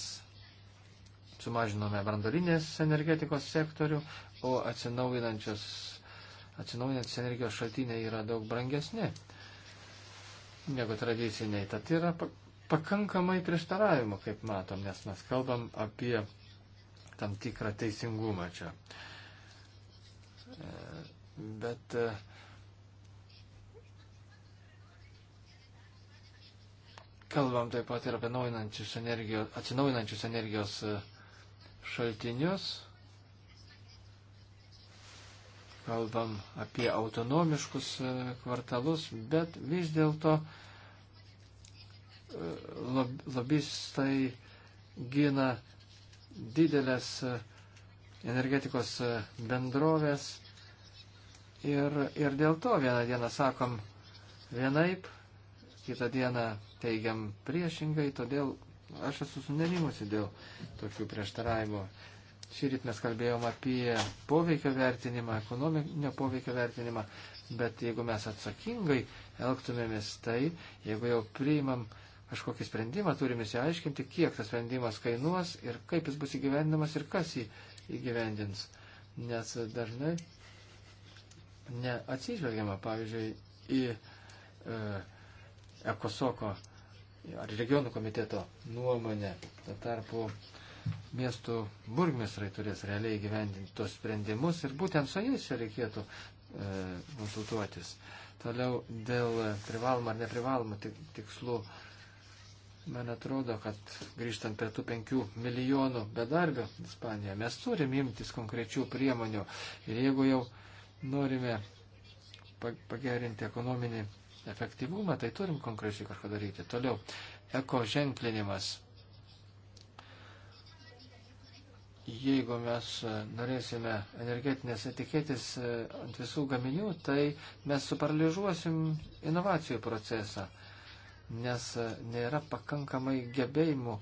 sumažinome brandolinės energetikos sektorių, o atsinaujinančios, atsinaujinančios energijos šaltiniai yra daug brangesni negu tradiciniai. Tad yra pakankamai prieštaravimų, kaip matom, nes mes kalbam apie tam tikrą teisingumą čia. E, bet uh, Kalbam taip pat ir apie energijos, atsinaujinančius energijos e, šaltinius. Kalbam apie autonomiškus e, kvartalus, bet vis dėlto e, lobistai gina didelės energetikos bendrovės ir, ir dėl to vieną dieną sakom vienaip, kitą dieną teigiam priešingai, todėl aš esu sunerimusi dėl tokių prieštaravimų. Šįryt mes kalbėjom apie poveikio vertinimą, ekonominio poveikio vertinimą, bet jeigu mes atsakingai elgtumėmės tai, jeigu jau priimam kažkokį sprendimą, turime įsiaiškinti, kiek tas sprendimas kainuos ir kaip jis bus įgyvendinamas ir kas jį įgyvendins. Nes dažnai neatsižvelgiama, pavyzdžiui, į e, Ekosoko ar regionų komiteto nuomonė. Tuo tarpu miestų burgmistrai turės realiai gyvendinti tos sprendimus ir būtent su jais čia reikėtų e, konsultuotis. Toliau dėl privalomų ar neprivalomų tikslų. Man atrodo, kad grįžtant prie tų penkių milijonų bedarbių Ispanijoje, mes turim imtis konkrečių priemonių. Ir jeigu jau norime pagerinti ekonominį efektyvumą, tai turim konkrečiai kažką daryti. Toliau, eko ženklinimas. Jeigu mes norėsime energetinės etiketės e, ant visų gaminių, tai mes suparalyžuosim inovacijų procesą, nes e, nėra pakankamai gebėjimų,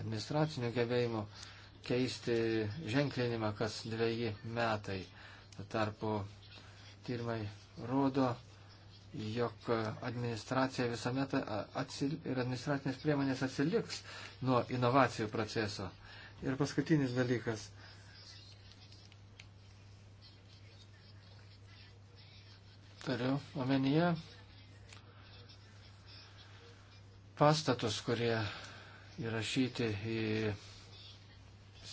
administracinių gebėjimų keisti ženklinimą kas dviejį metai. Tuo tarpu tyrimai rodo, jog administracija visuomet atsil, ir administracinės priemonės atsiliks nuo inovacijų proceso. Ir paskutinis dalykas. Turiu omenyje pastatus, kurie įrašyti į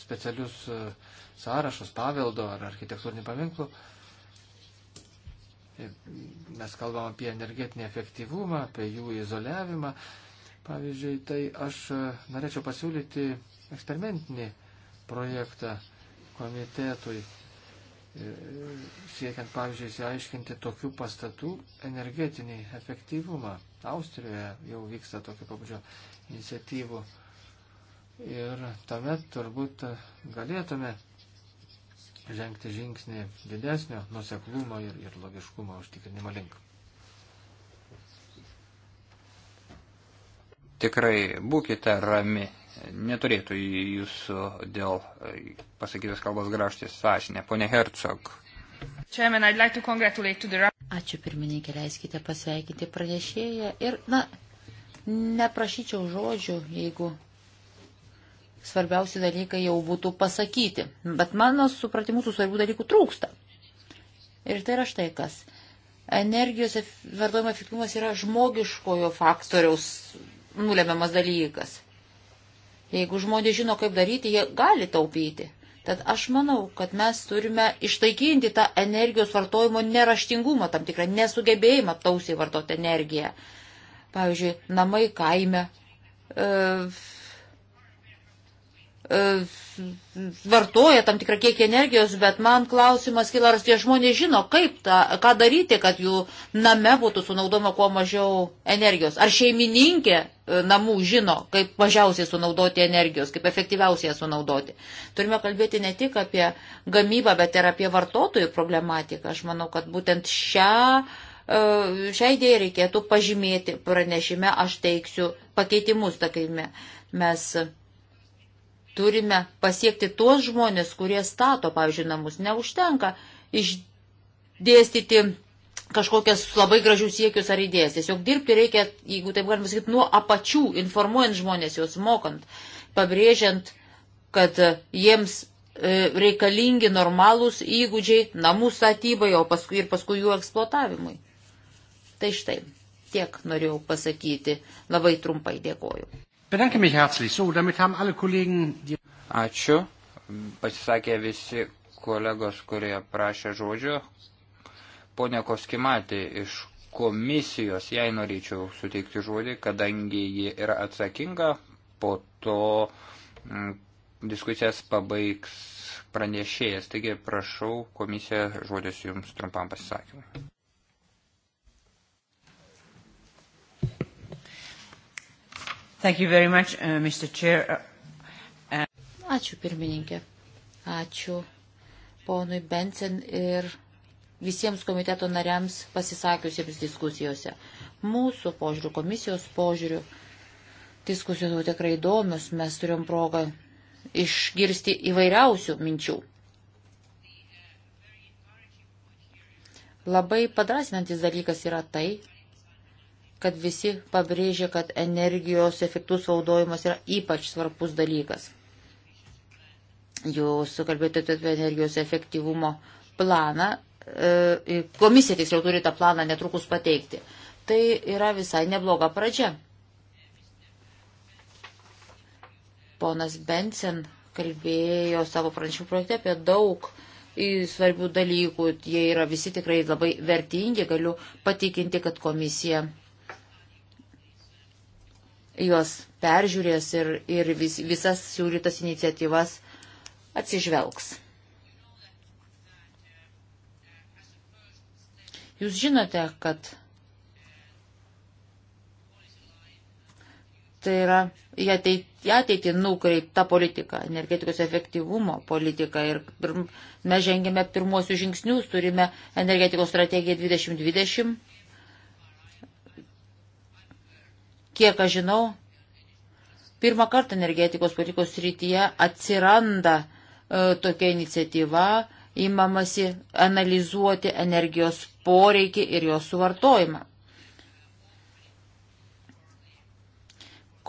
specialius e, sąrašus paveldo ar architektūrinį paminklų Mes kalbam apie energetinį efektyvumą, apie jų izoliavimą. Pavyzdžiui, tai aš e, norėčiau pasiūlyti eksperimentinį projektą komitetui, e, siekiant, pavyzdžiui, įsiaiškinti tokių pastatų energetinį efektyvumą. Austrijoje jau vyksta tokio pabudžio iniciatyvų. Ir tuomet turbūt e, galėtume žengti žingsnį didesnio nuseklumo ir, ir logiškumo užtikrinimo link. Tikrai būkite rami, neturėtų jūsų dėl e, pasakytas kalbos graštis sąžinė. Pone Hercog. Chairman, I'd like to congratulate to the... Ačiū pirmininkė, leiskite pasveikinti pranešėją ir, na, neprašyčiau žodžių, jeigu svarbiausi dalykai jau būtų pasakyti. Bet mano supratimu, tų svarbių dalykų trūksta. Ir tai yra štai kas. Energijos vartojimo efektyvumas yra žmogiškojo faktoriaus nulemiamas dalykas. Jeigu žmonės žino, kaip daryti, jie gali taupyti. Tad aš manau, kad mes turime ištaikinti tą energijos vartojimo neraštingumą, tam tikrą nesugebėjimą tausiai vartoti energiją. Pavyzdžiui, namai kaime, e, E, vartoja tam tikrą kiekį energijos, bet man klausimas kyla, ar tie žmonės žino, kaip tą, ką daryti, kad jų name būtų sunaudojama kuo mažiau energijos. Ar šeimininkė e, namų žino, kaip mažiausiai sunaudoti energijos, kaip efektyviausiai ją sunaudoti. Turime kalbėti ne tik apie gamybą, bet ir apie vartotojų problematiką. Aš manau, kad būtent šią, e, šią idėją reikėtų pažymėti pranešime, aš teiksiu pakeitimus, sakykime. Mes Turime pasiekti tuos žmonės, kurie stato, pavyzdžiui, namus. Neužtenka išdėstyti kažkokias labai gražius siekius ar idėjas. Tiesiog dirbti reikia, jeigu taip galima sakyti, nuo apačių, informuojant žmonės, juos mokant, pabrėžiant, kad e, jiems e, reikalingi normalūs įgūdžiai namų statybai, o paskui ir paskui jų eksploatavimui. Tai štai, tiek norėjau pasakyti. Labai trumpai dėkoju. Bedanke mich herzlich. So, damit haben alle Kollegen die. Ačiū. Pasisakė visi kolegos, kurie prašė žodžio. Pone Koskimatė iš komisijos, jai norėčiau suteikti žodį, kadangi ji yra atsakinga, po to m, mm, diskusijas pabaigs pranešėjas. Taigi prašau komisiją žodis jums trumpam pasisakymui. Much, uh, uh, uh, Ačiū pirmininkė. Ačiū ponui Bensen ir visiems komiteto nariams pasisakiusiems diskusijose. Mūsų požiūrių, komisijos požiūrių, diskusijos buvo tikrai įdomios, mes turėjom progą išgirsti įvairiausių minčių. Labai padrasinantis dalykas yra tai, kad visi pabrėžia, kad energijos efektus naudojimas yra ypač svarbus dalykas. Jūs kalbėjote apie energijos efektyvumo planą. E, komisija tiksliau turi tą planą netrukus pateikti. Tai yra visai nebloga pradžia. Ponas Bensen kalbėjo savo pranešimų projekte apie daug svarbių dalykų. Jie yra visi tikrai labai vertingi. Galiu patikinti, kad komisija juos peržiūrės ir, ir vis, visas siūlytas iniciatyvas atsižvelgs. Jūs žinote, kad tai yra į ateitį, ateitį nukreipta politika, energetikos efektyvumo politika ir pirm, mes žengėme pirmosius žingsnius, turime energetikos strategiją 2020 Kiek aš žinau, pirmą kartą energetikos politikos srityje atsiranda e, tokia iniciatyva, įmamasi analizuoti energijos poreikį ir jos suvartojimą.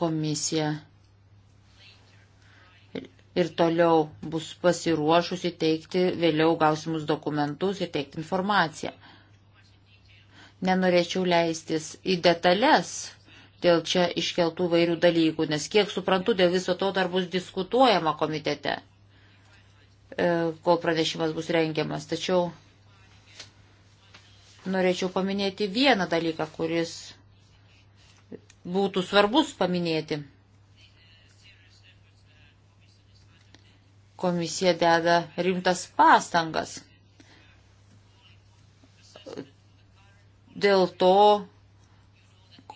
Komisija ir toliau bus pasiruošusi teikti vėliau gausimus dokumentus ir teikti informaciją. Nenorėčiau leistis į detalės dėl čia iškeltų vairių dalykų, nes kiek suprantu, dėl viso to dar bus diskutuojama komitete, e, kol pranešimas bus rengiamas. Tačiau norėčiau paminėti vieną dalyką, kuris būtų svarbus paminėti. Komisija deda rimtas pastangas. Dėl to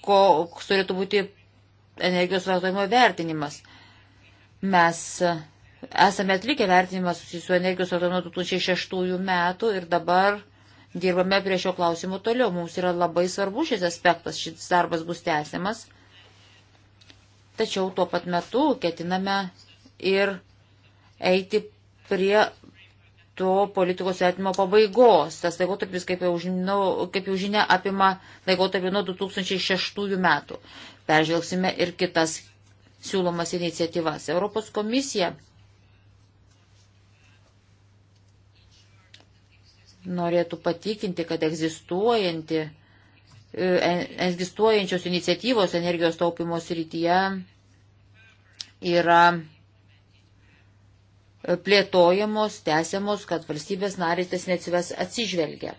koks turėtų būti energijos vartojimo vertinimas. Mes esame atlikę vertinimą susijusiu energijos vartojimo 2006 metų ir dabar dirbame prie šio klausimo toliau. Mums yra labai svarbu šis aspektas, šis darbas bus tęsiamas. Tačiau tuo pat metu ketiname ir eiti prie to politikos vertinimo pabaigos. Tas laikotarpis, kaip jau, žinau, kaip jau žinia, apima laikotarpį nuo 2006 metų. Peržvelgsime ir kitas siūlomas iniciatyvas. Europos komisija norėtų patikinti, kad egzistuojanti, e, egzistuojančios iniciatyvos energijos taupimo srityje yra plėtojamos, tęsiamos, kad valstybės narės tas neatsives atsižvelgia.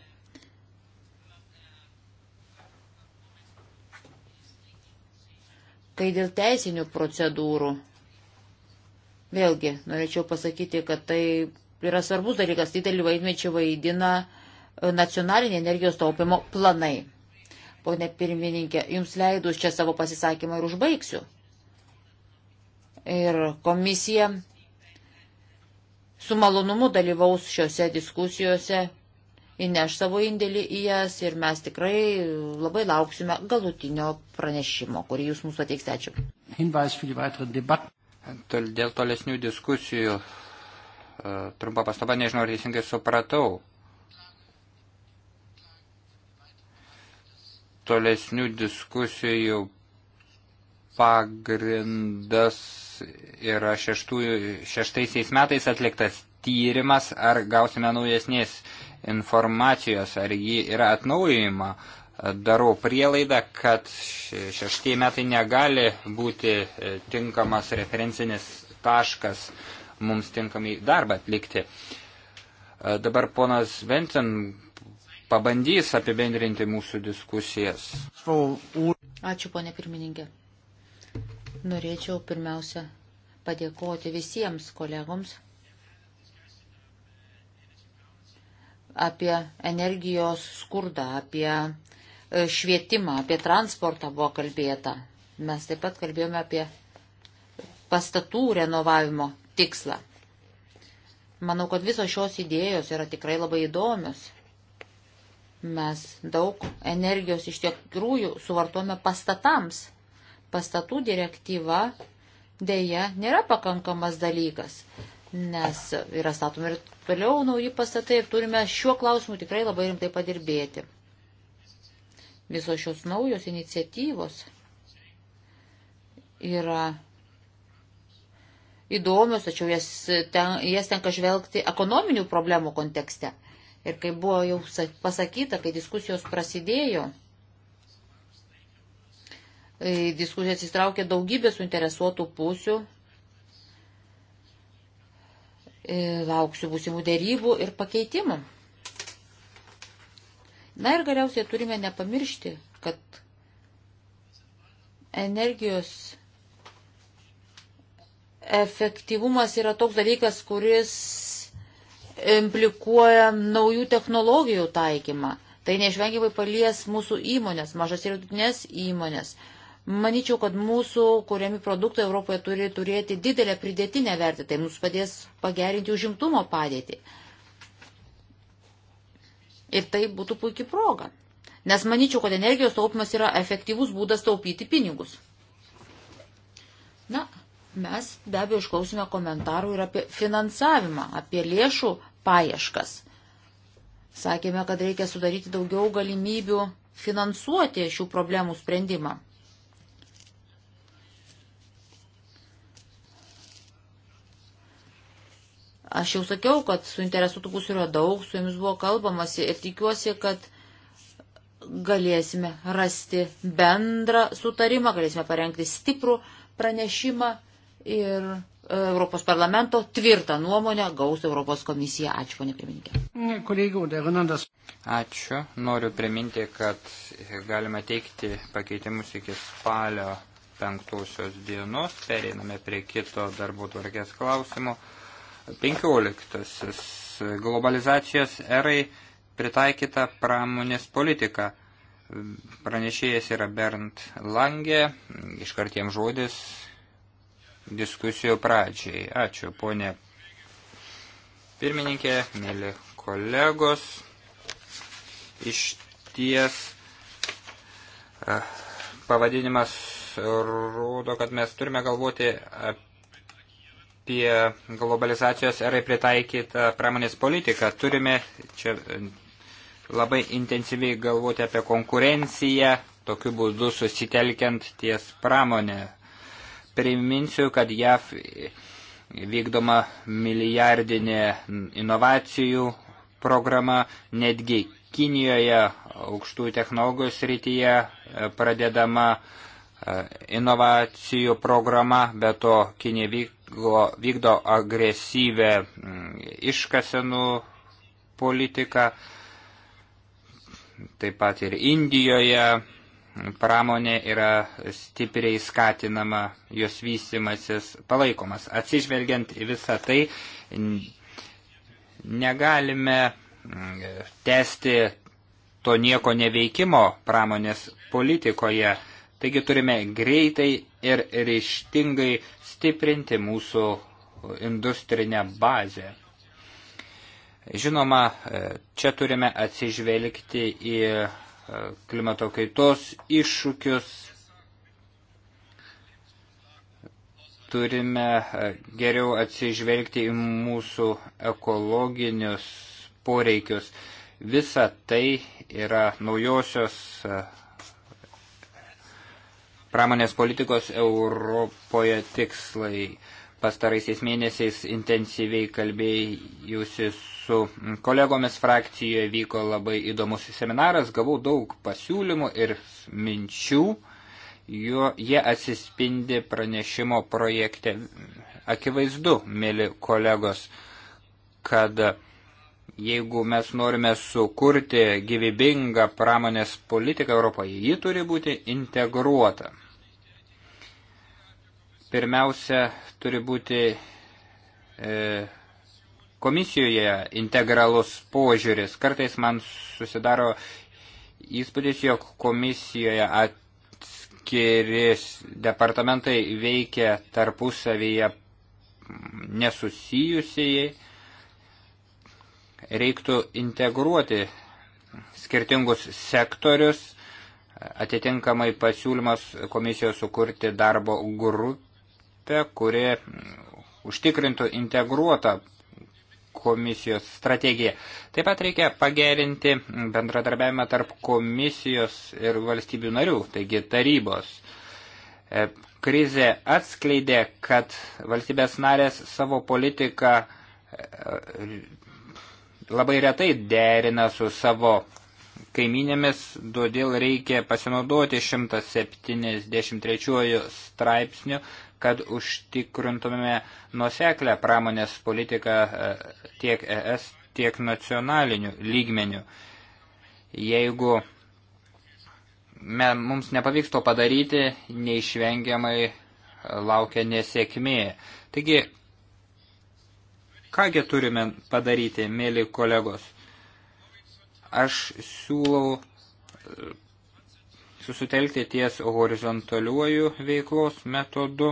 Kai dėl teisinių procedūrų, vėlgi norėčiau pasakyti, kad tai yra svarbus dalykas, didelį vaidmečių vaidina e, nacionaliniai energijos taupimo planai. Pone pirmininkė, jums leidus čia savo pasisakymą ir užbaigsiu. Ir komisija su malonumu dalyvaus šiuose diskusijose, įneš savo indėlį į jas ir mes tikrai labai lauksime galutinio pranešimo, kurį jūs mūsų ateiks. Ačiū. Dėl tolesnių diskusijų e, trumpa pastaba, nežinau, ar teisingai supratau. Tolesnių diskusijų pagrindas yra šeštųjų, šeštaisiais metais atliktas tyrimas, ar gausime naujesnės informacijos, ar ji yra atnaujima. Darau prielaidą, kad šeštieji metai negali būti e, tinkamas referencinis taškas mums tinkamai darbą atlikti. E, dabar ponas Venten pabandys apibendrinti mūsų diskusijas. Ačiū, ponė pirmininkė. Norėčiau pirmiausia padėkoti visiems kolegoms apie energijos skurdą, apie e, švietimą, apie transportą buvo kalbėta. Mes taip pat kalbėjome apie pastatų renovavimo tikslą. Manau, kad visos šios idėjos yra tikrai labai įdomios. Mes daug energijos iš tikrųjų suvartojame pastatams pastatų direktyva dėja nėra pakankamas dalykas, nes yra statomi ir toliau nauji pastatai ir turime šiuo klausimu tikrai labai rimtai padirbėti. Visos šios naujos iniciatyvos yra įdomios, tačiau jas, ten, jas tenka žvelgti ekonominių problemų kontekste. Ir kaip buvo jau pasakyta, kai diskusijos prasidėjo, diskusijas įstraukė daugybė suinteresuotų pusių. Lauksiu būsimų dėrybų ir pakeitimų. Na ir galiausiai turime nepamiršti, kad energijos efektyvumas yra toks dalykas, kuris implikuoja naujų technologijų taikymą. Tai neišvengiamai palies mūsų įmonės, mažas ir vidutinės įmonės. Maničiau, kad mūsų kuriami produktai Europoje turi turėti didelę pridėtinę vertę, tai mums padės pagerinti užimtumo padėtį. Ir tai būtų puikiai proga. Nes manyčiau, kad energijos taupimas yra efektyvus būdas taupyti pinigus. Na, mes be abejo išklausime komentarų ir apie finansavimą, apie lėšų paieškas. Sakėme, kad reikia sudaryti daugiau galimybių finansuoti šių problemų sprendimą. Aš jau sakiau, kad suinteresuotų pusių yra daug, su jumis buvo kalbamasi ir tikiuosi, kad galėsime rasti bendrą sutarimą, galėsime parengti stiprų pranešimą ir e, Europos parlamento tvirtą nuomonę gaus Europos komisija. Ačiū, ponė pirmininkė. Ačiū. Noriu priminti, kad galime teikti pakeitimus iki spalio penktosios dienos. Pereiname prie kito darbo tvarkės klausimų. 15. Globalizacijos erai pritaikyta pramonės politika. Pranešėjas yra Bernd Lange, iškartiem žodis diskusijų pradžiai. Ačiū, ponė pirmininkė, mėly kolegos. Iš ties eh, pavadinimas rodo, kad mes turime galvoti apie apie globalizacijos erai pritaikytą pramonės politiką. Turime čia e, labai intensyviai galvoti apie konkurenciją, tokiu būdu susitelkiant ties pramonę. Priminsiu, kad JAV vykdoma milijardinė inovacijų programa, netgi Kinijoje aukštųjų technologijų srityje e, pradedama e, inovacijų programa, bet to Kinė vyk, vykdo, vykdo agresyvę mm, iškasenų politiką, taip pat ir Indijoje pramonė yra stipriai skatinama, jos vystimasis palaikomas. Atsižvelgiant į visą tai, negalime mm, tęsti to nieko neveikimo pramonės politikoje. Taigi turime greitai ir ryštingai stiprinti mūsų industrinę bazę. Žinoma, e, čia turime atsižvelgti į e, klimato kaitos iššūkius, turime e, geriau atsižvelgti į mūsų ekologinius poreikius. Visa tai yra naujosios pramonės politikos Europoje tikslai. Pastaraisiais mėnesiais intensyviai kalbėjusi su kolegomis frakcijoje vyko labai įdomus seminaras, gavau daug pasiūlymų ir minčių, jo, jie atsispindi pranešimo projekte. Akivaizdu, mėly kolegos, kad Jeigu mes norime sukurti gyvybingą pramonės politiką Europoje, ji turi būti integruota. Pirmiausia, turi būti e, komisijoje integralus požiūris. Kartais man susidaro įspūdis, jog komisijoje atskiris departamentai veikia tarpusavyje nesusijusiai reiktų integruoti skirtingus sektorius, atitinkamai pasiūlymas komisijos sukurti darbo grupę, kuri užtikrintų integruotą komisijos strategiją. Taip pat reikia pagerinti bendradarbiavimą tarp komisijos ir valstybių narių, taigi tarybos. E, krizė atskleidė, kad valstybės narės savo politiką e, labai retai derina su savo kaiminėmis, todėl reikia pasinaudoti 173 straipsniu, kad užtikrintumėme nuseklę pramonės politiką e, tiek ES, tiek nacionaliniu lygmeniu. Jeigu me, mums nepavyks to padaryti, neišvengiamai laukia nesėkmė. Taigi Kągi turime padaryti, mėly kolegos? Aš siūlau e, susitelkti ties horizontaliuoju veiklos metodu,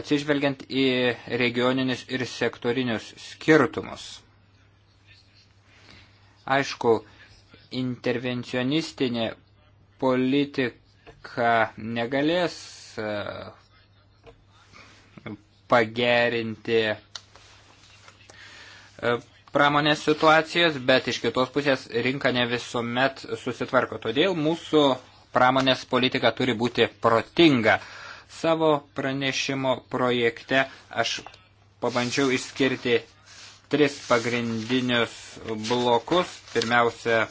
atsižvelgiant į regioninius ir sektorinius skirtumus. Aišku, intervencionistinė politika negalės e, pagerinti e, pramonės situacijos, bet iš kitos pusės rinka ne visuomet susitvarko. Todėl mūsų pramonės politika turi būti protinga. Savo pranešimo projekte aš pabandžiau išskirti tris pagrindinius blokus. Pirmiausia,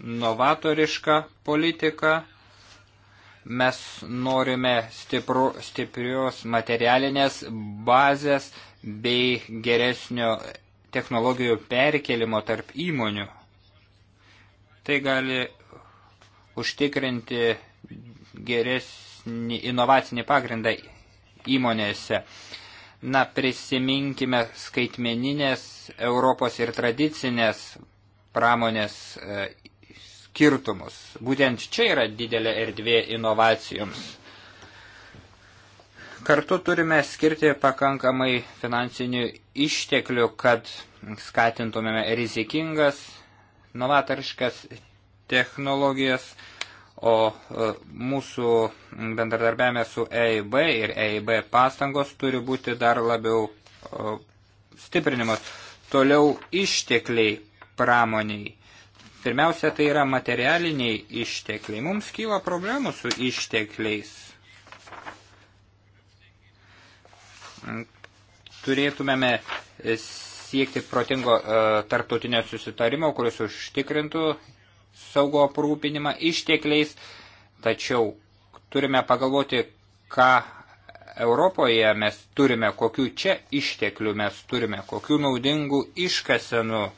novatoriška politika, Mes norime stipru, stiprios materialinės bazės bei geresnio technologijų perkelimo tarp įmonių. Tai gali užtikrinti geresnį inovacinį pagrindą įmonėse. Na, prisiminkime skaitmeninės Europos ir tradicinės pramonės e, skirtumus. Būtent čia yra didelė erdvė inovacijoms. Kartu turime skirti pakankamai finansinių išteklių, kad skatintumėme rizikingas, novatoriškas technologijas, o e, mūsų bendradarbiavime su EIB ir EIB pastangos turi būti dar labiau e, stiprinimas. Toliau ištekliai pramoniai. Pirmiausia, tai yra materialiniai ištekliai. Mums kyla problemų su ištekliais. Turėtumėme siekti protingo e, tarptautinio susitarimo, kuris užtikrintų saugo aprūpinimą ištekliais, tačiau turime pagalvoti, ką Europoje mes turime, kokių čia išteklių mes turime, kokių naudingų iškasenų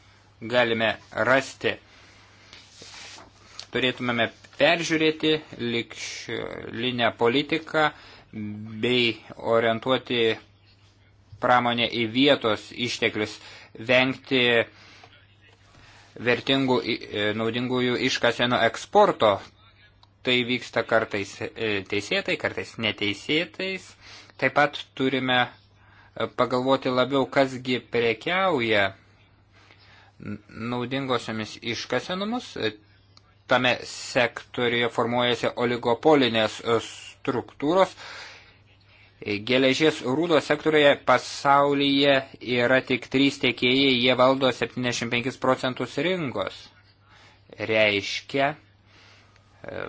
galime rasti turėtumėme peržiūrėti likšlinę politiką bei orientuoti pramonę į vietos išteklius, vengti vertingų e, naudingųjų iškasenų eksporto. Tai vyksta kartais e, teisėtai, kartais neteisėtais. Taip pat turime e, pagalvoti labiau, kasgi prekiauja naudingosiomis iškasenomus, tame sektoriuje formuojasi oligopolinės e, struktūros. E, geležies rūdo sektorioje pasaulyje yra tik trys tiekėjai, jie valdo 75 procentus rinkos. Reiškia, e,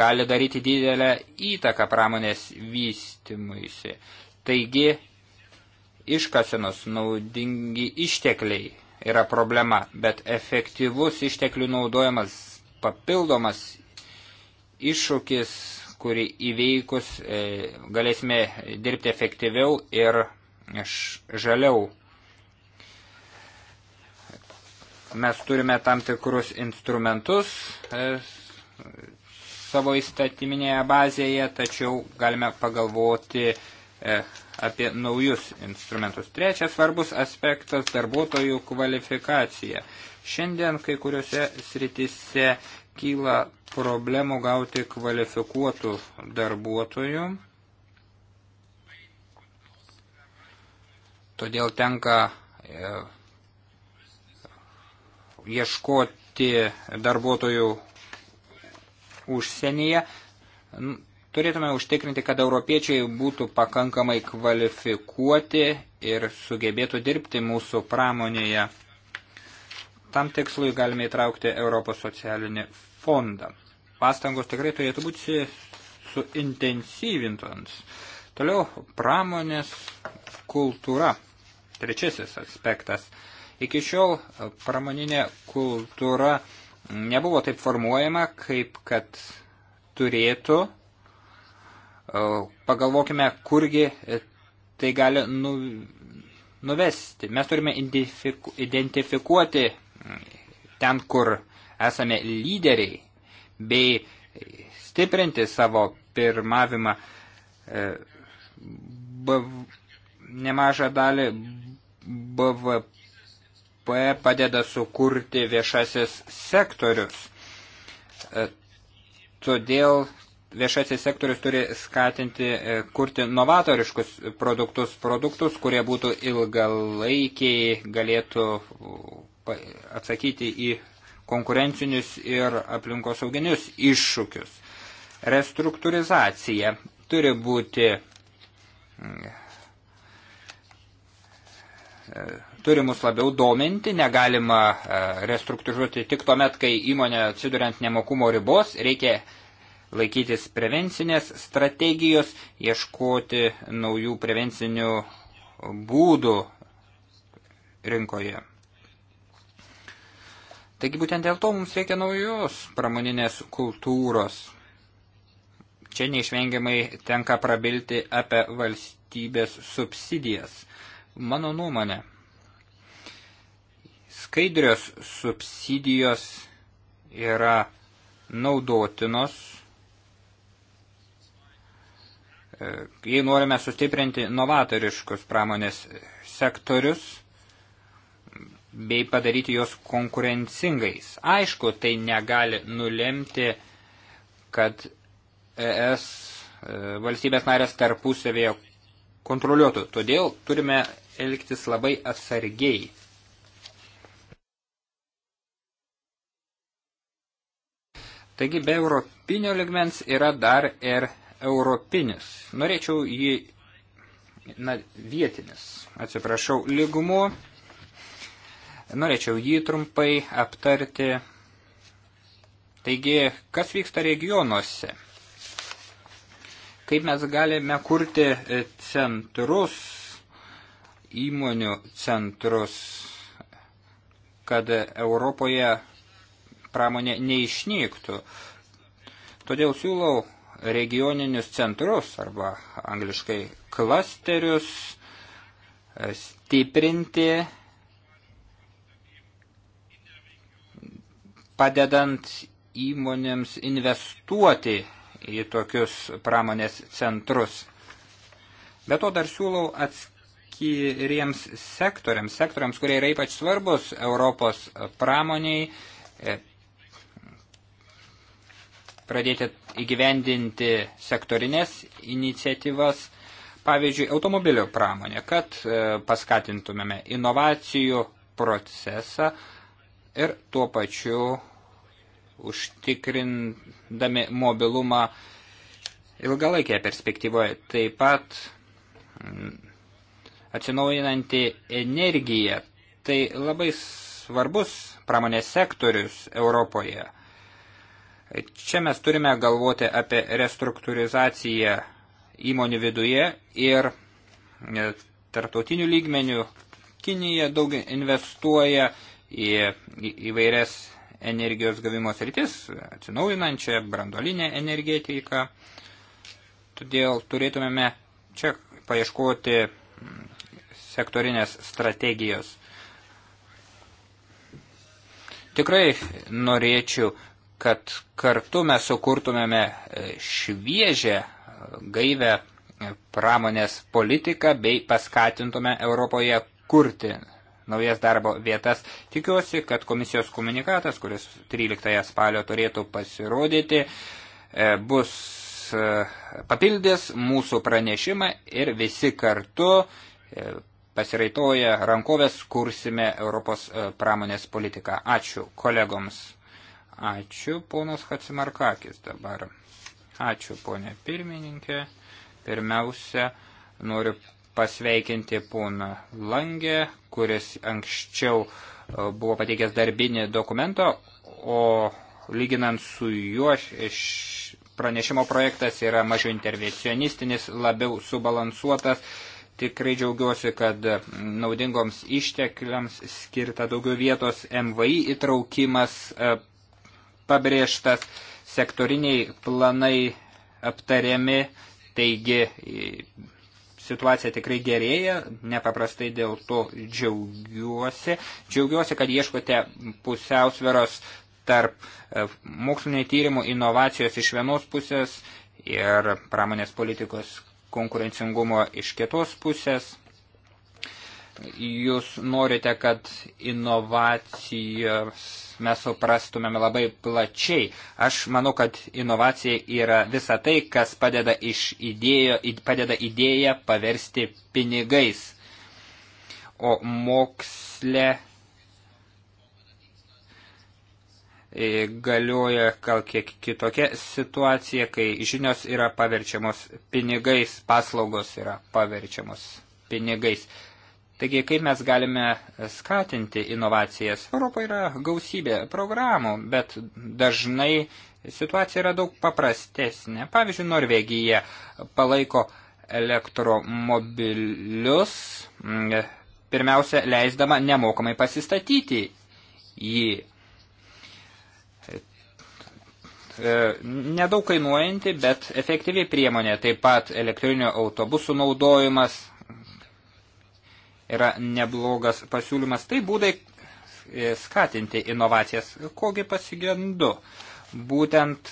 gali daryti didelę įtaką pramonės vystimuisi. Taigi, iškasenos naudingi ištekliai yra problema, bet efektyvus išteklių naudojimas papildomas iššūkis, kurį įveikus e, galėsime dirbti efektyviau ir žaliau. Mes turime tam tikrus instrumentus e, savo įstatyminėje bazėje, tačiau galime pagalvoti, e, apie naujus instrumentus. Trečias svarbus aspektas – darbuotojų kvalifikacija. Šiandien kai kuriuose sritise kyla problemų gauti kvalifikuotų darbuotojų. Todėl tenka e, ieškoti darbuotojų užsienyje. Turėtume užtikrinti, kad europiečiai būtų pakankamai kvalifikuoti ir sugebėtų dirbti mūsų pramonėje. Tam tikslui galime įtraukti Europos socialinį fondą. Pastangos tikrai turėtų būti suintensyvintons. Toliau pramonės kultūra. Trečiasis aspektas. Iki šiol pramoninė kultūra nebuvo taip formuojama, kaip kad turėtų E, pagalvokime, kurgi tai gali nu, nuvesti. Mes turime identifikuoti ten, kur esame lyderiai, bei stiprinti savo pirmavimą e, nemažą dalį BVP padeda sukurti viešasis sektorius. E, todėl viešasis sektorius turi skatinti e, kurti novatoriškus produktus, produktus, kurie būtų ilgalaikiai, galėtų atsakyti į konkurencinius ir aplinkosauginius iššūkius. Restruktūrizacija turi būti e, turi mus labiau dominti, negalima e, restruktūrizuoti tik tuomet, kai įmonė atsiduriant nemokumo ribos, reikia laikytis prevencinės strategijos, ieškoti naujų prevencinių būdų rinkoje. Taigi būtent dėl to mums reikia naujos pramoninės kultūros. Čia neišvengiamai tenka prabilti apie valstybės subsidijas. Mano nuomonė, skaidrios subsidijos yra naudotinos E, jei norime sustiprinti novatoriškus pramonės sektorius bei padaryti juos konkurencingais. Aišku, tai negali nulemti, kad ES e, valstybės narės tarpusavėje kontroliuotų. Todėl turime elgtis labai atsargiai. Taigi be europinio ligmens yra dar ir europinis. Norėčiau jį, na, vietinis, atsiprašau, lygumo. Norėčiau jį trumpai aptarti. Taigi, kas vyksta regionuose? Kaip mes galime kurti e, centrus, įmonių centrus, kad Europoje pramonė neišnyktų. Todėl siūlau regioninius centrus arba angliškai klasterius e, stiprinti, padedant įmonėms investuoti į tokius pramonės centrus. Be to dar siūlau atskiriems sektoriams, sektoriams, kurie yra ypač svarbus Europos pramoniai, e, pradėti įgyvendinti sektorinės iniciatyvas, pavyzdžiui, automobilio pramonė, kad e, paskatintumėme inovacijų procesą ir tuo pačiu užtikrindami mobilumą ilgalaikėje perspektyvoje. Taip pat atsinaujinanti energija. Tai labai svarbus pramonės sektorius Europoje – Čia mes turime galvoti apie restruktūrizaciją įmonių viduje ir e, tartautinių lygmenių. Kinija daug investuoja į įvairias energijos gavimo sritis, atsinaujinančią brandolinę energetiką. Todėl turėtumėme čia paieškoti mm, sektorinės strategijos. Tikrai norėčiau kad kartu mes sukurtumėme e, šviežią, e, gaivę e, pramonės politiką bei paskatintume Europoje kurti naujas darbo vietas. Tikiuosi, kad komisijos komunikatas, kuris 13 spalio turėtų pasirodyti, bus papildys mūsų pranešimą ir visi kartu pasiraitoja rankovės kursime Europos pramonės politiką. Ačiū kolegoms. Ačiū, ponas Hatsimarkakis dabar. Ačiū, ponė pirmininkė. Pirmiausia, noriu pasveikinti poną Langę, kuris anksčiau e, buvo pateikęs darbinį dokumentą, o lyginant su juo pranešimo projektas yra mažiau intervencionistinis, labiau subalansuotas. Tikrai džiaugiuosi, kad naudingoms ištekliams skirta daugiau vietos MVI įtraukimas e, pabrėžtas, sektoriniai planai aptariami, taigi situacija tikrai gerėja, nepaprastai dėl to džiaugiuosi. Džiaugiuosi, kad ieškote pusiausveros tarp e, mokslinio tyrimų inovacijos iš vienos pusės ir pramonės politikos konkurencingumo iš kitos pusės. Jūs norite, kad inovacijos mes suprastumėm labai plačiai. Aš manau, kad inovacija yra visa tai, kas padeda, iš idėjo, padeda idėją paversti pinigais. O moksle e, galioja gal kiek kitokia situacija, kai žinios yra paverčiamos pinigais, paslaugos yra paverčiamos pinigais. Taigi, kaip mes galime skatinti inovacijas? Europoje yra gausybė programų, bet dažnai situacija yra daug paprastesnė. Pavyzdžiui, Norvegija palaiko elektromobilius, mm, pirmiausia, leisdama nemokamai pasistatyti jį. E, nedaug kainuojanti, bet efektyvi priemonė, taip pat elektrinio autobusų naudojimas, yra neblogas pasiūlymas. Tai būdai e, skatinti inovacijas. Kogi pasigendu? Būtent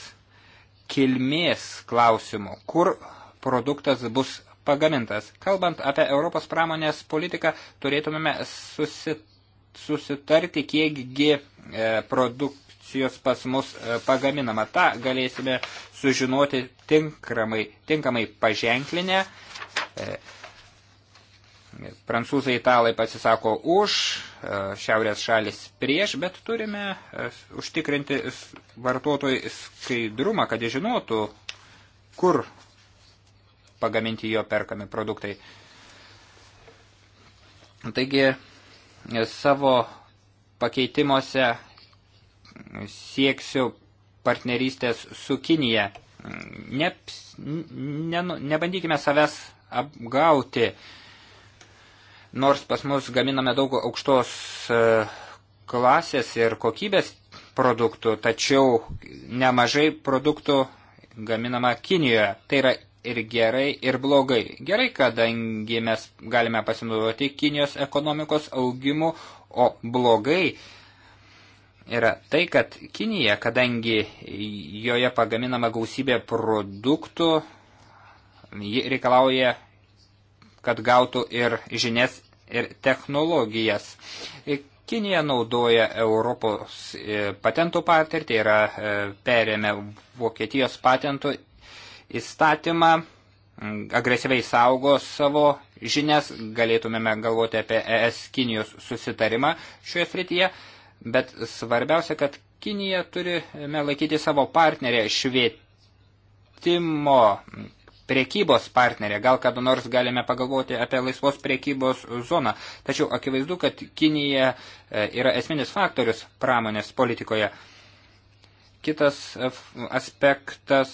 kilmės klausimų, kur produktas bus pagamintas. Kalbant apie Europos pramonės politiką, turėtumėme susitikti susitarti, kiekgi e, produkcijos pas mus e, pagaminama. Ta galėsime sužinoti tinkamai, tinkamai paženklinę Prancūzai, italai pasisako už, e, šiaurės šalis prieš, bet turime e, užtikrinti vartotojų skaidrumą, kad jie žinotų, kur pagaminti jo perkami produktai. Taigi e, savo pakeitimuose sieksiu partnerystės su Kinija. Ne, ne, nebandykime savęs apgauti nors pas mus gaminame daug aukštos e, klasės ir kokybės produktų, tačiau nemažai produktų gaminama Kinijoje. Tai yra ir gerai, ir blogai. Gerai, kadangi mes galime pasinaudoti Kinijos ekonomikos augimu, o blogai yra tai, kad Kinija, kadangi joje pagaminama gausybė produktų, ji reikalauja kad gautų ir žinias, ir technologijas. Kinija naudoja Europos e, patentų patirtį, yra e, perėmė Vokietijos patentų įstatymą, mm, agresyviai saugo savo žinias, galėtumėme galvoti apie ES Kinijos susitarimą šioje srityje, bet svarbiausia, kad Kinija turime laikyti savo partnerę švietimo priekybos partnerė. Gal kada nors galime pagalvoti apie laisvos priekybos zoną. Tačiau akivaizdu, kad Kinija e, yra esminis faktorius pramonės politikoje. Kitas e, aspektas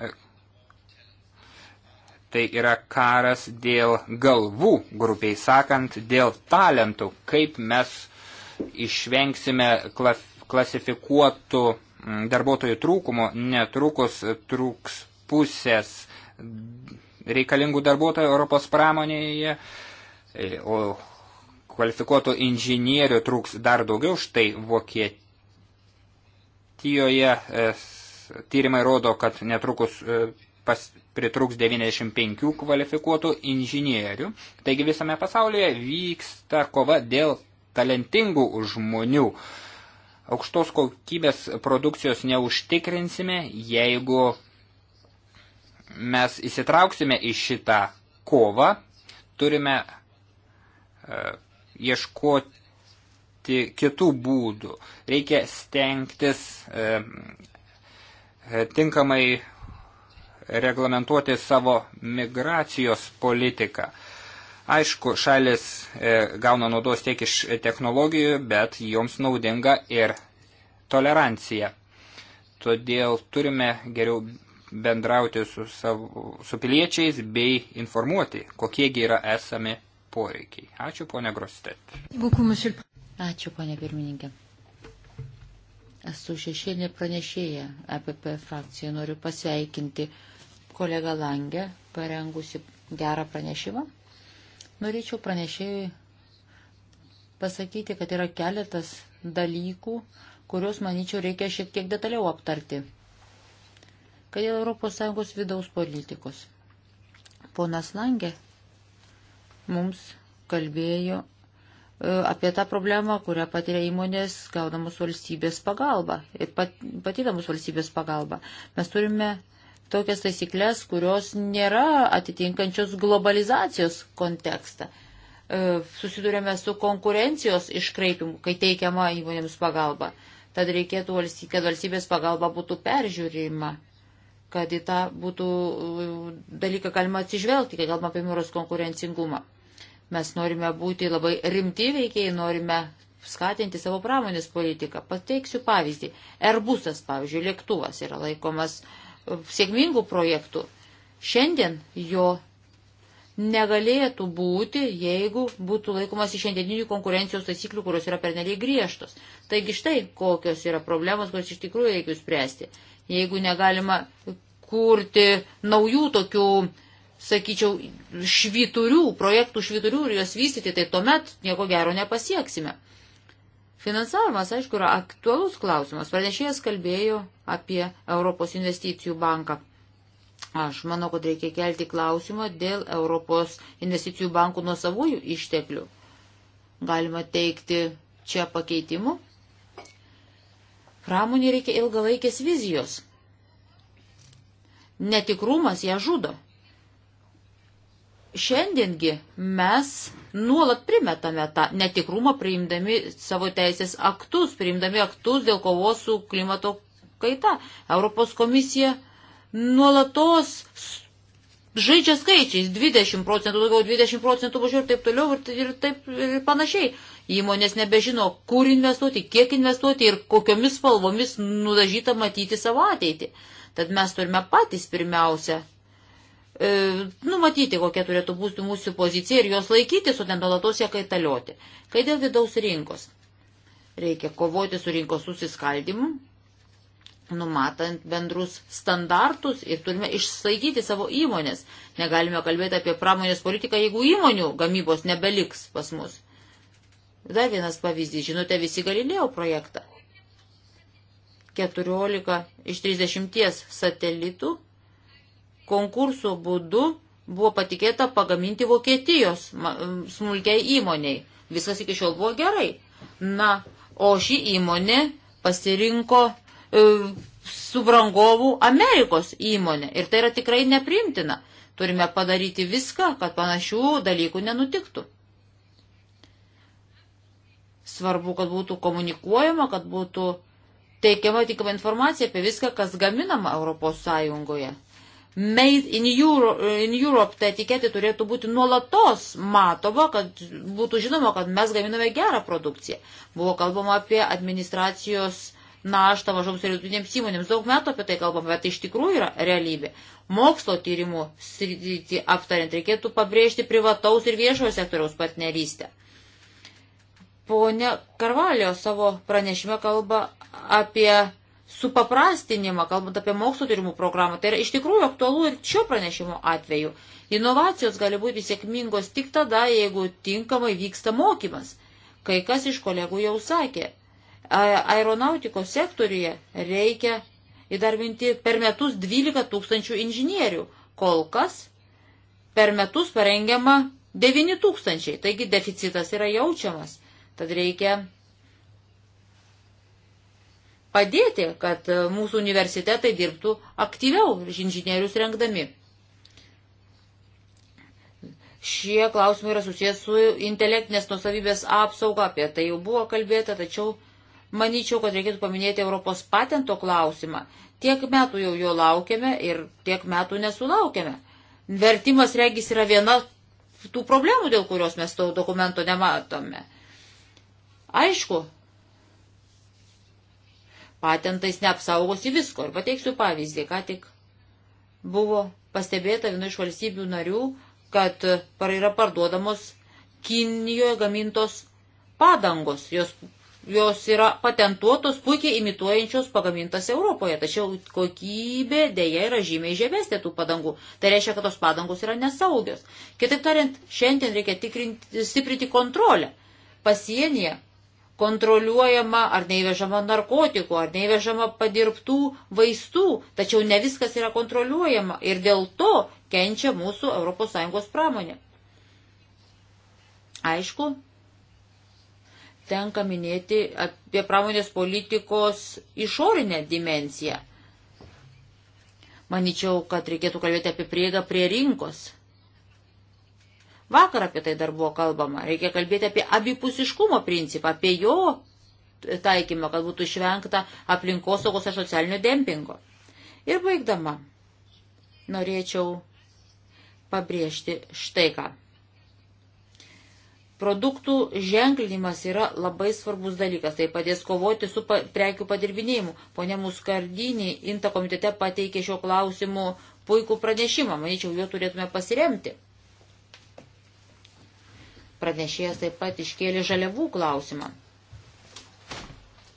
e, tai yra karas dėl galvų, grupiai sakant, dėl talentų, kaip mes išvengsime klasifikuotų darbuotojų trūkumo, netrukus trūks pusės reikalingų darbuotojų Europos pramonėje, e, o kvalifikuotų inžinierių trūks dar daugiau, štai Vokietijoje e, tyrimai rodo, kad netrukus e, pas, pritruks 95 kvalifikuotų inžinierių. Taigi visame pasaulyje vyksta kova dėl talentingų žmonių. Aukštos kokybės produkcijos neužtikrinsime, jeigu mes įsitrauksime į šitą kovą, turime e, ieškoti kitų būdų. Reikia stengtis e, e, tinkamai reglamentuoti savo migracijos politiką. Aišku, šalis gauna naudos tiek iš technologijų, bet joms naudinga ir tolerancija. Todėl turime geriau bendrauti su, savo, su piliečiais bei informuoti, kokiegi yra esami poreikiai. Ačiū, ponė Grostet. Ačiū, ponė pirmininkė. Esu šešėlė pranešėja APP frakciją. Noriu pasveikinti kolegą Langę, parengusi gerą pranešimą. Norėčiau pranešėjui pasakyti, kad yra keletas dalykų, kuriuos, manyčiau, reikia šiek tiek detaliau aptarti kai ES vidaus politikos. Ponas Langė mums kalbėjo e, apie tą problemą, kurią patiria įmonės gaudamos valstybės pagalbą ir pat, patydamos valstybės pagalbą. Mes turime tokias taisyklės, kurios nėra atitinkančios globalizacijos kontekstą. E, susidurėme su konkurencijos iškraipimu, kai teikiama įmonėms pagalba. Tad reikėtų, kad valstybės pagalba būtų peržiūrima kad į tą būtų e, dalyką galima atsižvelgti, kai kalbame apie jūros konkurencingumą. Mes norime būti labai rimti veikiai, norime skatinti savo pramonės politiką. Pateiksiu pavyzdį. Airbusas, pavyzdžiui, lėktuvas yra laikomas e, sėkmingų projektų. Šiandien jo negalėtų būti, jeigu būtų laikomas iš šiandieninių konkurencijos taisyklių, kurios yra pernelyg griežtos. Taigi štai kokios yra problemos, kurias iš tikrųjų reikia spręsti jeigu negalima kurti naujų tokių, sakyčiau, šviturių, projektų šviturių ir juos vystyti, tai tuomet nieko gero nepasieksime. Finansavimas, aišku, yra aktualus klausimas. Pranešėjas kalbėjo apie Europos investicijų banką. Aš manau, kad reikia kelti klausimą dėl Europos investicijų bankų nuo savųjų išteklių. Galima teikti čia pakeitimų Pramonė reikia ilgalaikės vizijos. Netikrumas ją žudo. Šiandiengi mes nuolat primetame tą netikrumą, priimdami savo teisės aktus, priimdami aktus dėl kovos su klimato kaita. Europos komisija nuolatos žaidžia skaičiais 20 procentų, daugiau 20 procentų mažiau ir taip toliau ir, ir taip ir panašiai. Įmonės nebežino, kur investuoti, kiek investuoti ir kokiomis spalvomis nudažyta matyti savo ateitį. Tad mes turime patys pirmiausia e, numatyti, kokia turėtų būti mūsų pozicija ir jos laikytis, o nenolatos ją kaitalioti. Kai dėl vidaus rinkos reikia kovoti su rinkos susiskaldimu, numatant bendrus standartus ir turime išsaikyti savo įmonės. Negalime kalbėti apie pramonės politiką, jeigu įmonių gamybos nebeliks pas mus. Dar vienas pavyzdys, žinote, visi Galilėjo projektą. 14 iš 30 satelitų konkurso būdu buvo patikėta pagaminti Vokietijos smulkiai įmoniai. Viskas iki šiol buvo gerai. Na, o ši įmonė pasirinko E, subrangovų Amerikos įmonė. Ir tai yra tikrai neprimtina. Turime padaryti viską, kad panašių dalykų nenutiktų. Svarbu, kad būtų komunikuojama, kad būtų teikiama tikama informacija apie viską, kas gaminama Europos Sąjungoje. Made in Europe, in Europe ta etiketė turėtų būti nuolatos matoma, kad būtų žinoma, kad mes gaminame gerą produkciją. Buvo kalbama apie administracijos naštą mažoms ir vidutinėms įmonėms. Daug metų apie tai kalbam, bet tai iš tikrųjų yra realybė. Mokslo tyrimų sritį aptariant reikėtų pabrėžti privataus ir viešojo sektoriaus partnerystę. Pone Karvalio savo pranešime kalba apie supaprastinimą, kalbant apie mokslo tyrimų programą. Tai yra iš tikrųjų aktualu ir šio pranešimo atveju. Inovacijos gali būti sėkmingos tik tada, jeigu tinkamai vyksta mokymas. Kai kas iš kolegų jau sakė, Aeronautikos sektoriuje reikia įdarbinti per metus 12 tūkstančių inžinierių. Kol kas per metus parengiama 9 tūkstančiai, taigi deficitas yra jaučiamas. Tad reikia padėti, kad mūsų universitetai dirbtų aktyviau inžinierius rengdami. Šie klausimai yra susijęs su intelektinės nusavybės apsauga, apie tai jau buvo kalbėta, tačiau Manyčiau, kad reikėtų paminėti Europos patento klausimą. Tiek metų jau jo laukiame ir tiek metų nesulaukiame. Vertimas regis yra viena tų problemų, dėl kurios mes to dokumento nematome. Aišku, patentais neapsaugosi visko. Ir pateiksiu pavyzdį, ką tik buvo pastebėta viena iš valstybių narių, kad yra parduodamos Kinijoje gamintos padangos, jos jos yra patentuotos puikiai imituojančios pagamintas Europoje, tačiau kokybė dėja yra žymiai žemesnė tų padangų. Tai reiškia, kad tos padangos yra nesaugios. Kitaip tariant, šiandien reikia tikrinti, stiprinti kontrolę. Pasienyje kontroliuojama ar neįvežama narkotikų, ar neįvežama padirbtų vaistų, tačiau ne viskas yra kontroliuojama ir dėl to kenčia mūsų ES pramonė. Aišku, tenka minėti apie pramonės politikos išorinę dimenciją. Maničiau, kad reikėtų kalbėti apie prieigą prie rinkos. Vakar apie tai dar buvo kalbama. Reikia kalbėti apie abipusiškumo principą, apie jo taikymą, kad būtų išvengta aplinkosaugos ir socialinio dempingo. Ir baigdama, norėčiau pabrėžti štai ką. Produktų ženklinimas yra labai svarbus dalykas, tai padės kovoti su pa, prekių padirbinėjimu. Pone Muskardinį Inta komitete pateikė šio klausimu puikų pranešimą, manyčiau, juo turėtume pasiremti. Pranešėjas taip pat iškėlė žaliavų klausimą.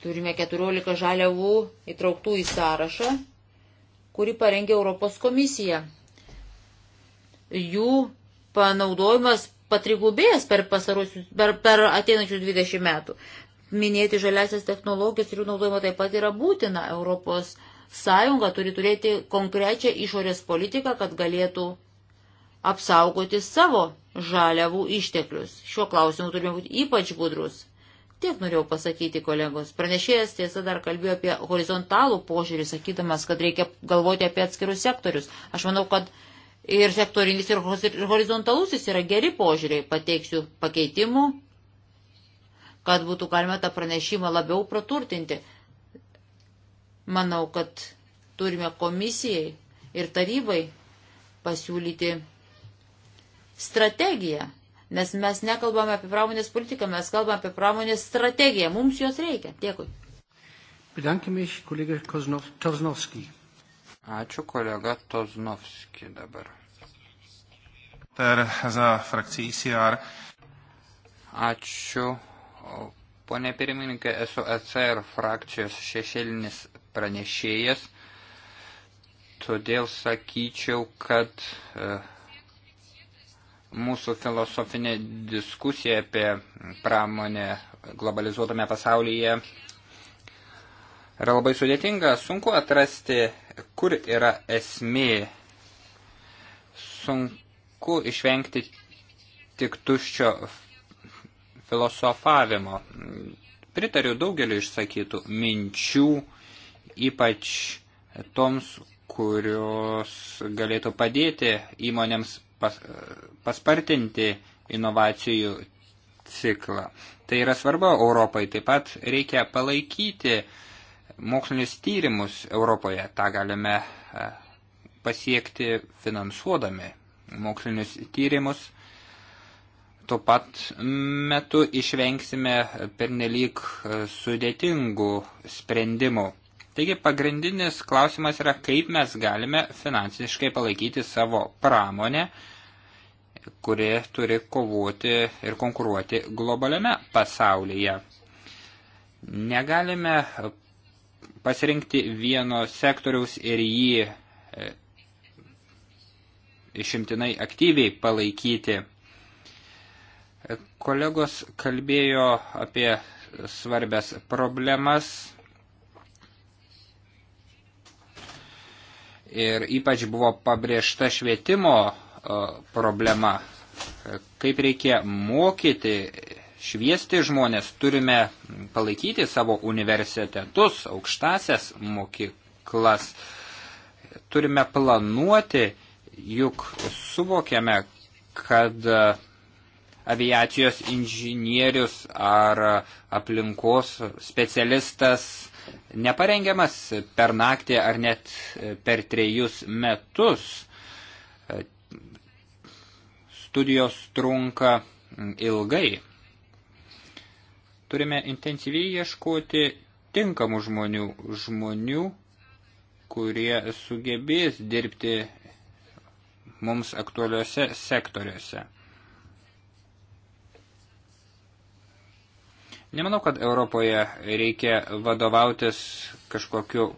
Turime 14 žaliavų įtrauktų į sąrašą, kurį parengė Europos komisija. Jų panaudojimas patrigubėjęs per, per, per ateinančius 20 metų. Minėti žaliasias technologijas ir jų naudojimo taip pat yra būtina. Europos Sąjunga turi turėti konkrečią išorės politiką, kad galėtų apsaugoti savo žaliavų išteklius. Šiuo klausimu turime būti ypač budrus. Tiek norėjau pasakyti, kolegos. Pranešėjas tiesa dar kalbėjo apie horizontalų požiūrį, sakydamas, kad reikia galvoti apie atskirus sektorius. Aš manau, kad Ir sektorinis ir horizontalusis yra geri požiūriai. Pateiksiu pakeitimų, kad būtų galima tą pranešimą labiau praturtinti. Manau, kad turime komisijai ir tarybai pasiūlyti strategiją, nes mes nekalbame apie pramonės politiką, mes kalbame apie pramonės strategiją. Mums jos reikia. Dėkui. Bedanke mich, kolega Koznovski. Ačiū kolega Toznovski dabar. E Ačiū. Pone pirmininkė, esu ECR frakcijos šešėlinis pranešėjas, todėl sakyčiau, kad e, mūsų filosofinė diskusija apie pramonę globalizuotame pasaulyje yra labai sudėtinga, sunku atrasti, kur yra esmė, sunku išvengti tik tuščio filosofavimo. Pritariu daugeliu išsakytų minčių, ypač toms, kurios galėtų padėti įmonėms pas, paspartinti inovacijų ciklą. Tai yra svarbu Europai. Taip pat reikia palaikyti uh, mokslinius tyrimus Europoje. Ta galime e, pasiekti finansuodami mokslinius tyrimus. Tuo pat metu išvengsime pernelyg e, sudėtingų sprendimų. Taigi pagrindinis klausimas yra, kaip mes galime finansiškai palaikyti savo pramonę, kuri turi kovoti ir konkuruoti globaliame pasaulyje. Negalime pasirinkti vieno sektoriaus ir jį e, išimtinai aktyviai palaikyti. E, kolegos kalbėjo apie svarbės problemas ir ypač buvo pabrėžta švietimo e, problema, kaip reikia mokyti šviesti žmonės, turime palaikyti savo universitetus, aukštasias mokyklas, turime planuoti, juk suvokiame, kad e, aviacijos inžinierius ar aplinkos specialistas neparengiamas per naktį ar net per trejus metus. E, studijos trunka ilgai. Turime intensyviai ieškoti tinkamų žmonių, žmonių, kurie sugebės dirbti mums aktualiuose sektoriuose. Nemanau, kad Europoje reikia vadovautis kažkokiu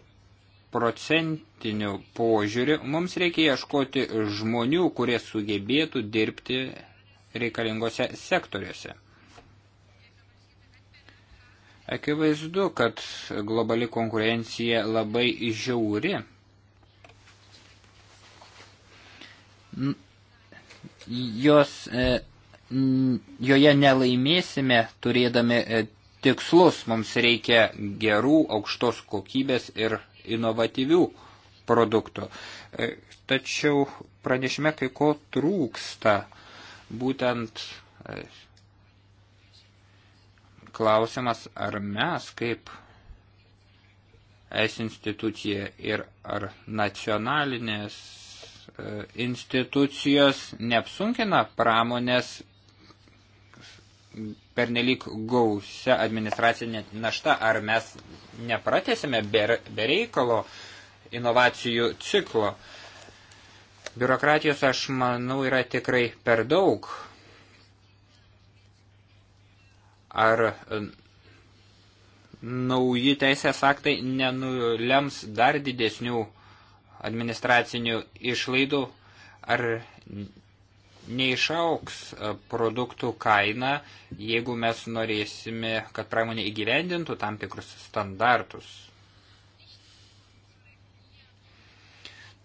procentiniu požiūriu. Mums reikia ieškoti žmonių, kurie sugebėtų dirbti reikalingose sektoriuose. Akivaizdu, kad globali konkurencija labai žiauri. Jos, e, joje nelaimėsime turėdami e, tikslus, mums reikia gerų, aukštos kokybės ir inovatyvių produktų. E, tačiau pranešime kai ko trūksta, būtent klausimas, ar mes kaip es institucija ir ar nacionalinės e, institucijos neapsunkina pramonės pernelyg gausia administracinė našta, ar mes nepratėsime bereikalo inovacijų ciklo. Biurokratijos, aš manau, yra tikrai per daug. Ar nauji teisės aktai nenulems dar didesnių administracinių išlaidų, ar neišauks produktų kaina, jeigu mes norėsime, kad pramonė įgyvendintų tam tikrus standartus.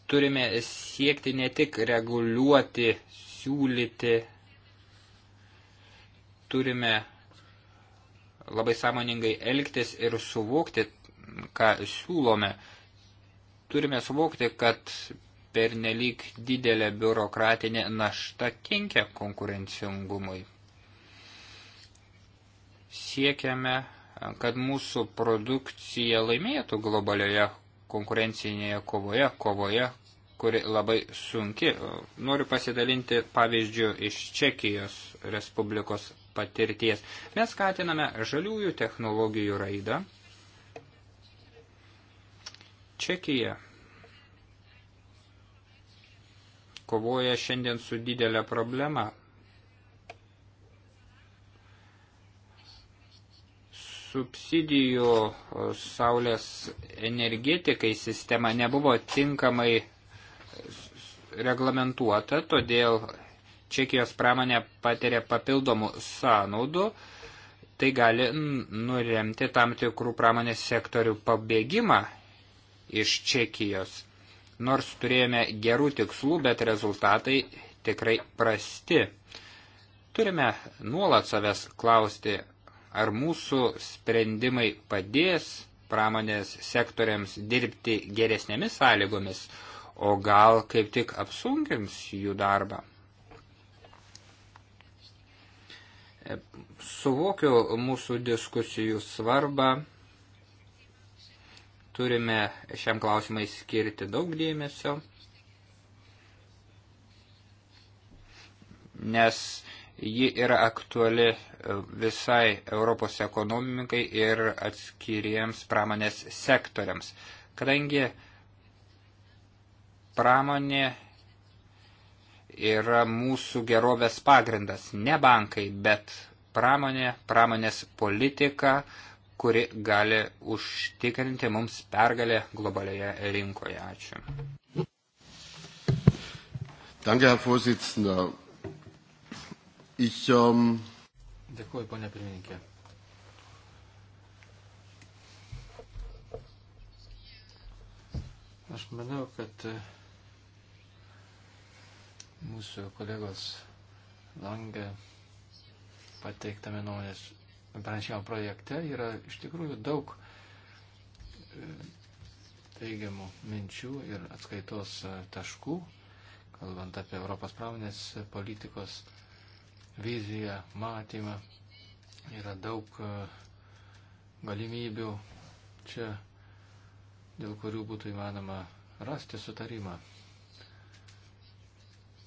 Turime siekti ne tik reguliuoti, siūlyti, turime labai sąmoningai elgtis ir suvokti, ką siūlome. Turime suvokti, kad pernelyg didelė biurokratinė našta kenkia konkurencingumui. Siekiame, kad mūsų produkcija laimėtų globalioje konkurencinėje kovoje, kovoje, kuri labai sunki. Noriu pasidalinti pavyzdžių iš Čekijos Respublikos patirties. Mes skatiname žaliųjų technologijų raidą. Čekija kovoja šiandien su didelė problema. Subsidijų saulės energetikai sistema nebuvo tinkamai reglamentuota, todėl Čekijos pramonė patiria papildomų sąnaudų, tai gali nuremti tam tikrų pramonės sektorių pabėgimą iš Čekijos. Nors turėjome gerų tikslų, bet rezultatai tikrai prasti. Turime nuolat savęs klausti, ar mūsų sprendimai padės pramonės sektoriams dirbti geresnėmis sąlygomis, o gal kaip tik apsunkins jų darbą. Suvokiu mūsų diskusijų svarbą. Turime šiam klausimai skirti daug dėmesio, nes ji yra aktuali visai Europos ekonomikai ir atskiriems pramonės sektoriams. Kadangi pramonė yra mūsų gerovės pagrindas. Ne bankai, bet pramonė, pramonės politika, kuri gali užtikrinti mums pergalę globalioje rinkoje. Ačiū. Danke, Herr Vorsitzender. Ich, um... Dėkuoju, ponia pirmininkė. Aš manau, kad uh, mūsų kolegos Langė pateiktame nuomonės pranešimo projekte yra iš tikrųjų daug e, teigiamų minčių ir atskaitos e, taškų, kalbant apie Europos pramonės politikos viziją, matymą. Yra daug e, galimybių čia, dėl kurių būtų įmanoma rasti sutarimą.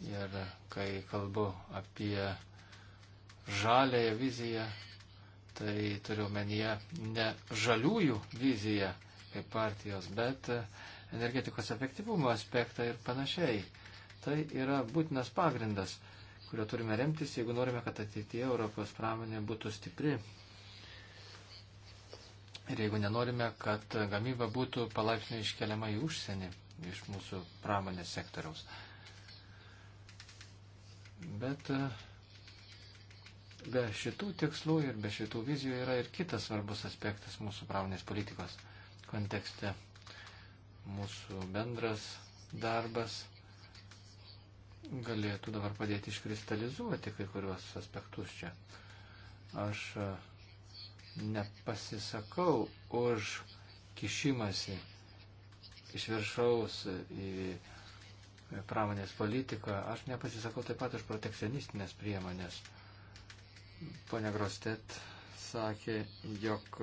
Ir kai kalbu apie žalėją viziją, tai turiu menyje ne žaliųjų viziją kaip partijos, bet energetikos efektyvumo aspektą ir panašiai. Tai yra būtinas pagrindas, kurio turime remtis, jeigu norime, kad ateityje Europos pramonė būtų stipri. Ir jeigu nenorime, kad gamyba būtų palaipsniui iškeliama į užsienį iš mūsų pramonės sektoriaus. Uh, Bet e, be šitų tikslų ir be šitų vizijų yra ir kitas svarbus aspektas mūsų pramonės politikos kontekste. Mūsų bendras darbas galėtų dabar padėti iškristalizuoti kai kuriuos aspektus čia. Aš e, nepasisakau už kišimasi iš viršaus į pramonės politiką. Aš nepasisakau taip pat už protekcionistinės priemonės. Pone Grostet sakė, jog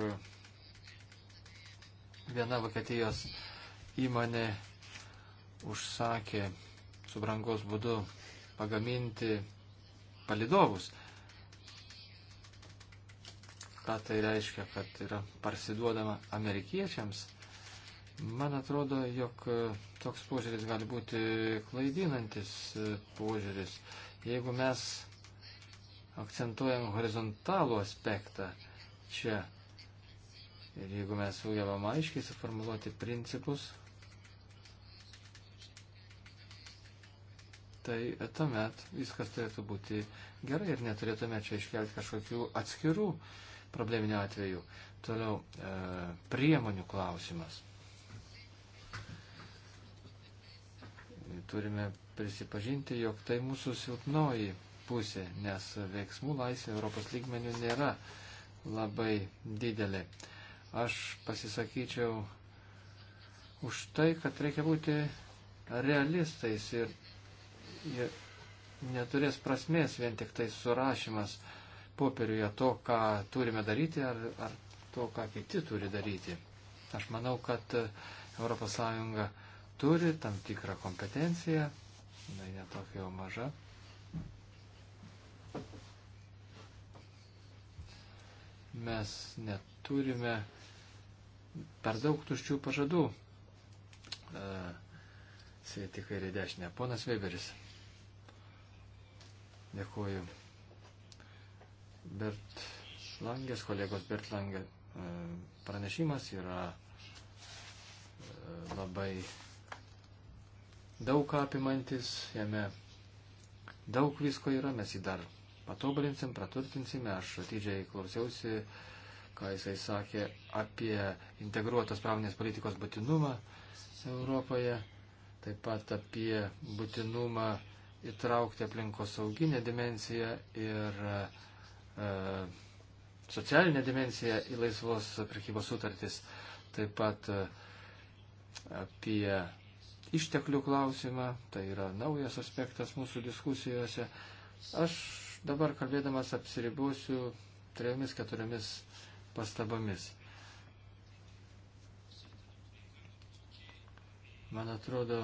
viena Vokietijos įmonė užsakė su brangos būdu pagaminti palidovus. Ką tai reiškia, kad yra parsiduodama amerikiečiams Man atrodo, jog e, toks požiūris gali būti klaidinantis e, požiūris. Jeigu mes akcentuojam horizontalų aspektą čia ir jeigu mes sugebam aiškiai suformuoluoti principus, tai tuomet viskas turėtų būti gerai ir neturėtume čia iškelti kažkokių atskirų probleminių atvejų. Toliau e, priemonių klausimas. turime prisipažinti, jog tai mūsų silpnoji pusė, nes veiksmų laisvė Europos lygmenių nėra labai didelė. Aš pasisakyčiau už tai, kad reikia būti realistais ir, ir neturės prasmės vien tik tai surašymas popieriuje to, ką turime daryti ar, ar to, ką kiti turi daryti. Aš manau, kad ES turi tam tikrą kompetenciją, jinai netokia jau maža. Mes neturime per daug tuščių pažadų. E, sveiki, kairė dešinė. Ponas Weberis. Dėkuoju. Bert Langės, kolegos Bert Langė e, pranešimas yra e, labai daug apimantis, jame daug visko yra, mes jį dar patobulinsim, praturtinsim. Aš atidžiai klausiausi, ką jisai sakė apie integruotos pramonės politikos būtinumą Europoje, taip pat apie būtinumą įtraukti aplinkos sauginę dimenciją ir e, socialinę dimenciją į laisvos prekybos sutartis, taip pat e, apie išteklių klausimą, tai yra naujas aspektas mūsų diskusijose. Aš dabar kalbėdamas apsiribosiu trejomis, keturiomis pastabomis. Man atrodo,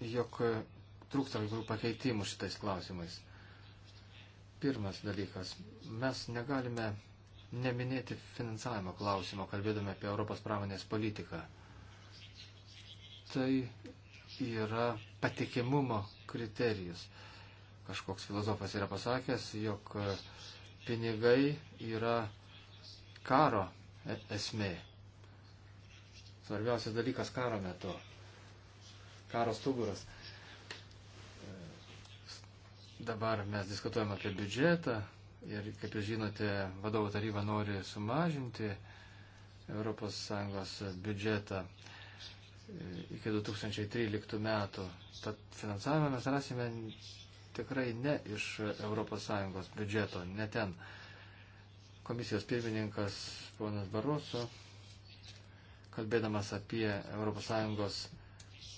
jog trūksta kai kurių pakeitimų šitais klausimais. Pirmas dalykas, mes negalime neminėti finansavimo klausimo, kalbėdami apie Europos pramonės politiką. Tai yra patikimumo kriterijus. Kažkoks filozofas yra pasakęs, jog pinigai yra karo e, esmė. Svarbiausias dalykas karo metu. Karo stuburas. Dabar mes diskutuojame apie biudžetą, Ir kaip jūs žinote, vadovų taryba nori sumažinti ES biudžetą iki 2013 metų. Tad finansavimą mes rasime tikrai ne iš ES biudžeto, ne ten. Komisijos pirmininkas ponas Baroso, kalbėdamas apie ES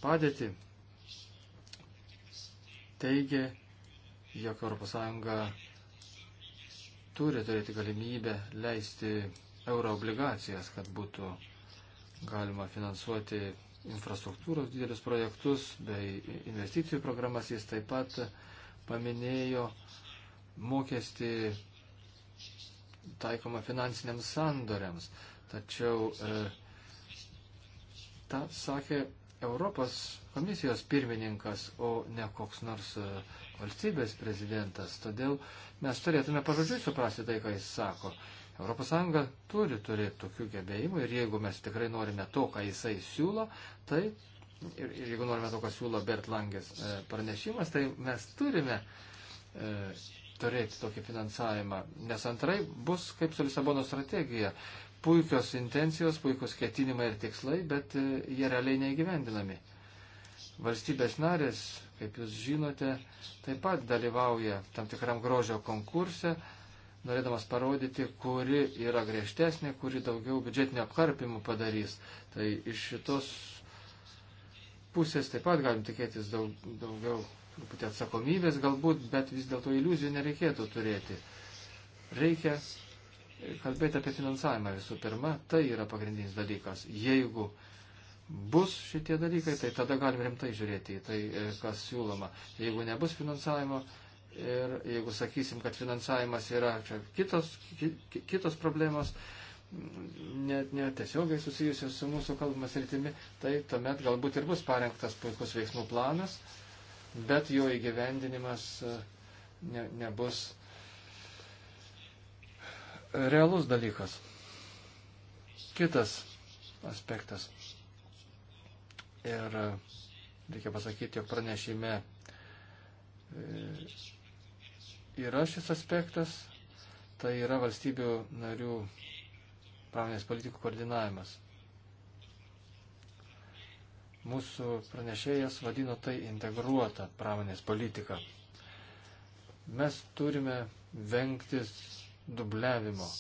padėtį, teigia, jog ES turi turėti galimybę leisti euro obligacijas, kad būtų galima finansuoti infrastruktūros didelius projektus bei investicijų programas. Jis taip pat paminėjo mokestį taikoma finansiniams sandoriams. Tačiau e, tą sakė Europos komisijos pirmininkas, o ne koks nors e, valstybės prezidentas. Todėl mes turėtume pažodžiui suprasti tai, ką jis sako. ES turi turėti tokių gebėjimų ir jeigu mes tikrai norime to, ką jisai siūlo, tai ir, ir jeigu norime to, ką siūlo Bert Langės e, pranešimas, tai mes turime e, turėti tokį finansavimą, nes antrai bus kaip su Lisabono strategija. Puikios intencijos, puikus ketinimai ir tikslai, bet e, jie realiai neįgyvendinami. Valstybės narės kaip jūs žinote, taip pat dalyvauja tam tikram grožio konkurse, norėdamas parodyti, kuri yra griežtesnė, kuri daugiau biudžetinio apkarpimų padarys. Tai iš šitos pusės taip pat galim tikėtis daug, daugiau truputį atsakomybės galbūt, bet vis dėlto iliuzijų nereikėtų turėti. Reikia kalbėti apie finansavimą visų pirma, tai yra pagrindinis dalykas. Jeigu uh, bus šitie dalykai, tai tada galim rimtai žiūrėti į tai, e, kas siūloma. Jeigu nebus finansavimo ir jeigu sakysim, kad finansavimas yra čia kitos, kitos problemos, net netiesiogiai susijusios su mūsų kalbamas rytimi, tai tuomet galbūt ir bus parengtas puikus veiksmų planas, bet jo įgyvendinimas e, ne, nebus realus dalykas. Kitas aspektas. Ir e, reikia pasakyti, jog pranešime e, yra šis aspektas, tai yra valstybių narių pramonės politikų koordinavimas. Mūsų pranešėjas vadino tai integruota pramonės politika. Mes turime vengtis dubliavimo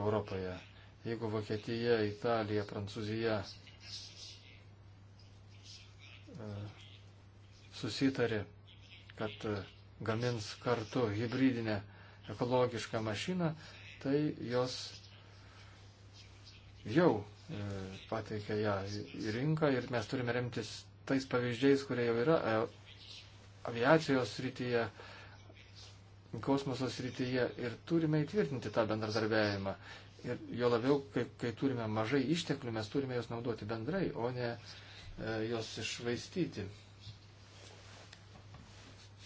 Europoje. Jeigu Vokietija, Italija, Prancūzija susitarė, kad e, gamins kartu hybridinę ekologišką mašiną, tai jos jau e, pateikė ją į rinką ir mes turime remtis tais pavyzdžiais, kurie jau yra e, aviacijos srityje, kosmoso srityje ir turime įtvirtinti tą bendradarbiavimą. Ir jo labiau, kai, kai turime mažai išteklių, mes turime juos naudoti bendrai, o ne uh, E, jos išvaistyti,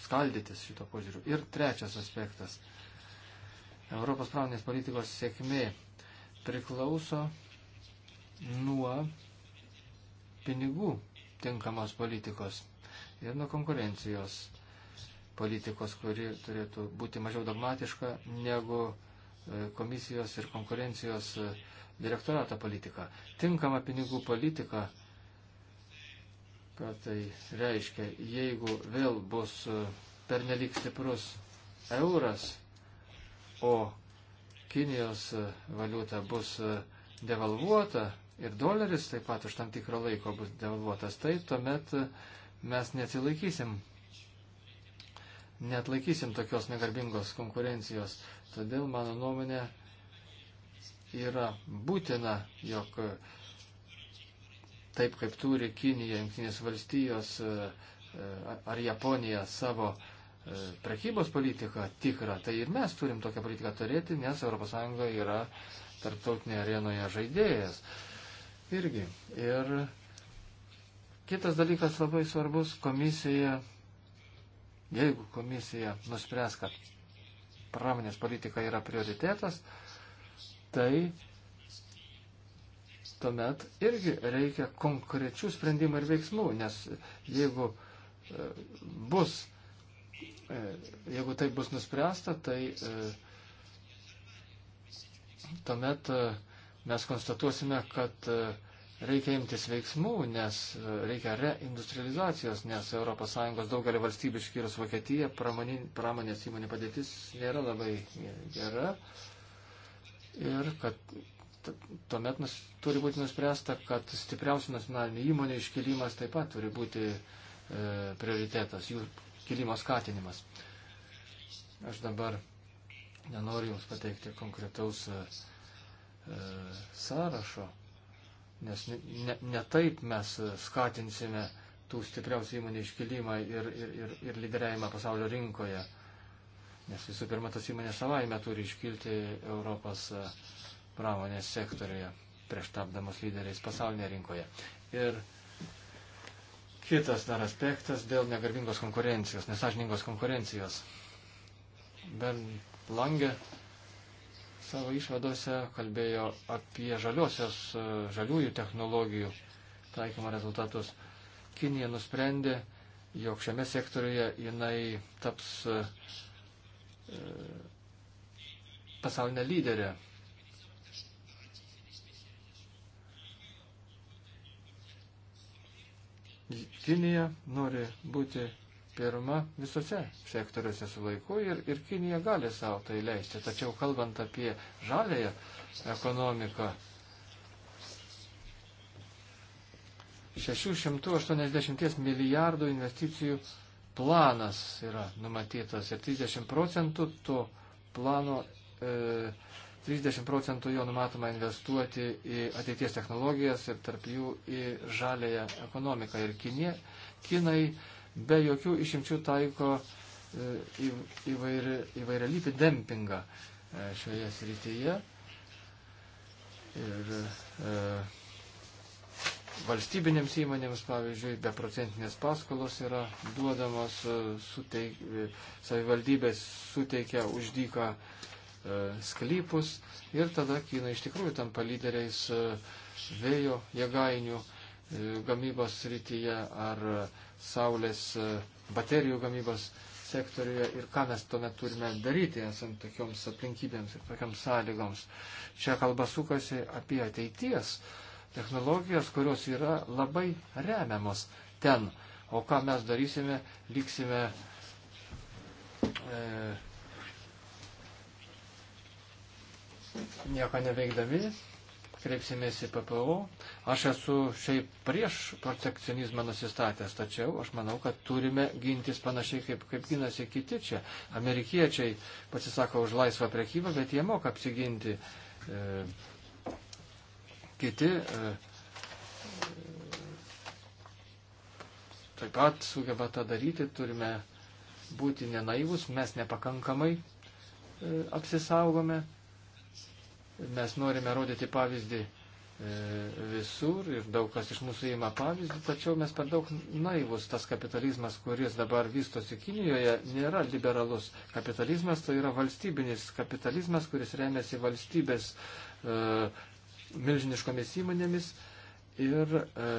skaldytis šito požiūriu. Ir trečias aspektas. Europos pramonės politikos sėkmė priklauso nuo pinigų tinkamos politikos ir nuo konkurencijos politikos, kuri turėtų būti mažiau dogmatiška negu e, komisijos ir konkurencijos e, direktorato politika. Tinkama pinigų politika ką tai reiškia. Jeigu vėl bus e, pernelik stiprus euras, o Kinijos e, valiuta bus e, devalvuota ir doleris taip pat už tam tikro laiko bus devalvuotas, tai tuomet mes neatsilaikysim, neatlaikysim tokios negarbingos konkurencijos. Todėl, mano nuomonė, yra būtina, jog taip kaip turi Kinija, Junktinės valstijos e, e, ar Japonija savo e, prekybos politiką tikrą, tai ir mes turim tokią politiką turėti, nes ES yra tarptautinėje arenoje žaidėjas. Irgi. Ir kitas dalykas labai svarbus, komisija, jeigu komisija nuspręs, kad pramonės politika yra prioritetas, tai tuomet irgi reikia konkrečių sprendimų ir veiksmų, nes jeigu e, bus, e, jeigu tai bus nuspręsta, tai e, tuomet mes konstatuosime, kad reikia imtis veiksmų, nes reikia reindustrializacijos, nes ES daugelį valstybių išskyrus Vokietiją pramonės įmonių padėtis nėra labai gera ir kad tuomet nus, turi būti nuspręsta, kad stipriausių nacionalinių įmonių iškilimas taip pat turi būti e, prioritetas, jų kilimo skatinimas. Aš dabar nenoriu Jums pateikti konkretaus e, e sąrašo, nes ne, ne taip mes skatinsime tų stipriausių įmonių iškilimą ir, ir, ir, ir lyderiavimą pasaulio rinkoje. Nes visų pirma, tas įmonės savaime turi iškilti Europos e, pramonės sektoriuje, prieš tapdamas lyderiais pasaulinėje rinkoje. Ir kitas dar aspektas dėl negarbingos konkurencijos, nesažiningos konkurencijos. Ben Lange savo išvadose kalbėjo apie žaliosios, žaliųjų technologijų taikymo rezultatus. Kinija nusprendė, jog šiame sektoriuje jinai taps e, pasaulinė lyderė Kinija nori būti pirma visose sektoriuose su laiku ir, ir Kinija gali savo tai leisti. Tačiau kalbant apie žalėją ekonomiką, 680 milijardų investicijų planas yra numatytas ir 30 procentų to plano e, 30 procentų jo numatoma investuoti į ateities technologijas ir tarp jų į žalėją ekonomiką. Ir kinie, kinai be jokių išimčių taiko e, į, įvairi, įvairialypį dempingą e, šioje srityje. Ir e, valstybinėms įmonėms, pavyzdžiui, beprocentinės paskolos yra duodamos, e, suteik, savivaldybės suteikia uždyką e, E, sklypus ir tada Kinai iš tikrųjų tampa lyderiais e, vėjo jėgainių e, gamybos srityje ar saulės baterijų gamybos sektoriuje ir ką mes tuomet turime daryti esant tokioms aplinkybėms ir tokiams sąlygoms. Čia kalba sukasi apie ateities technologijas, kurios yra labai remiamos ten. O ką mes darysime, liksime. E, nieko neveikdami, kreipsimės į PPO. Aš esu šiaip prieš protekcionizmą nusistatęs, tačiau aš manau, kad turime gintis panašiai kaip, kaip ginasi kiti čia. Amerikiečiai pasisako už laisvą prekybą, bet jie moka apsiginti. E, kiti e, taip pat sugeba tą daryti, turime būti nenaivus, mes nepakankamai e, apsisaugome. Mes norime rodyti pavyzdį e, visur ir daug kas iš mūsų įima pavyzdį, tačiau mes per daug naivus tas kapitalizmas, kuris dabar vystosi Kinijoje, nėra liberalus kapitalizmas, tai yra valstybinis kapitalizmas, kuris remiasi valstybės e, milžiniškomis įmonėmis ir e,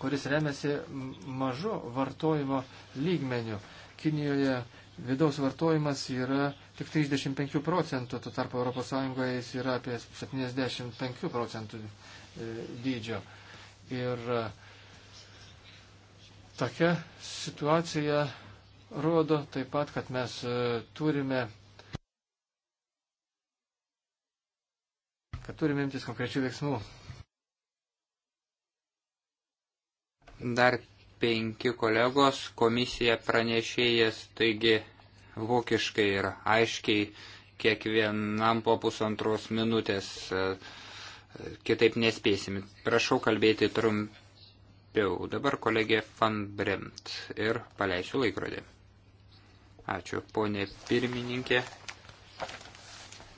kuris remiasi mažu vartojimo lygmeniu. Kinijoje vidaus vartojimas yra tik 35 procentų, tuo tarpu ES jis yra apie 75 procentų e, dydžio. Ir e, tokia situacija rodo taip pat, kad mes e, turime kad turime imtis konkrečių veiksmų. Dar penki kolegos, komisija pranešėjas, taigi vokiškai ir aiškiai kiekvienam po pusantros minutės, e, kitaip nespėsim. Prašau kalbėti trumpiau. Dabar kolegė Van Bremt ir paleisiu laikrodį. Ačiū, ponė pirmininkė.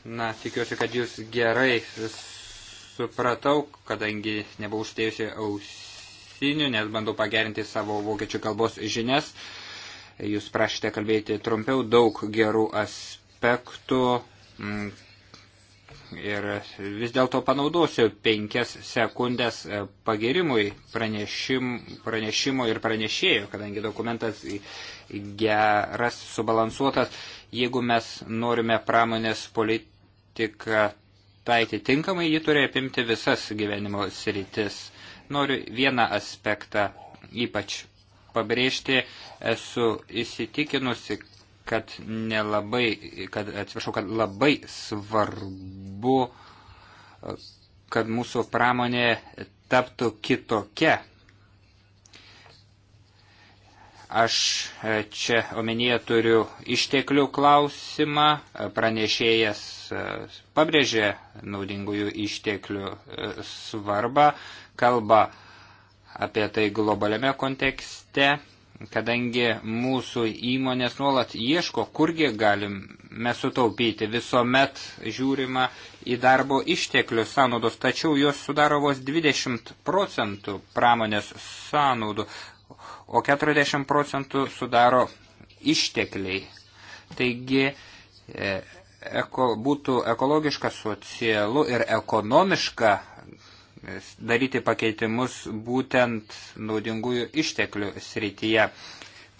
Na, tikiuosi, kad jūs gerai supratau, kadangi nebuvau užtėjusi ausinių, nes bandau pagerinti savo vokiečių kalbos žinias. Uh, Jūs prašėte kalbėti trumpiau daug gerų aspektų mm. ir vis dėlto panaudosiu penkias sekundės e, pagirimui pranešim, pranešimo ir pranešėjo, kadangi dokumentas geras, subalansuotas. Jeigu mes norime pramonės politiką taikyti tinkamai, ji turi apimti visas gyvenimo sritis. Noriu vieną aspektą ypač pabrėžti, esu įsitikinusi, kad nelabai, kad, atsiprašau, kad labai svarbu, kad mūsų pramonė taptų kitokia. Aš e, čia omenyje turiu išteklių klausimą, pranešėjas e, pabrėžė naudingųjų išteklių e, svarbą, kalba apie tai globaliame kontekste, kadangi mūsų įmonės nuolat ieško, kurgi galime sutaupyti, visuomet žiūrima į darbo išteklių sąnaudos, tačiau jos sudaro vos 20 procentų pramonės sąnaudų, o 40 procentų sudaro ištekliai. Taigi, e, eko, būtų ekologiška, socialu ir ekonomiška daryti pakeitimus būtent naudingųjų išteklių srityje.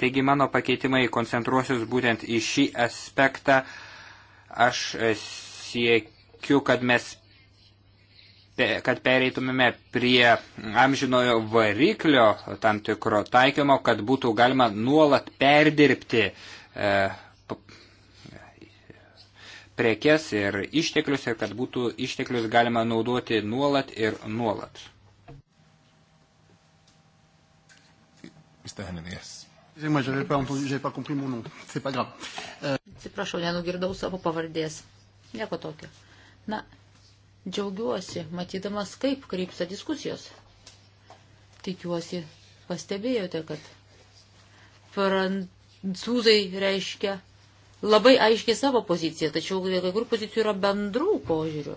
Taigi mano pakeitimai koncentruosius būtent į šį aspektą. Aš siekiu, kad mes kad pereitumėme prie amžinojo variklio tam tikro taikymo, kad būtų galima nuolat perdirbti e, prekes ir išteklius ir kad būtų išteklius galima naudoti nuolat ir nuolat. Euh, Atsiprašau, nenugirdau savo pavardės. Nieko tokio. Na, džiaugiuosi, matydamas, kaip krypsta diskusijos. Tikiuosi, pastebėjote, kad prancūzai reiškia labai aiškiai savo poziciją, tačiau kai kur pozicijų yra bendrų požiūrių.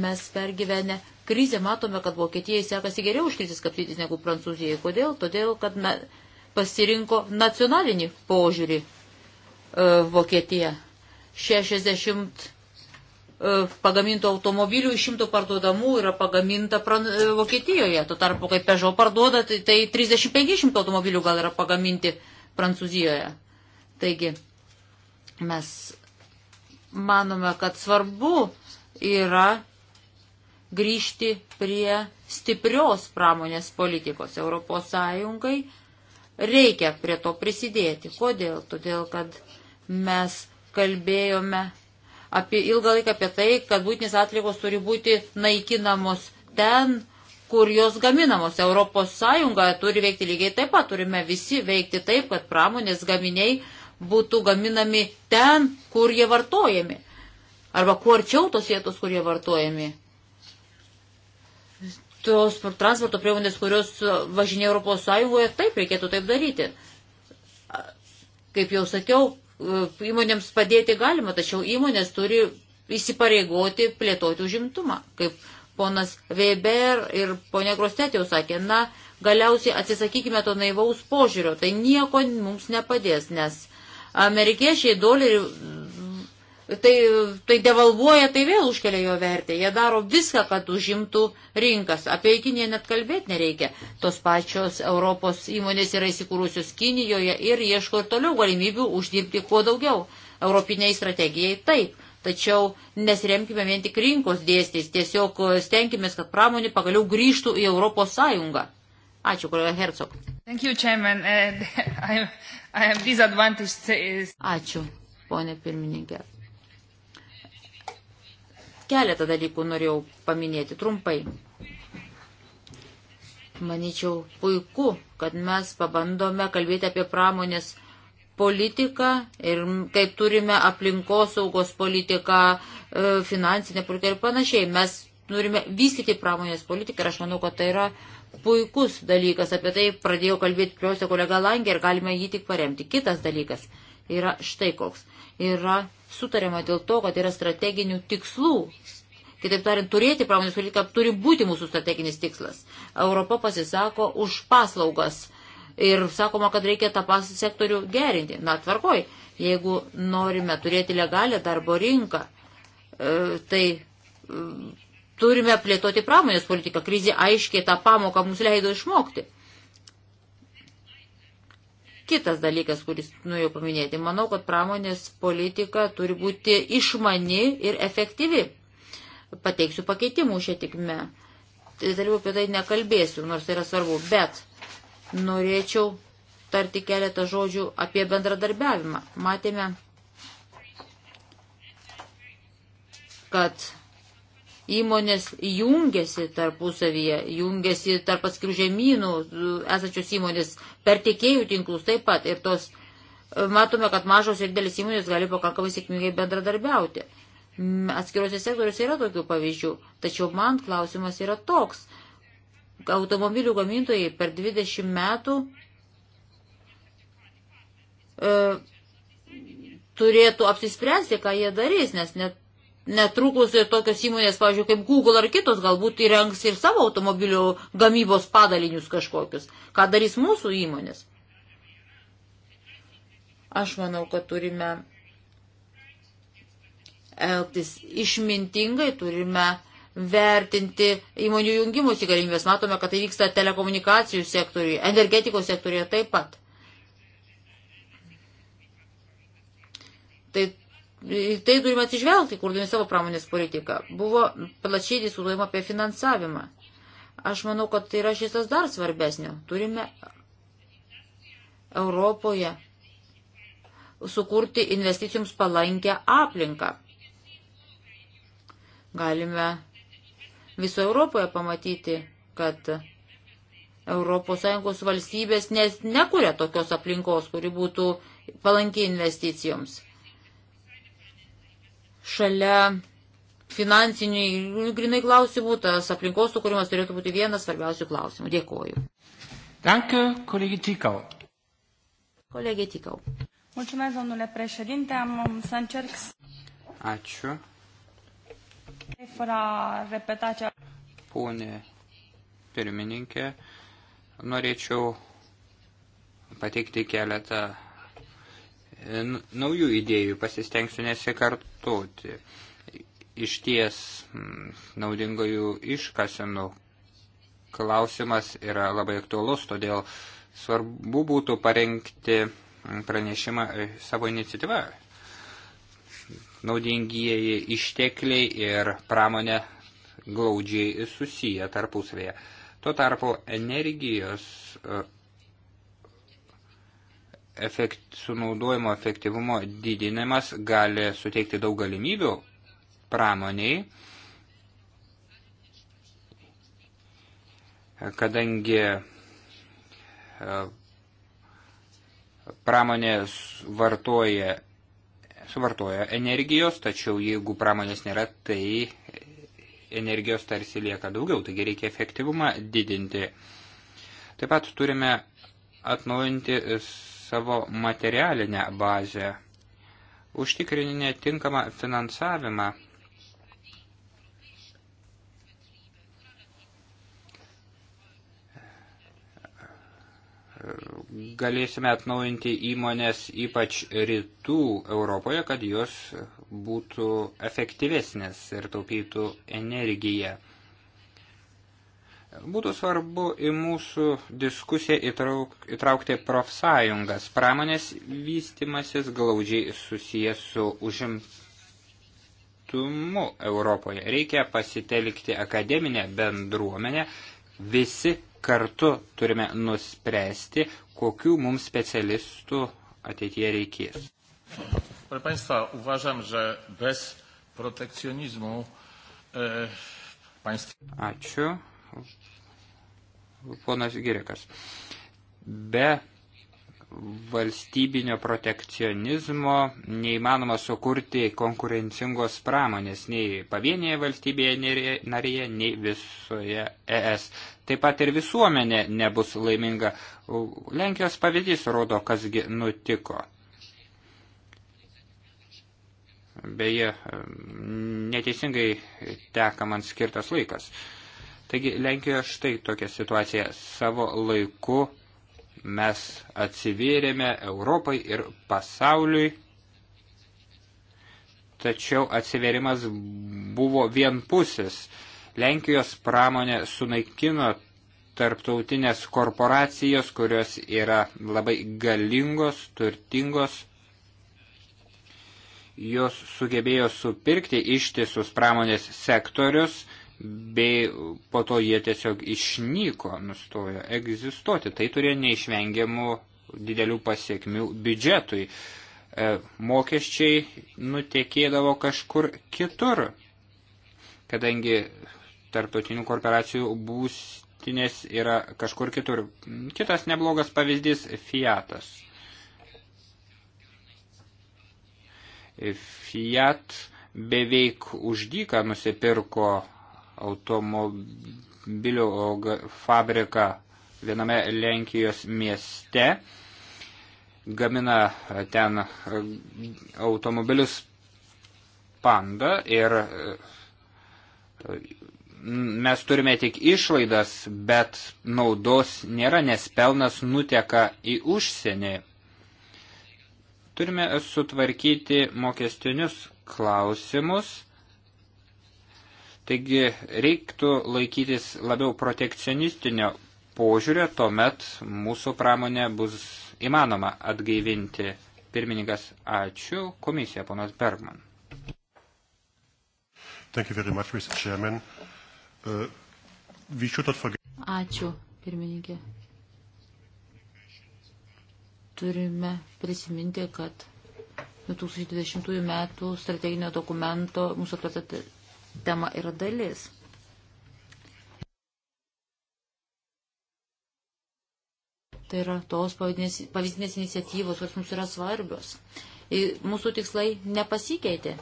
Mes pergyvenę krizę matome, kad Vokietijai sekasi geriau už krizės kapstytis negu Prancūzijai. Kodėl? Todėl, kad na, pasirinko nacionalinį požiūrį e, Vokietija. 60 e, pagamintų automobilių iš šimto parduodamų yra pagaminta e, Vokietijoje. Tuo tarpu, kai Peugeot parduoda, tai, tai 35 šimtų automobilių gal yra pagaminti Prancūzijoje. Taigi, Mes manome, kad svarbu yra grįžti prie stiprios pramonės politikos Europos Sąjungai. Reikia prie to prisidėti. Kodėl? Todėl, kad mes kalbėjome apie ilgą laiką apie tai, kad būtinis atlikos turi būti naikinamos ten, kur jos gaminamos. Europos Sąjunga turi veikti lygiai taip pat, turime visi veikti taip, kad pramonės gaminiai būtų gaminami ten, kur jie vartojami. Arba kuo arčiau tos vietos, kur jie vartojami. Tos transporto priemonės, kurios važinė Europos Sąjungoje, taip reikėtų taip daryti. Kaip jau sakiau, įmonėms padėti galima, tačiau įmonės turi įsipareigoti plėtoti užimtumą. Kaip ponas Weber ir ponia Grostet jau sakė, na, galiausiai atsisakykime to naivaus požiūrio, tai nieko mums nepadės, nes Amerikiečiai dolerį tai, tai devalvuoja, tai vėl užkelia jo vertę. Jie daro viską, kad užimtų rinkas. Apie Kiniją net kalbėti nereikia. Tos pačios Europos įmonės yra įsikūrusios Kinijoje ir ieško ir toliau galimybių uždirbti kuo daugiau. Europiniai strategijai taip. Tačiau nesiremkime vien tik rinkos dėstys, tiesiog stenkimės, kad pramonė pagaliau grįžtų į Europos Sąjungą. Ačiū, kolega Hercog. Thank you, Chairman. Uh, Ačiū, ponė pirmininkė. Keletą dalykų norėjau paminėti trumpai. Maničiau, puiku, kad mes pabandome kalbėti apie pramonės politiką ir kaip turime aplinkosaugos politiką, e, finansinę politiką ir panašiai. Mes turime vystyti pramonės politiką ir aš manau, kad tai yra puikus dalykas, apie tai pradėjo kalbėti pliuose kolega Langė ir galime jį tik paremti. Kitas dalykas yra štai koks. Yra sutariama dėl to, kad yra strateginių tikslų. Kitaip tariant, turėti pramonės politiką turi būti mūsų strateginis tikslas. Europa pasisako už paslaugas ir sakoma, kad reikia tą pasą sektorių gerinti. Na, tvarkoj, jeigu norime turėti legalią darbo rinką, e, tai turime plėtoti pramonės politiką. Krizė aiškiai tą pamoką mums leido išmokti. Kitas dalykas, kuris nuėjau paminėti, manau, kad pramonės politika turi būti išmani ir efektyvi. Pateiksiu pakeitimų šią tikme. Daliau apie tai nekalbėsiu, nors tai yra svarbu, bet norėčiau tarti keletą žodžių apie bendradarbiavimą. Matėme, kad įmonės jungiasi tarpusavyje, jungiasi tarp atskirų žemynų esančios įmonės per tiekėjų tinklus taip pat. Ir tos e, matome, kad mažos ir dėlis įmonės gali pakankamai sėkmingai bendradarbiauti. Atskiruose sektoriuose yra tokių pavyzdžių, tačiau man klausimas yra toks. Automobilių gamintojai per 20 metų e, turėtų apsispręsti, ką jie darys, nes net netrukus ir tokios įmonės, pavyzdžiui, kaip Google ar kitos, galbūt įrengs ir savo automobilių gamybos padalinius kažkokius. Ką darys mūsų įmonės? Aš manau, kad turime elgtis išmintingai, turime vertinti įmonių jungimus į galimybės. Matome, kad tai vyksta telekomunikacijų sektoriuje, energetikos sektoriuje taip pat. Tai tai turime atsižvelgti, kurdami savo pramonės politiką. Buvo plačiai diskutuojama apie finansavimą. Aš manau, kad tai yra šis dar svarbesnio. Turime Europoje sukurti investicijoms palankę aplinką. Galime viso Europoje pamatyti, kad ES valstybės nes nekuria tokios aplinkos, kuri būtų palankiai investicijoms šalia finansinių grinai klausimų, tas aplinkos sukūrimas turėtų būti vienas svarbiausių klausimų. Dėkuoju. Danke, kolegė Tikau. Kolegė Tikau. Mulțumesc, domnule președinte, am să încerc să... Ačiū. Fără a repeta ce... Pone pirmininkė, norėčiau pateikti keletą naujų idėjų, pasistengsiu nesikartoti. Iš ties naudingojų iškasenų klausimas yra labai aktuolus, todėl svarbu būtų parengti pranešimą e, savo iniciatyvą. Naudingieji ištekliai ir pramonė glaudžiai susiję tarpusvėje. Tuo tarpu energijos e, efekt, sunaudojimo efektyvumo didinimas gali suteikti daug galimybių pramoniai, kadangi e, pramonė vartoja, suvartoja energijos, tačiau jeigu pramonės nėra, tai energijos tarsi lieka daugiau, taigi reikia efektyvumą didinti. Taip pat turime atnaujinti savo materialinę bazę, užtikrininė tinkamą finansavimą. Galėsime atnaujinti įmonės ypač rytų Europoje, kad jos būtų efektyvesnės ir taupytų energiją. Būtų svarbu į mūsų diskusiją įtrauk, įtraukti profsąjungas. Pramonės vystimasis glaudžiai susijęs su užimtumu Europoje. Reikia pasitelkti akademinę bendruomenę. Visi kartu turime nuspręsti, kokių mums specialistų ateityje reikės. Proszę Państwa, uważam, że bez protekcjonizmu e, państw... Ačiū ponas Girikas. Be valstybinio protekcionizmo neįmanoma sukurti konkurencingos pramonės nei pavienėje valstybėje narėje, nei visoje ES. Taip pat ir visuomenė nebus laiminga. Lenkijos pavyzdys rodo, kasgi nutiko. Beje, neteisingai teka man skirtas laikas. Taigi Lenkijoje štai tokia situacija. Savo laiku mes atsivėrėme Europai ir pasauliui, tačiau atsivėrimas buvo vienpusis. Lenkijos pramonė sunaikino tarptautinės korporacijos, kurios yra labai galingos, turtingos. Jos sugebėjo supirkti ištisus pramonės sektorius – bei po to jie tiesiog išnyko, nustojo egzistuoti. Tai turėjo neišvengiamų didelių pasiekmių biudžetui. E, mokesčiai nutekėdavo kažkur kitur, kadangi tarptautinių korporacijų būstinės yra kažkur kitur. Kitas neblogas pavyzdys – Fiatas. Fiat beveik uždyką nusipirko automobilių fabriką viename Lenkijos mieste. Gamina ten e, automobilius panda ir e, mes turime tik išlaidas, bet naudos nėra, nes pelnas nuteka į užsienį. Turime sutvarkyti mokestinius klausimus Taigi reiktų laikytis labiau protekcionistinio požiūrio, tuomet mūsų pramonė bus įmanoma atgaivinti. Pirmininkas, ačiū. Komisija, ponas Bergman. Thank you very much, Mr. Chairman. Uh, we should not forget... Ačiū, pirmininkė. Turime prisiminti, kad 2020 m. strateginio dokumento mūsų atvartate tema yra dalis. Tai yra tos pavyzdinės iniciatyvos, kurios mums yra svarbios. Ir mūsų tikslai nepasikeitė.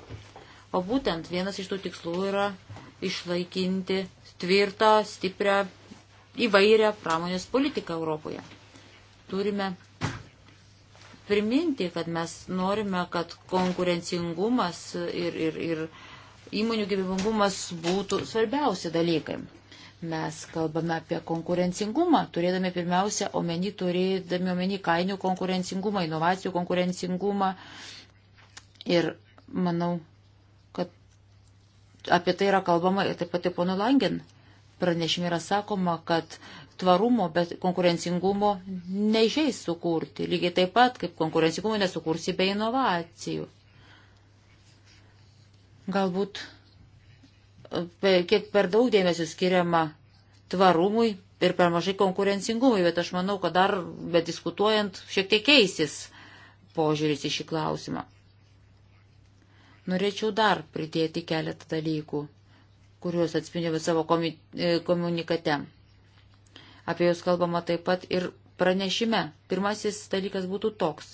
O būtent vienas iš tų tikslų yra išlaikinti tvirtą, stiprią, įvairią pramonės politiką Europoje. Turime priminti, kad mes norime, kad konkurencingumas ir, ir, ir įmonių gyvybingumas būtų svarbiausi dalykai. Mes kalbame apie konkurencingumą, turėdami pirmiausia omeny, turėdami omeny kainių konkurencingumą, inovacijų konkurencingumą. Ir manau, kad apie tai yra kalbama ir taip pat ir pono Langin pranešime yra sakoma, kad tvarumo, bet konkurencingumo neižiais sukurti. Lygiai taip pat, kaip konkurencingumo nesukursi be inovacijų. Galbūt e, kiek per daug dėmesio skiriama tvarumui ir per mažai konkurencingumui, bet aš manau, kad dar, bet diskutuojant, šiek tiek keisis požiūris į šį klausimą. Norėčiau dar pridėti keletą dalykų, kuriuos atspindėjau savo komi e, komunikate. Apie juos kalbama taip pat ir pranešime. Pirmasis dalykas būtų toks.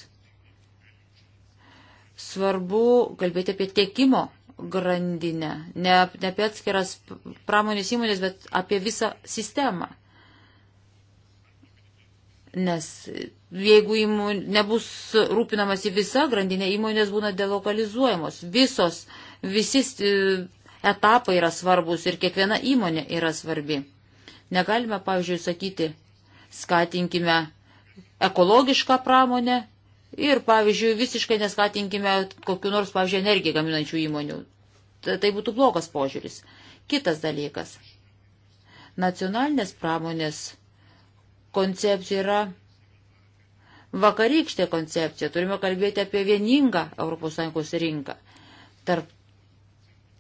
Svarbu kalbėti apie tiekimo grandinę, ne, ne apie atskiras pramonės įmonės, bet apie visą sistemą. Nes jeigu įmon, nebus rūpinamasi visa grandinė, įmonės būna delokalizuojamos. Visos, visi e, etapai yra svarbus ir kiekviena įmonė yra svarbi. Negalime, pavyzdžiui, sakyti, skatinkime ekologišką pramonę, Ir, pavyzdžiui, visiškai neskatinkime kokiu nors, pavyzdžiui, energiją gaminančių įmonių. Tai būtų blogas požiūris. Kitas dalykas. Nacionalinės pramonės koncepcija yra vakarykštė koncepcija. Turime kalbėti apie vieningą ES rinką. Tarp,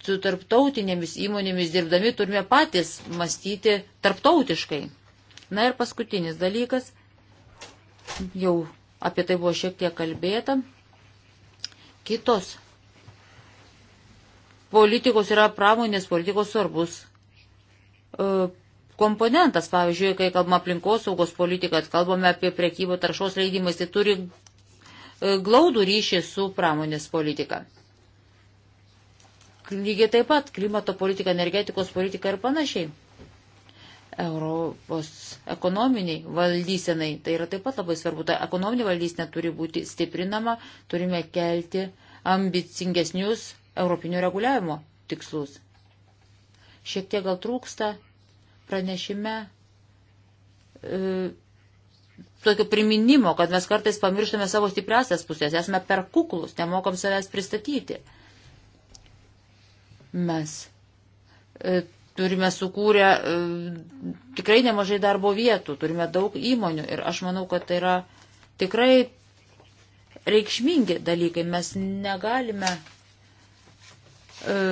su tarptautinėmis įmonėmis dirbdami turime patys mąstyti tarptautiškai. Na ir paskutinis dalykas. Jau apie tai buvo šiek tiek kalbėta. Kitos politikos yra pramonės politikos svarbus e, komponentas. Pavyzdžiui, kai kalbame aplinkosaugos politiką, kalbame apie prekybą taršos leidimais, tai turi e, glaudų ryšį su pramonės politika. Lygiai taip pat klimato politika, energetikos politika ir panašiai. Europos ekonominiai valdysenai. Tai yra taip pat labai svarbu. Ta ekonominė valdysena turi būti stiprinama, turime kelti ambicingesnius europinio reguliavimo tikslus. Šiek tiek gal trūksta pranešime e, tokio priminimo, kad mes kartais pamirštame savo stipriasias pusės, esame per kuklus, nemokam savęs pristatyti. Mes e, turime sukūrę e, tikrai nemažai darbo vietų, turime daug įmonių ir aš manau, kad tai yra tikrai reikšmingi dalykai. Mes negalime uh, e,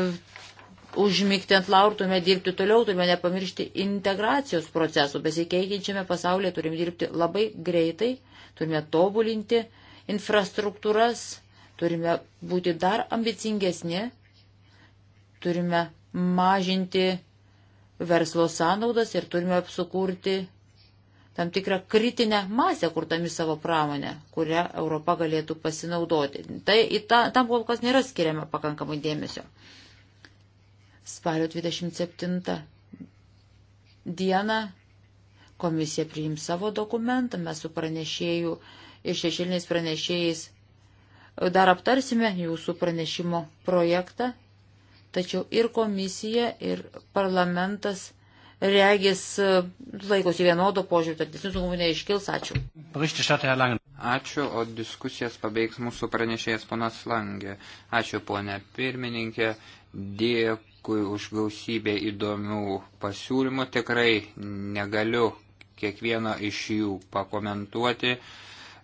užmygti ant laurų, turime dirbti toliau, turime nepamiršti integracijos procesų. Besikeikiančiame pasaulyje turime dirbti labai greitai, turime tobulinti infrastruktūras, turime būti dar ambicingesni, turime mažinti verslo sąnaudas ir turime sukurti tam tikrą kritinę masę, kurdami savo pramonę, kurią Europa galėtų pasinaudoti. Tai ta, tam kol kas nėra skiriama pakankamai dėmesio. Spalio 27 dieną komisija priims savo dokumentą, mes su pranešėjų ir šešėliniais pranešėjais dar aptarsime jūsų pranešimo projektą Tačiau ir komisija, ir parlamentas regis e, laikosi vienodo požiūrį, tad diskusijų sunkumų neiškils. Ačiū. Ačiū, o diskusijas pabaigs mūsų pranešėjas ponas Langė. Ačiū, ponė pirmininkė. Dėkui už gausybę įdomių pasiūlymų. Tikrai negaliu kiekvieno iš jų pakomentuoti.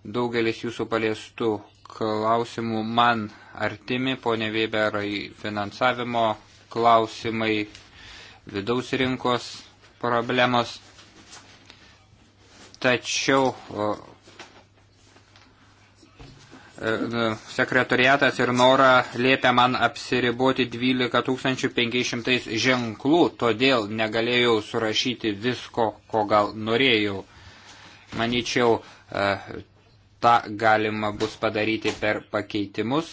Daugelis jūsų paliestų klausimų man artimi, ponė Weberai, finansavimo klausimai, vidaus rinkos problemos. Tačiau e, nu, sekretoriatas ir Nora liepia man apsiriboti 12 500 ženklų, todėl negalėjau surašyti visko, ko gal norėjau. Manyčiau, e, tą galima bus padaryti per pakeitimus.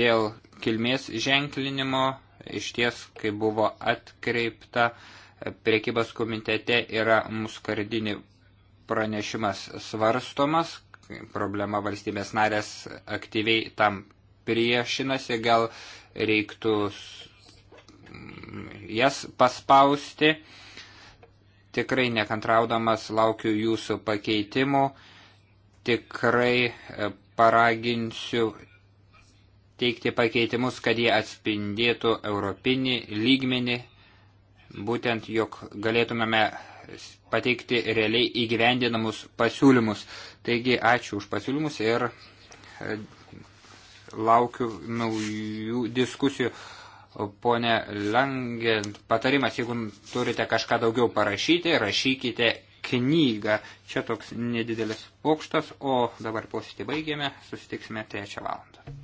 Dėl kilmės ženklinimo iš ties, kai buvo atkreipta, priekybos komitete yra muskardinį pranešimas svarstomas, problema valstybės narės aktyviai tam priešinasi, gal reiktų jas paspausti. Tikrai nekantraudamas laukiu jūsų pakeitimų. Tikrai e, paraginsiu teikti pakeitimus, kad jie atspindėtų europinį lygmenį, būtent jog galėtumėme pateikti realiai įgyvendinamus pasiūlymus. Taigi ačiū už pasiūlymus ir e, laukiu naujų diskusijų. Pone Langen, patarimas, jeigu turite kažką daugiau parašyti, rašykite knygą. Čia toks nedidelis pokštas, o dabar posėdį baigėme, susitiksime trečią valandą.